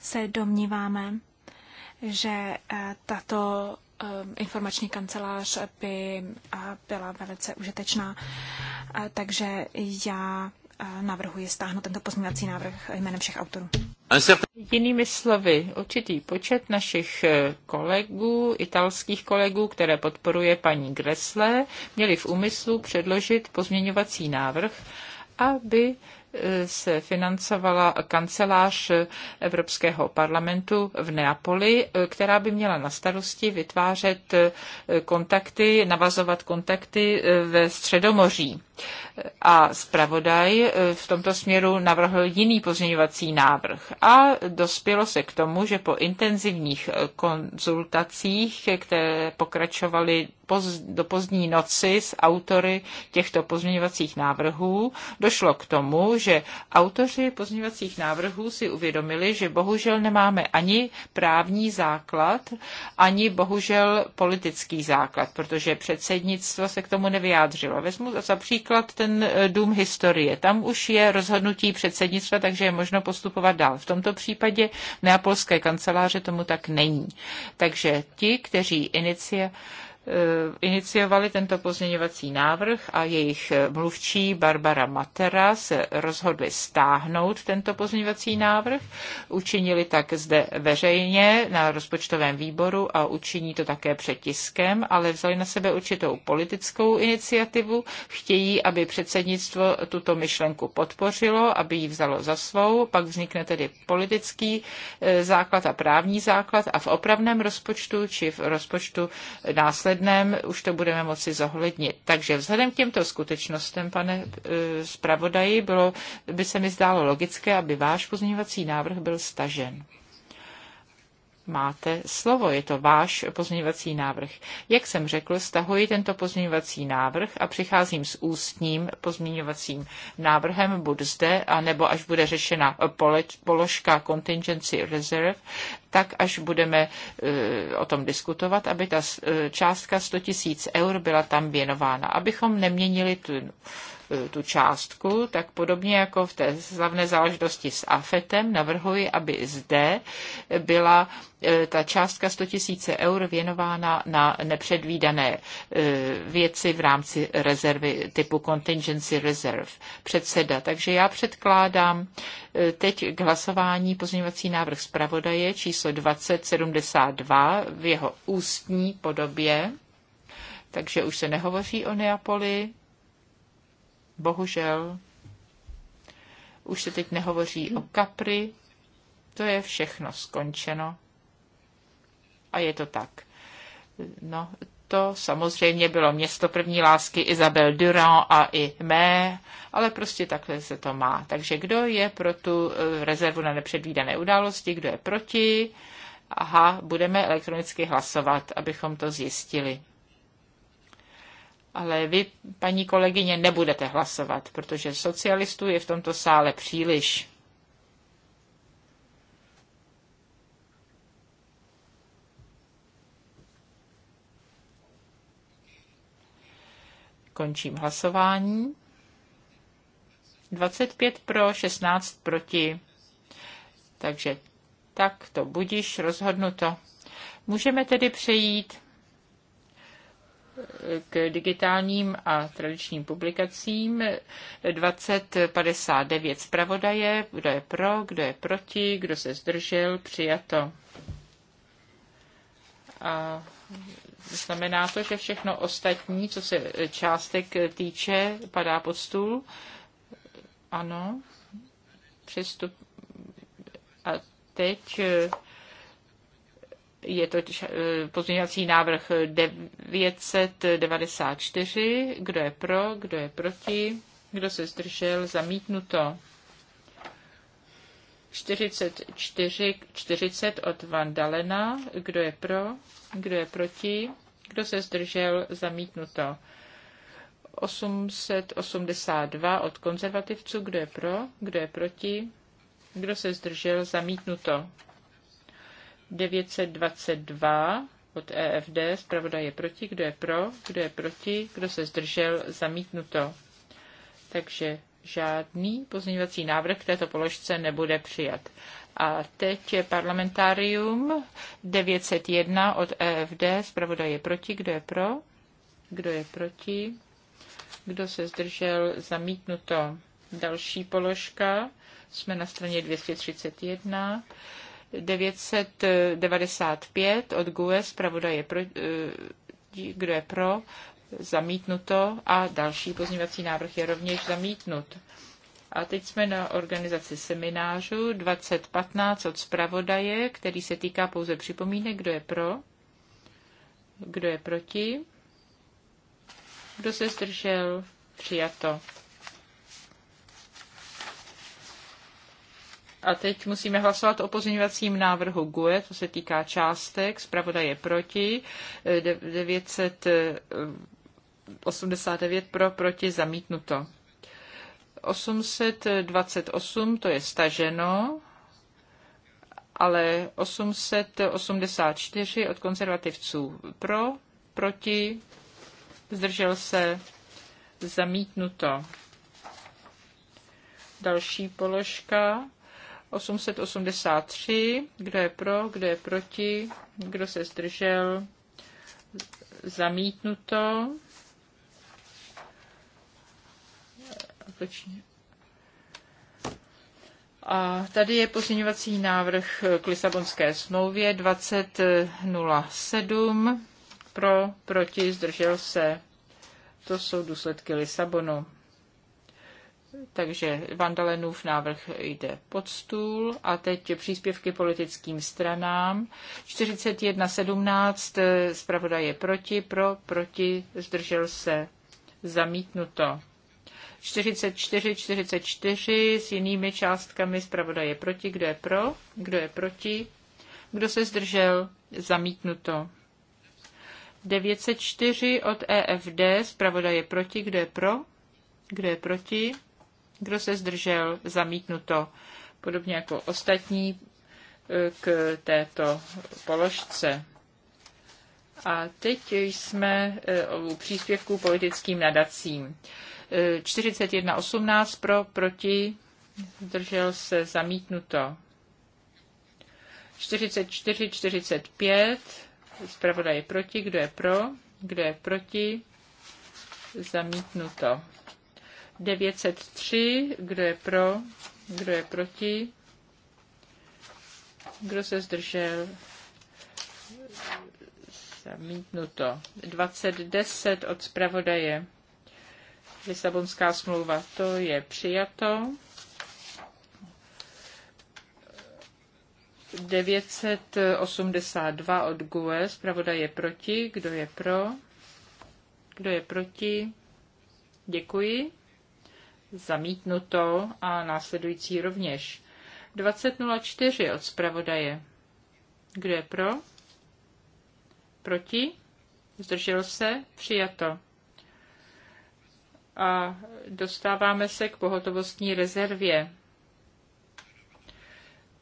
se domníváme, že eh, tato eh, informační kancelář by eh, byla velice užitečná. Takže já navrhuji stáhnout tento pozměňovací návrh jménem všech autorů. Jinými slovy, určitý počet našich eh, kolegů, italských kolegů, které podporuje paní Gressle, měli v úmyslu předložit pozměňovací návrh, aby eh, se financovala kancelář Evropského parlamentu v Neapoli, eh, která by měla na starosti vytvářet kontakty, navazovat kontakty ve Středomoří. A zpravodaj eh, v tomto směru navrhl jiný pozměňovací návrh. A dospělo se k tomu, že po intenzivních eh, konzultacích, které pokračovaly do pozdní noci s autory těchto pozměňovacích návrhů, došlo k tomu, že autoři pozměňovacích návrhů si uvědomili, že bohužel nemáme ani právní základ, ani bohužel politický základ, protože předsednictvo se k tomu nevyjádřilo. Vezmu za příklad Například ten eh, dům historie. Tam už je rozhodnutí předsednictva, takže je možno postupovat dál. V tomto případě neapolské kanceláře tomu tak není. Takže ti, kteří inicia, Eh, iniciovali tento pozměňovací návrh a jejich eh, mluvčí Barbara Matera se rozhodli stáhnout tento pozměňovací návrh. Učinili tak zde veřejně na rozpočtovém výboru a učiní to také přetiskem, ale vzali na sebe určitou politickou iniciativu. Chtějí, aby předsednictvo tuto myšlenku podpořilo, aby ji vzalo za svou. Pak vznikne tedy politický eh, základ a právní základ a v opravném rozpočtu či v rozpočtu následně odpolednem už to budeme moci zohlednit. Takže vzhledem k těmto skutečnostem, pane e, zpravodaji, bylo, by se mi zdálo logické, aby váš pozměňovací návrh byl stažen máte slovo. Je to váš pozměňovací návrh. Jak jsem řekl, stahuji tento pozměňovací návrh a přicházím s ústním pozměňovacím návrhem, buď zde, anebo až bude řešena položka contingency reserve, tak až budeme e, o tom diskutovat, aby ta e, částka 100 tisíc eur byla tam věnována, abychom neměnili tu Eh, tu částku, tak podobně jako v té slavné záležitosti s AFETem navrhuji, aby zde byla eh, ta částka 100 000 eur věnována na nepředvídané eh, věci v rámci rezervy typu contingency reserve předseda. Takže já předkládám teď k hlasování pozměňovací návrh zpravodaje číslo 2072 v jeho ústní podobě. Takže už se nehovoří o Neapoli, Bohužel už se teď nehovoří o kapry, to je všechno skončeno. A je to tak. No, to samozřejmě bylo město první lásky Isabel Durand a i mé, ale prostě takhle se to má. Takže kdo je pro tu eh, rezervu na nepředvídané události, kdo je proti? Aha, budeme elektronicky hlasovat, abychom to zjistili ale vy, paní kolegyně, nebudete hlasovat, protože socialistů je v tomto sále příliš. Končím hlasování. 25 pro, 16 proti. Takže tak to budiš rozhodnuto. Můžeme tedy přejít k digitálním a tradičním publikacím 2059 zpravodaje, kdo je pro, kdo je proti, kdo se zdržel, přijato. A znamená to, že všechno ostatní, co se částek týče, padá pod stůl. Ano, přestup. A teď je to eh, pozměňovací návrh 994. Kdo je pro, kdo je proti, kdo se zdržel, zamítnuto. 44, 40 od Van Dalena. Kdo je pro, kdo je proti, kdo se zdržel, zamítnuto. 882 od konzervativců. Kdo je pro, kdo je proti, kdo se zdržel, zamítnuto. 922 od EFD. Zpravodaj je proti. Kdo je pro? Kdo je proti? Kdo se zdržel? Zamítnuto. Takže žádný pozměňovací návrh k této položce nebude přijat. A teď je parlamentárium 901 od EFD. Zpravodaj je proti. Kdo je pro? Kdo je proti? Kdo se zdržel? Zamítnuto. Další položka. Jsme na straně 231. 995 od GUE, zpravodaje pro eh, kdo je pro, zamítnuto a další pozměňovací návrh je rovněž zamítnut. A teď jsme na organizaci seminářů 2015 od zpravodaje, který se týká pouze připomínek, kdo je pro, kdo je proti, kdo se zdržel, přijato. A teď musíme hlasovat o pozměňovacím návrhu GUE, co se týká částek, Zpravoda je proti, 989 eh, pro, proti, zamítnuto. 828, to je staženo, ale 884 od konzervativců pro, proti, zdržel se, zamítnuto. Další položka 883, kdo je pro, kdo je proti, kdo se zdržel, zamítnuto. A tady je pozměňovací návrh k Lisabonské smlouvě 2007 pro, proti, zdržel se. To jsou důsledky Lisabonu. Takže Vandalenův návrh jde pod stůl a teď příspěvky politickým stranám. 41.17, eh, Zpravoda je proti, pro, proti, zdržel se, zamítnuto. 44, 44 s jinými částkami zpravodaj je proti, kdo je pro, kdo je proti, kdo se zdržel, zamítnuto. 904 od EFD, zpravodaj je proti, kdo je pro, kdo je proti, kdo se zdržel? Zamítnuto. Podobně jako ostatní e, k této položce. A teď jsme u e, příspěvků politickým nadacím. 41.18 e, pro, proti, zdržel se zamítnuto. 44.45, zpravodaj je proti, kdo je pro, kdo je proti, zamítnuto. 903, kdo je pro, kdo je proti, kdo se zdržel, zamítnuto. 2010 od zpravodaje. Lisabonská smlouva, to je přijato. 982 od GUE, zpravodaj je proti, kdo je pro, kdo je proti, děkuji zamítnuto a následující rovněž. 20.04 od zpravodaje. Kdo je pro? Proti? Zdržel se? Přijato. A dostáváme se k pohotovostní rezervě.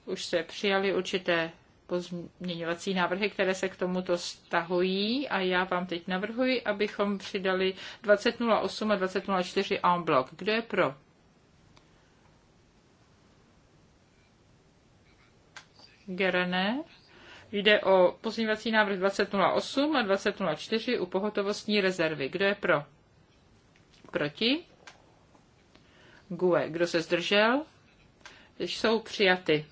Už se přijali určité pozměňovací návrhy, které se k tomuto stahují a já vám teď navrhuji, abychom přidali 2008 a 2004 en bloc. Kdo je pro? Gerené. Jde o pozměňovací návrh 2008 a 2004 u pohotovostní rezervy. Kdo je pro? Proti? GUE. Kdo se zdržel? Jsou přijaty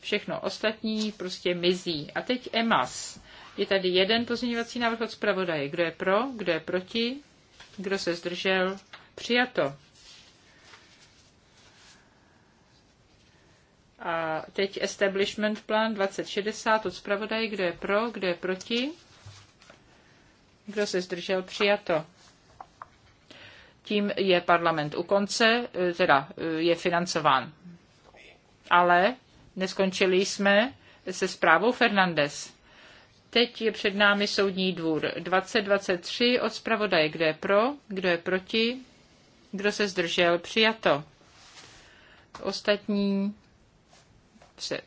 všechno ostatní prostě mizí. A teď EMAS. Je tady jeden pozměňovací návrh od zpravodaje. Kdo je pro, kdo je proti, kdo se zdržel, přijato. A teď establishment plán 2060 od zpravodaje, kdo je pro, kdo je proti, kdo se zdržel, přijato. Tím je parlament u konce, eh, teda eh, je financován. Ale Neskončili jsme se zprávou Fernandez. Teď je před námi soudní dvůr 2023 od zpravodaje, kdo je pro, kdo je proti, kdo se zdržel, přijato. Ostatní se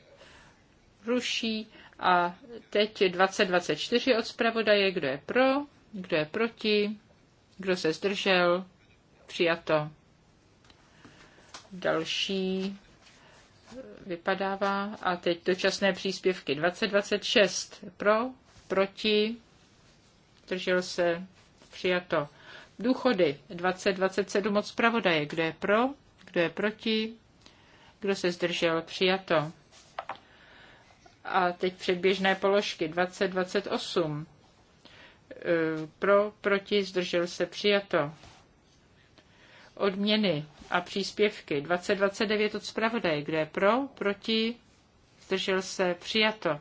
ruší a teď je 2024 od zpravodaje, kdo je pro, kdo je proti, kdo se zdržel, přijato. Další vypadává. A teď dočasné příspěvky 2026 pro, proti, držel se, přijato. Důchody 2027 od zpravodaje, kdo je pro, kdo je proti, kdo se zdržel, přijato. A teď předběžné položky 2028. E, pro, proti, zdržel se, přijato odměny a příspěvky 2029 od zpravodaje, kde je pro, proti, zdržel se, přijato.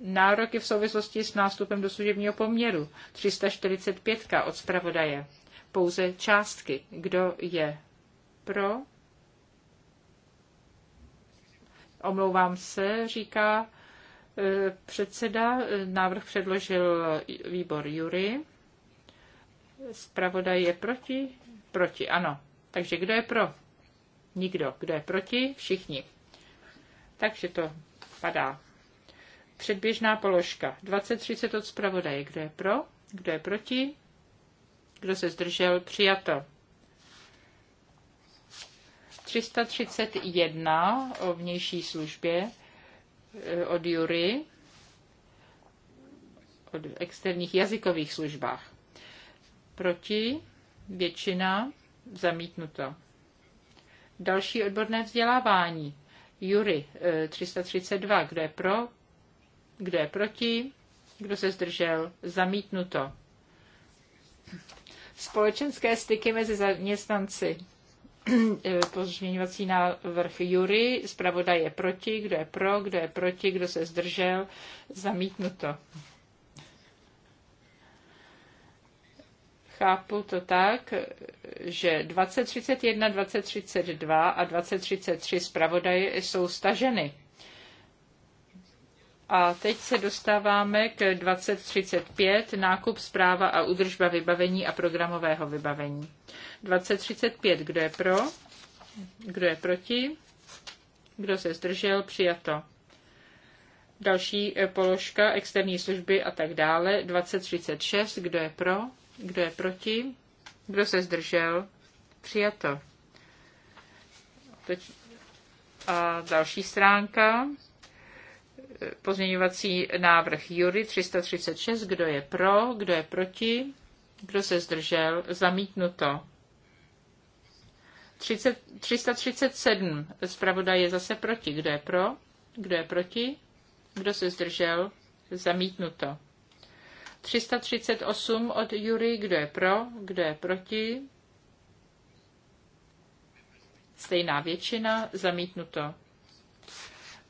Nároky v souvislosti s nástupem do služebního poměru 345 od zpravodaje. Pouze částky. Kdo je pro? Omlouvám se, říká e, předseda. Návrh předložil výbor Jury. Zpravodaj je proti. Proti, ano. Takže kdo je pro? Nikdo. Kdo je proti? Všichni. Takže to padá. Předběžná položka. 20-30 od zpravodaje. Kdo je pro? Kdo je proti? Kdo se zdržel? Přijato. 331 o vnější službě eh, od Jury, od externích jazykových službách. Proti většina, zamítnuto. Další odborné vzdělávání. Jury 332. Eh, Kdo je pro? Kdo je proti? Kdo se zdržel? Zamítnuto. Společenské styky mezi zaměstnanci. Eh, pozměňovací návrh Jury. Zpravodaj je proti. Kdo je pro? Kdo je proti? Kdo se zdržel? Zamítnuto. chápu to tak, že 2031, 2032 a 2033 zpravodaje jsou staženy. A teď se dostáváme k 2035, nákup, zpráva a udržba vybavení a programového vybavení. 2035, kdo je pro? Kdo je proti? Kdo se zdržel? Přijato. Další položka, externí služby a tak dále. 2036, kdo je pro? Kdo je proti? Kdo se zdržel? Přijato. A další stránka. Pozměňovací návrh Jury 336. Kdo je pro? Kdo je proti? Kdo se zdržel? Zamítnuto. 337. Zpravodaj je zase proti. Kdo je pro? Kdo je proti? Kdo se zdržel? Zamítnuto. 338 od Jury, kdo je pro, kdo je proti. Stejná většina, zamítnuto.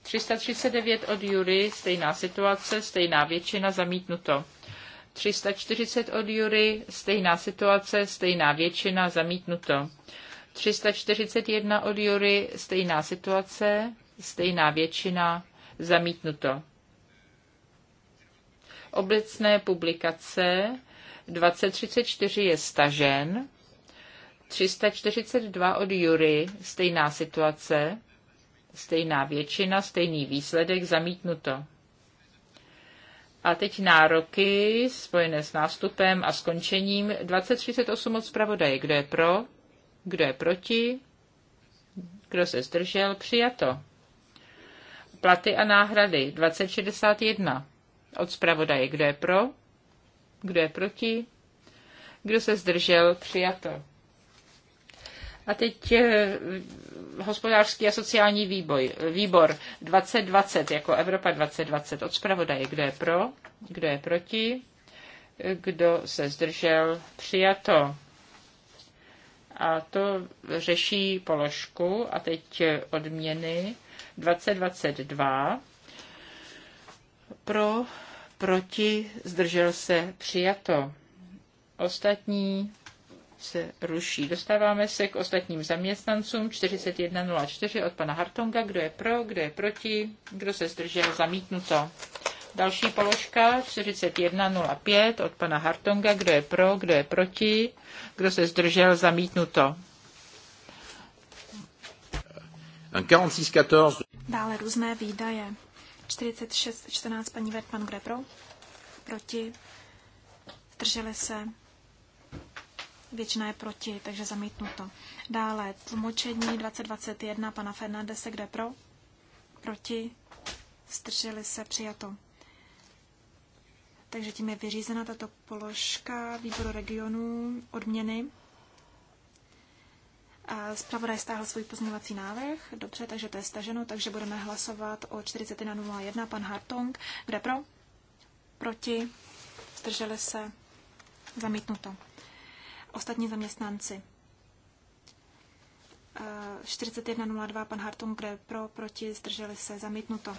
339 od Jury, stejná situace, stejná většina, zamítnuto. 340 od Jury, stejná situace, stejná většina, zamítnuto. 341 od Jury, stejná situace, stejná většina, zamítnuto obecné publikace 2034 je stažen, 342 od Jury, stejná situace, stejná většina, stejný výsledek, zamítnuto. A teď nároky spojené s nástupem a skončením 2038 od zpravodaje. Kdo je pro? Kdo je proti? Kdo se zdržel? Přijato. Platy a náhrady 2061 od zpravodaje. Kdo je pro? Kdo je proti? Kdo se zdržel? Přijato. A teď eh, hospodářský a sociální výboj, výbor 2020, jako Evropa 2020 od zpravodaje. Kdo je pro? Kdo je proti? Kdo se zdržel? Přijato. A to řeší položku a teď eh, odměny 2022 pro, proti, zdržel se, přijato. Ostatní se ruší. Dostáváme se k ostatním zaměstnancům 4104 od pana Hartonga. Kdo je pro, kdo je proti, kdo se zdržel, zamítnuto. Další položka 4105 od pana Hartonga. Kdo je pro, kdo je proti, kdo se zdržel, zamítnuto. Dále různé výdaje. 46, 14, paní Vertman, kde pro? Proti. Zdrželi se. Většina je proti, takže zamítnuto. Dále tlumočení 2021 pana Fernandese, kde pro? Proti. Zdrželi se. Přijato. Takže tím je vyřízena tato položka výboru regionů odměny. Zpravodaj stáhl svůj pozměňovací návrh. Dobře, takže to je staženo, takže budeme hlasovat o 01. Pan Hartong. Kde pro? Proti? Zdrželi se? Zamítnuto. Ostatní zaměstnanci. 41.02. Eh, pan Hartung. Kde pro? Proti? Zdrželi se? Zamítnuto.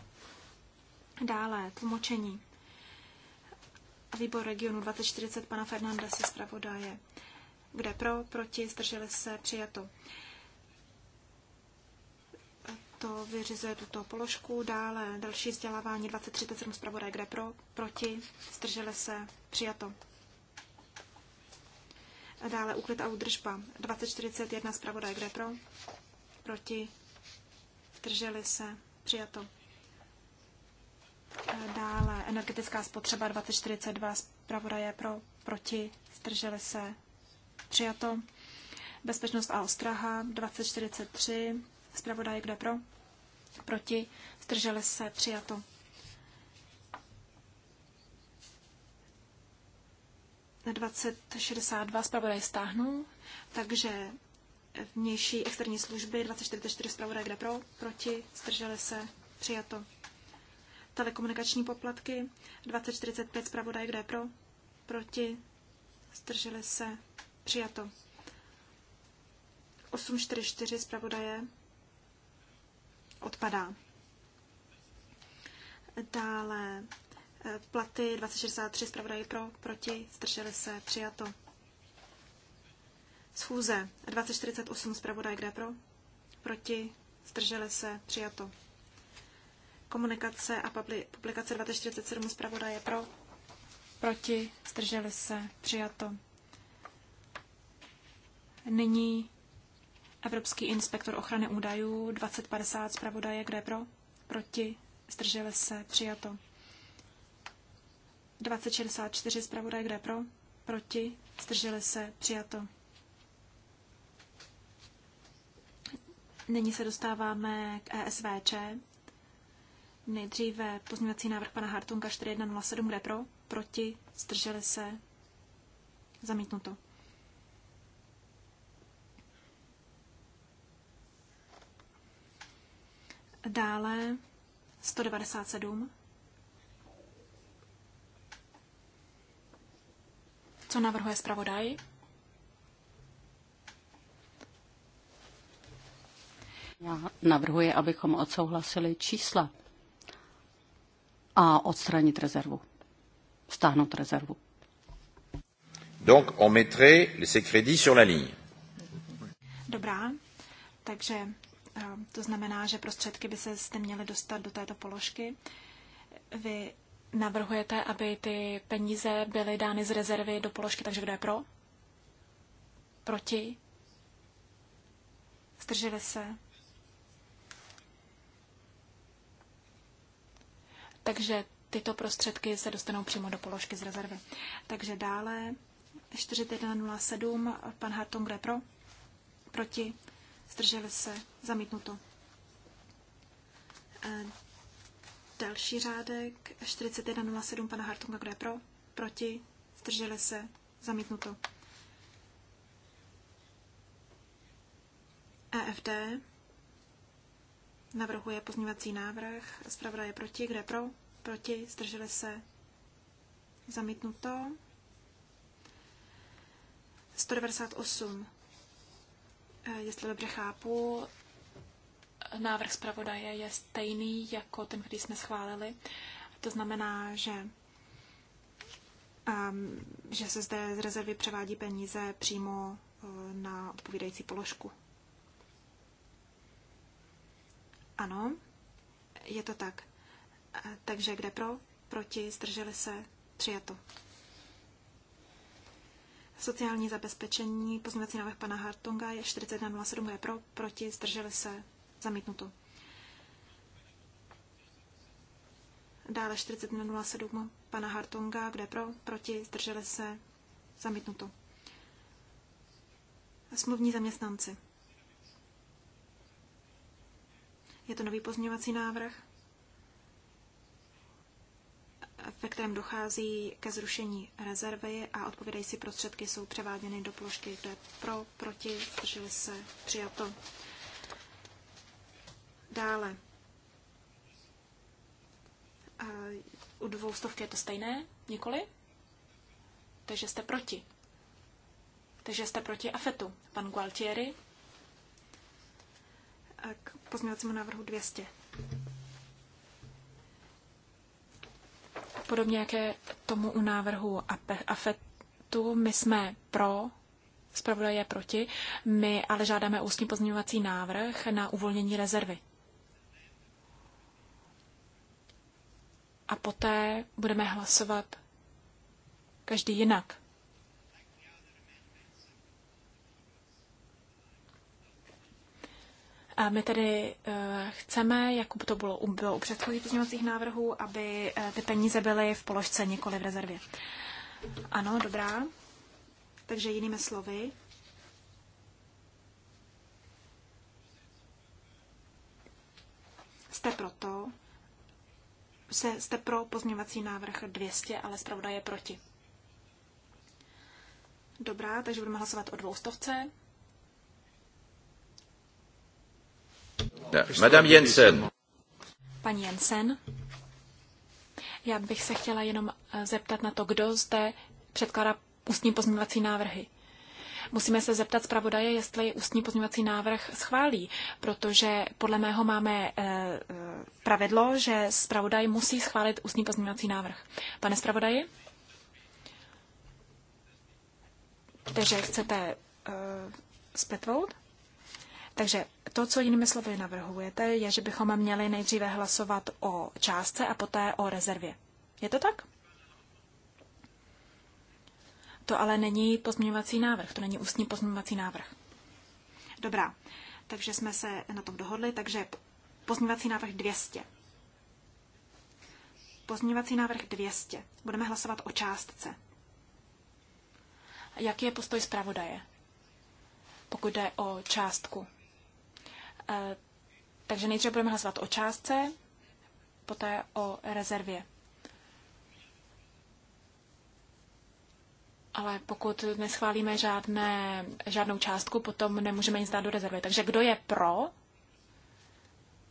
Dále tlumočení. Výbor regionu 2040 pana Fernanda se zpravodaje. Kde pro, proti, zdrželi se, přijato. To vyřizuje tuto položku. Dále další vzdělávání 2037 zpravodaj, kde pro, proti, zdrželi se, přijato. Dále úklid a údržba 2041 zpravodaj, kde pro, proti, zdrželi se, přijato. Dále energetická spotřeba 2042 zpravodaje pro, proti, zdrželi se, Přijato. Bezpečnost a ostraha 2043. Zpravodaj, kdo pro? Proti. Zdrželi se. Přijato. Na 2062 zpravodaj stáhnu, takže vnější externí služby 2044 zpravodaj, kde pro? Proti. Zdrželi se. Přijato. Telekomunikační poplatky 2045 zpravodaj, kde pro? Proti. Zdrželi se. Přijato. 844 zpravodaje odpadá. Dále eh, platy 2063 zpravodaje pro, proti, zdrželi se, přijato. Schůze 2048 zpravodaj kde pro, proti, zdrželi se, přijato. Komunikace a publikace 2047 zpravodaje pro, proti, zdrželi se, přijato. Nyní Evropský inspektor ochrany údajů 2050 zpravodaje, kde pro? Proti. Zdrželi se. Přijato. 2064 zpravodaje, kde pro? Proti. Zdrželi se. Přijato. Nyní se dostáváme k ESVČ. Nejdříve pozměňovací návrh pana Hartunga 4107, kde pro? Proti. Zdrželi se. Zamítnuto. Dále 197. Co navrhuje zpravodaj? Já navrhuji, abychom odsouhlasili čísla a odstranit rezervu. Stáhnout rezervu. Donc on mettrait ces crédits sur la ligne. Dobrá, takže to znamená, že prostředky by se jste měly dostat do této položky. Vy navrhujete, aby ty peníze byly dány z rezervy do položky, takže kdo je pro? Proti? Zdrželi se? Takže tyto prostředky se dostanou přímo do položky z rezervy. Takže dále 4107, pan Hartung, kdo je pro? Proti? zdrželi se, zamítnuto. E, další řádek 4107 pana Hartunga, kdo je pro, proti, zdrželi se, zamítnuto. EFD navrhuje pozměňovací návrh, zpravodaj je proti, kde pro, proti, zdrželi se, zamítnuto. 198 Eh, jestli dobře chápu, návrh zpravodaje je stejný jako ten, který jsme schválili. To znamená, že, um, že se zde z rezervy převádí peníze přímo eh, na odpovídající položku. Ano, je to tak. Eh, takže kde pro? Proti, zdrželi se, přijato. Sociální zabezpečení, pozměňovací návrh pana Hartunga je 4107, je pro, proti, zdrželi se, zamítnuto. Dále 4107 pana Hartunga, kde pro, proti, zdrželi se, zamítnuto. Smluvní zaměstnanci. Je to nový pozměňovací návrh. ve kterém dochází ke zrušení rezervy a odpovědající prostředky jsou převáděny do položky, kde pro, proti, zdrželi se, přijato. Dále. A u dvou stovky je to stejné? Nikoli? Takže jste proti. Takže jste proti AFETu. Pan Gualtieri. A k pozměňovacímu návrhu 200. Podobně jak je tomu u návrhu AFETu, my jsme pro, zpravodaj je proti, my ale žádáme ústní pozměňovací návrh na uvolnění rezervy. A poté budeme hlasovat každý jinak. A my tedy eh, chceme, jak to bylo u předchozích pozměňovacích návrhů, aby eh, ty peníze byly v položce, nikoli v rezervě. Ano, dobrá. Takže jinými slovy, jste proto, se, jste pro pozměňovací návrh 200, ale zpravda je proti. Dobrá, takže budeme hlasovat o dvoustovce. Madame Jensen. Paní Jensen, já bych se chtěla jenom eh, zeptat na to, kdo zde předkládá ústní pozměňovací návrhy. Musíme se zeptat zpravodaje, jestli ústní pozměňovací návrh schválí, protože podle mého máme eh, eh, pravidlo, že zpravodaj musí schválit ústní pozměňovací návrh. Pane zpravodaji? Takže chcete uh, splitvout? Takže to, co jinými slovy navrhujete, je, že bychom měli nejdříve hlasovat o částce a poté o rezervě. Je to tak? To ale není pozměňovací návrh, to není ústní pozměňovací návrh. Dobrá, takže jsme se na tom dohodli, takže pozměňovací návrh 200. Pozměňovací návrh 200. Budeme hlasovat o částce. Jaký je postoj zpravodaje, pokud jde o částku? Eh, takže nejdříve budeme hlasovat o částce, poté o rezervě. Ale pokud neschválíme žádné, žádnou částku, potom nemůžeme nic dát do rezervy. Takže kdo je pro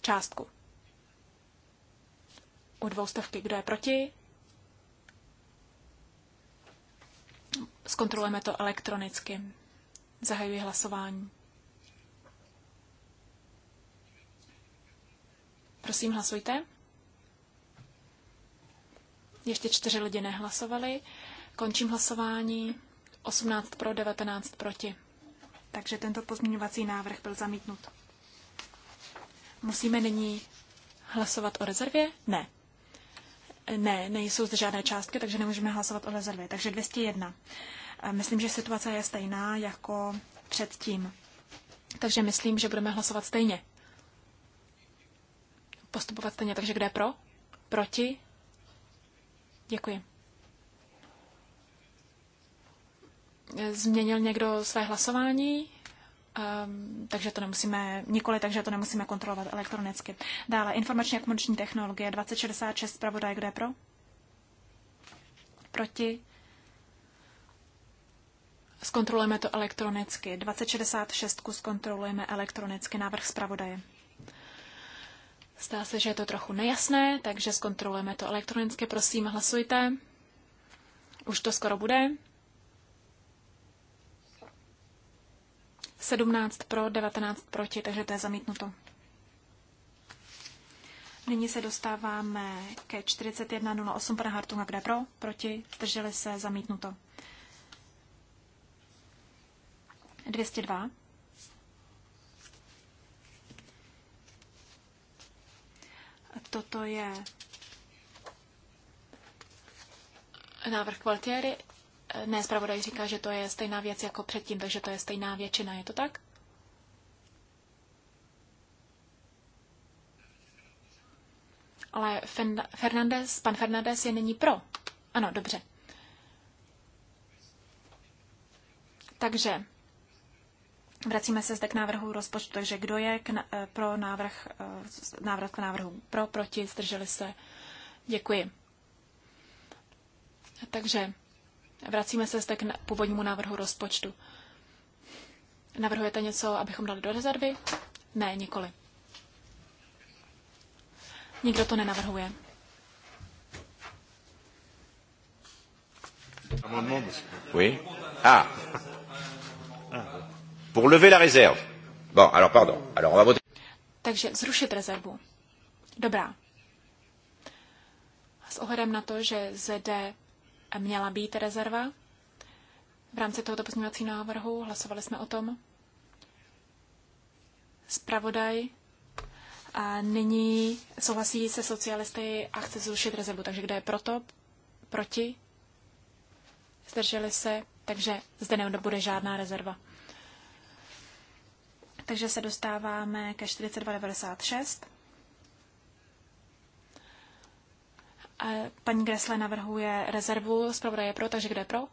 částku? U dvoustovky. Kdo je proti? Zkontrolujeme to elektronicky. Zahajuji hlasování. Prosím, hlasujte. Ještě čtyři lidi nehlasovali. Končím hlasování. 18 pro, 19 proti. Takže tento pozměňovací návrh byl zamítnut. Musíme nyní hlasovat o rezervě? Ne. Ne, nejsou zde žádné částky, takže nemůžeme hlasovat o rezervě. Takže 201. Myslím, že situace je stejná jako předtím. Takže myslím, že budeme hlasovat stejně postupovat stejně. Takže kde pro? Proti? Děkuji. Změnil někdo své hlasování? Um, takže to nemusíme, nikoli, takže to nemusíme kontrolovat elektronicky. Dále, informační a komunikační technologie 2066, zpravodaj, kde pro? Proti? Zkontrolujeme to elektronicky. 2066 zkontrolujeme elektronicky. Návrh zpravodaje. Zdá se, že je to trochu nejasné, takže zkontrolujeme to elektronicky. Prosím, hlasujte. Už to skoro bude. 17 pro, 19 proti, takže to je zamítnuto. Nyní se dostáváme ke 41.08 pana Hartunga, kde pro, proti, drželi se, zamítnuto. 202 to je návrh Gualtieri. Ne, zpravodaj říká, že to je stejná věc jako předtím, takže to je stejná většina. Je to tak? Ale Fernandez, pan Fernandez je není pro. Ano, dobře. Takže Vracíme se zde k návrhu rozpočtu, takže kdo je k, eh, pro návrh, eh, návrat k návrhu pro, proti, zdrželi se. Děkuji. Takže vracíme se zde k původnímu návrhu rozpočtu. Navrhujete něco, abychom dali do rezervy? Ne, nikoli. Nikdo to nenavrhuje. Oui. Ah. Pour lever la réserve. Bon, alors pardon. Alors on va voter. Takže zrušit rezervu. Dobrá. S ohledem na to, že zde měla být rezerva, v rámci tohoto pozměňovacího návrhu hlasovali jsme o tom. Spravodaj a nyní souhlasí se socialisty a chce zrušit rezervu. Takže kdo je proto? Proti? Zdrželi se? Takže zde nebude žádná rezerva. Takže se dostáváme ke 4296. A paní Gresle navrhuje rezervu, zpravodaj je pro, takže kde pro?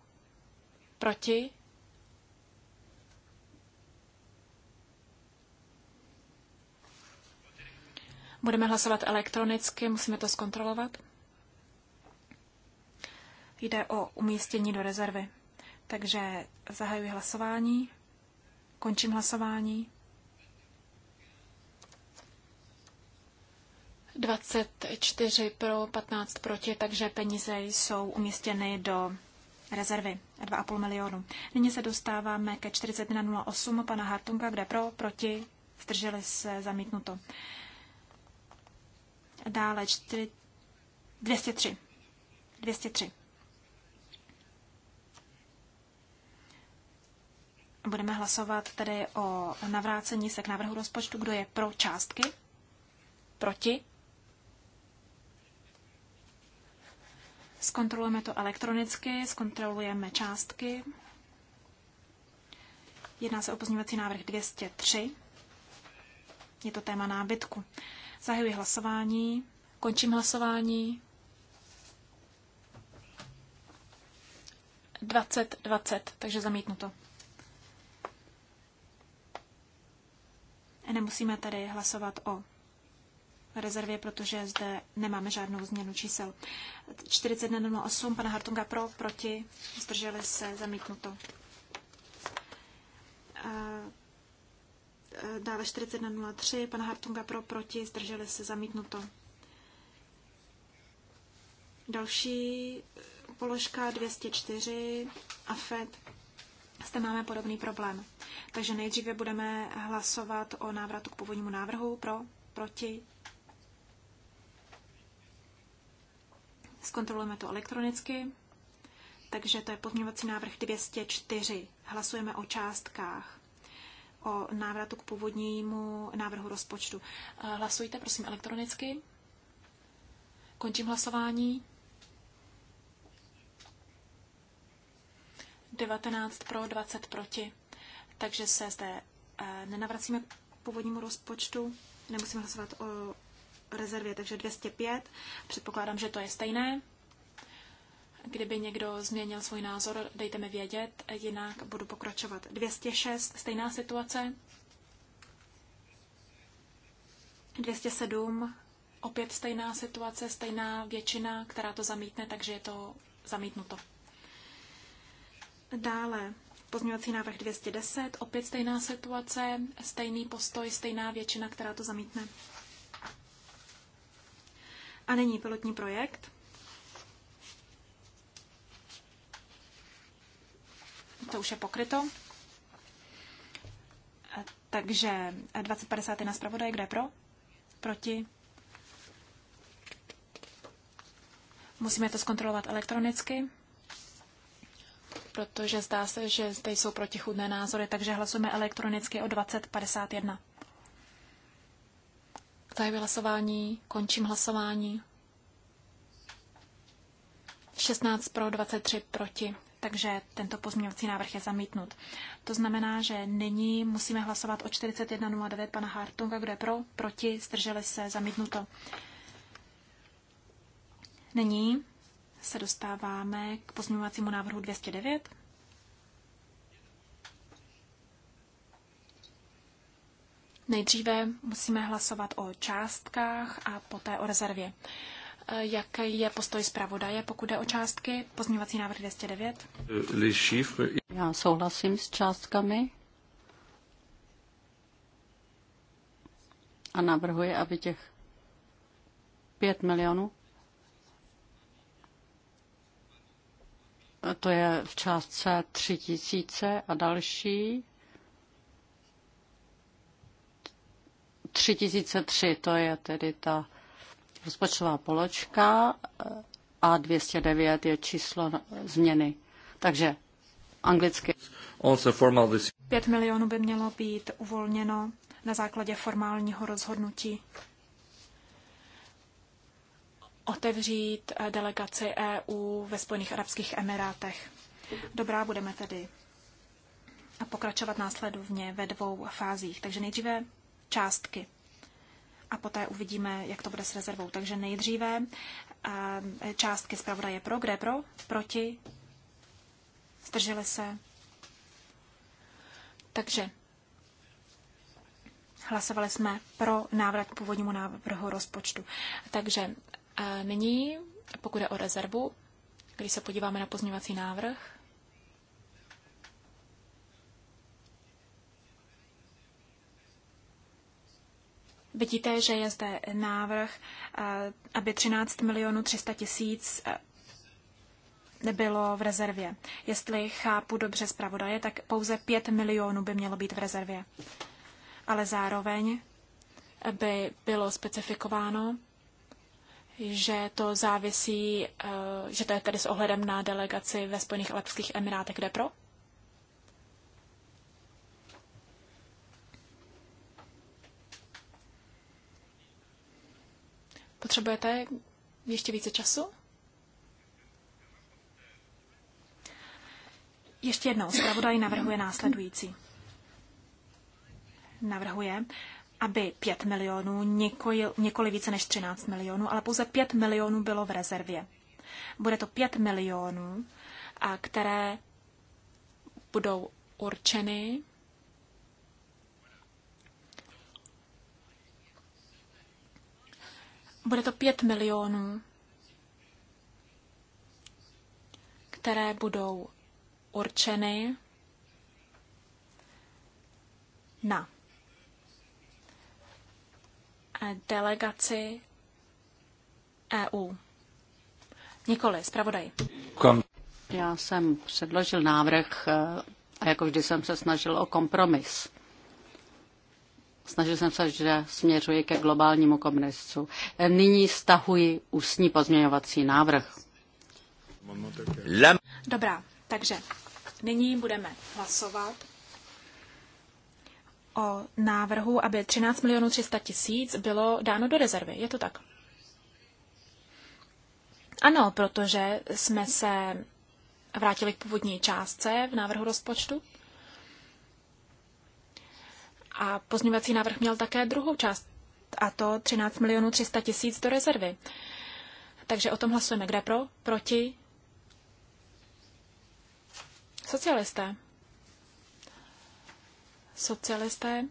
Proti? Budeme hlasovat elektronicky, musíme to zkontrolovat. Jde o umístění do rezervy. Takže zahajuji hlasování, končím hlasování. 24 pro, 15 proti, takže peníze jsou umístěny do rezervy 2,5 milionu. Nyní se dostáváme ke 41.08 pana Hartunga, kde pro, proti, zdrželi se zamítnuto. Dále 4, 203. 203. Budeme hlasovat tedy o navrácení se k návrhu rozpočtu, kdo je pro částky, proti, Zkontrolujeme to elektronicky, zkontrolujeme částky. Jedná se o pozměňovací návrh 203. Je to téma nábytku. Zahajuji hlasování, končím hlasování. 20, 20, takže zamítnu to. E, nemusíme tady hlasovat o rezervě, protože zde nemáme žádnou změnu čísel. 41.08, pana Hartunga pro, proti, zdrželi se, zamítnuto. E, dále 41.03, pana Hartunga pro, proti, zdrželi se, zamítnuto. Další položka 204 a FED. Zde máme podobný problém. Takže nejdříve budeme hlasovat o návratu k původnímu návrhu pro, proti, Zkontrolujeme to elektronicky. Takže to je pozměňovací návrh 204. Hlasujeme o částkách, o návratu k původnímu návrhu rozpočtu. Eh, hlasujte, prosím, elektronicky. Končím hlasování. 19 pro, 20 proti. Takže se zde eh, nenavracíme k původnímu rozpočtu. Nemusíme hlasovat o rezervě, takže 205. Předpokládám, že to je stejné. Kdyby někdo změnil svůj názor, dejte mi vědět, jinak budu pokračovat. 206, stejná situace. 207, opět stejná situace, stejná většina, která to zamítne, takže je to zamítnuto. Dále pozměňovací návrh 210, opět stejná situace, stejný postoj, stejná většina, která to zamítne. A nyní pilotní projekt. To už je pokryto. Eh, takže 2050 je na zpravodaj, kde pro? Proti? Musíme to zkontrolovat elektronicky, protože zdá se, že zde jsou protichudné názory, takže hlasujeme elektronicky o 2051. Zahajuji hlasování, končím hlasování. 16 pro, 23 proti. Takže tento pozměňovací návrh je zamítnut. To znamená, že nyní musíme hlasovat o 41.09 pana Hartunga, kdo je pro, proti, zdrželi se, zamítnuto. Nyní se dostáváme k pozměňovacímu návrhu 209. Nejdříve musíme hlasovat o částkách a poté o rezervě. E, Jak je postoj zpravodaje, pokud jde o částky? Pozměňovací návrh 209. Já souhlasím s částkami a navrhuji, aby těch 5 milionů to je v částce 3000 tisíce a další 3003, to je tedy ta rozpočtová poločka eh, a 209 je číslo změny. Takže anglicky. 5 milionů by mělo být uvolněno na základě formálního rozhodnutí otevřít eh, delegaci EU ve Spojených Arabských Emirátech. Dobrá, budeme tedy pokračovat následovně ve dvou fázích. Takže nejdříve částky. A poté uvidíme, jak to bude s rezervou. Takže nejdříve eh, částky zpravodaje pro, kde pro, proti, zdrželi se. Takže hlasovali jsme pro návrat k původnímu návrhu rozpočtu. Takže eh, nyní, pokud je o rezervu, když se podíváme na pozměňovací návrh, Vidíte, že je zde návrh, eh, aby 13 milionů 300 tisíc nebylo eh, v rezervě. Jestli chápu dobře zpravodaje, tak pouze 5 milionů by mělo být v rezervě. Ale zároveň by bylo specifikováno, že to závisí, eh, že to je tedy s ohledem na delegaci ve Spojených Arabských Emirátech, kde pro? Potřebujete ještě více času? Ještě jednou, zpravodaj navrhuje následující. Navrhuje, aby 5 milionů, nikoli, nikoli více než 13 milionů, ale pouze 5 milionů bylo v rezervě. Bude to 5 milionů, a které budou určeny Bude to 5 milionů, které budou určeny na delegaci EU. Nikoli, zpravodaj. Já jsem předložil návrh eh, a jako vždy jsem se snažil o kompromis. Snažil jsem se, že směřuji ke globálnímu kompromisu. Nyní stahuji ústní pozměňovací návrh. Dobrá, takže nyní budeme hlasovat o návrhu, aby 13 milionů 300 tisíc bylo dáno do rezervy. Je to tak? Ano, protože jsme se vrátili k původní částce v návrhu rozpočtu. A pozměňovací návrh měl také druhou část, a to 13 milionů 300 tisíc do rezervy. Takže o tom hlasujeme. Kde pro? Proti? Socialisté. Socialisté.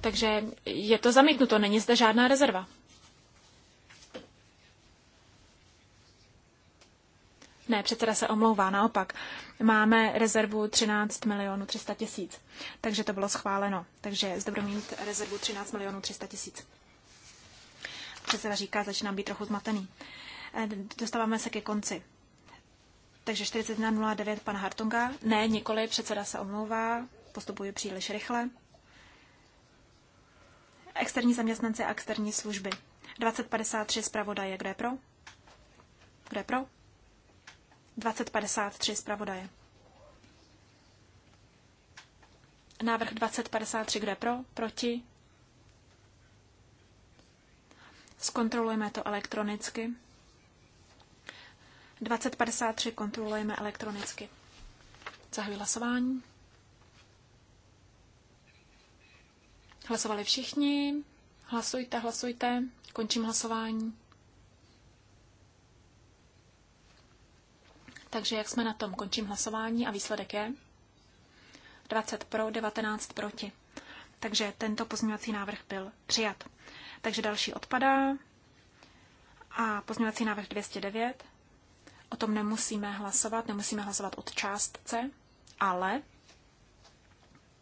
Takže je to zamítnuto, není zde žádná rezerva. Ne, předseda se omlouvá, naopak. Máme rezervu 13 milionů 300 tisíc, takže to bylo schváleno. Takže zde budeme mít rezervu 13 milionů 300 tisíc. Předseda říká, začínám být trochu zmatený. Eh, dostáváme se ke konci. Takže 41.09 pan Hartunga. Ne, nikoli, předseda se omlouvá, postupuje příliš rychle. Externí zaměstnanci a externí služby. 2053 zpravodaje, kdo je pro? Kdo je pro? 2053 zpravodaje. Návrh 2053, kdo je pro, proti? Zkontrolujeme to elektronicky. 2053 kontrolujeme elektronicky. Zahajuji hlasování. Hlasovali všichni. Hlasujte, hlasujte. Končím hlasování. Takže jak jsme na tom? Končím hlasování a výsledek je 20 pro, 19 proti. Takže tento pozměňovací návrh byl přijat. Takže další odpadá a pozměňovací návrh 209. O tom nemusíme hlasovat, nemusíme hlasovat od částce, ale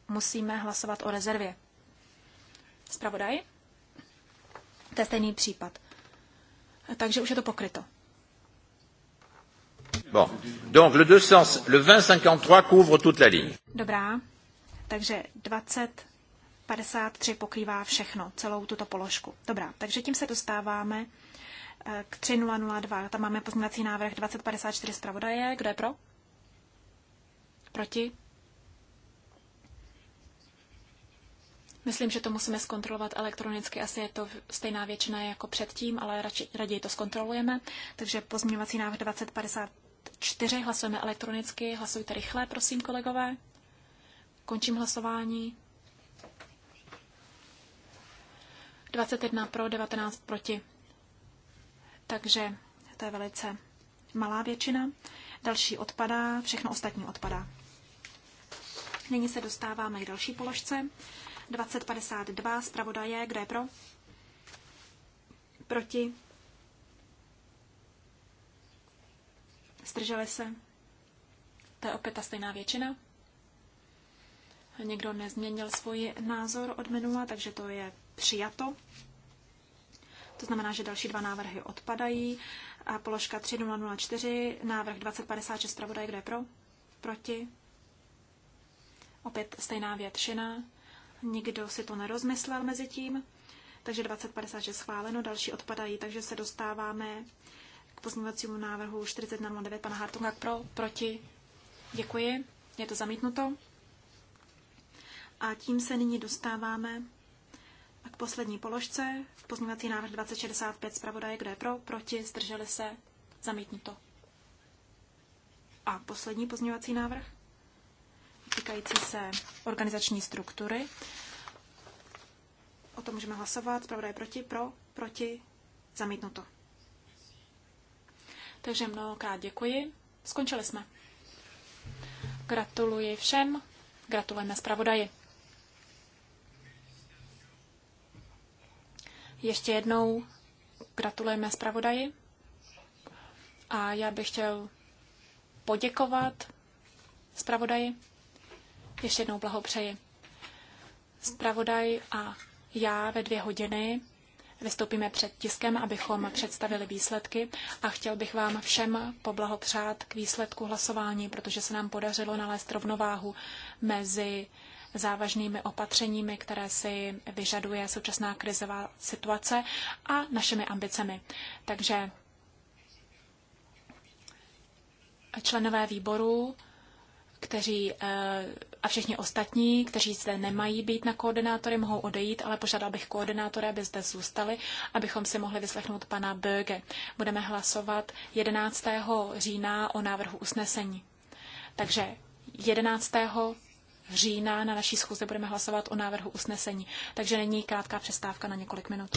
musíme hlasovat o rezervě. Spravodaj? To je stejný případ. Takže už je to pokryto. Bon. Donc le, 200, le 2053 couvre toute la ligne. Dobrá. Takže 53 pokrývá všechno, celou tuto položku. Dobrá, takže tím se dostáváme eh, k 3002. Tam máme pozměňovací návrh 2054 zpravodaje. Kdo je pro? Proti? Myslím, že to musíme zkontrolovat elektronicky. Asi je to stejná většina jako předtím, ale raději to zkontrolujeme. Takže pozměňovací návrh 2050 4 hlasujeme elektronicky. Hlasujte rychle, prosím, kolegové. Končím hlasování. 21 pro, 19 proti. Takže to je velice malá většina. Další odpadá, všechno ostatní odpadá. Nyní se dostáváme k další položce. 2052 zpravodaje, kdo je pro? Proti? Zdrželi se? To je opět ta stejná většina. Někdo nezměnil svůj názor od minula, takže to je přijato. To znamená, že další dva návrhy odpadají. A položka 3004, návrh 2056 pravodaj, kdo je pro? Proti? Opět stejná většina. Nikdo si to nerozmyslel mezi tím. Takže 2056 schváleno, další odpadají, takže se dostáváme pozměňovacímu návrhu 4009 pana Hartunga pro, proti, děkuji, je to zamítnuto. A tím se nyní dostáváme k poslední položce, pozměňovací návrh 2065 zpravodaje, kdo je pro, proti, zdrželi se, zamítnuto. A poslední pozměňovací návrh, týkající se organizační struktury. O tom můžeme hlasovat, zpravodaj proti, pro, proti, zamítnuto. Takže mnohokrát děkuji. Skončili jsme. Gratuluji všem. Gratulujeme zpravodaji. Ještě jednou gratulujeme zpravodaji. A já bych chtěl poděkovat zpravodaji. Ještě jednou blahopřeji. Zpravodaj a já ve dvě hodiny Vystoupíme před tiskem, abychom představili výsledky a chtěl bych vám všem poblahopřát k výsledku hlasování, protože se nám podařilo nalézt rovnováhu mezi závažnými opatřeními, které si vyžaduje současná krizová situace a našimi ambicemi. Takže členové výboru, kteří eh, a všichni ostatní, kteří zde nemají být na koordinátory, mohou odejít, ale požádal bych koordinátory, aby zde zůstali, abychom si mohli vyslechnout pana Böge. Budeme hlasovat 11. října o návrhu usnesení. Takže 11. října na naší schůzi budeme hlasovat o návrhu usnesení. Takže není krátká přestávka na několik minut.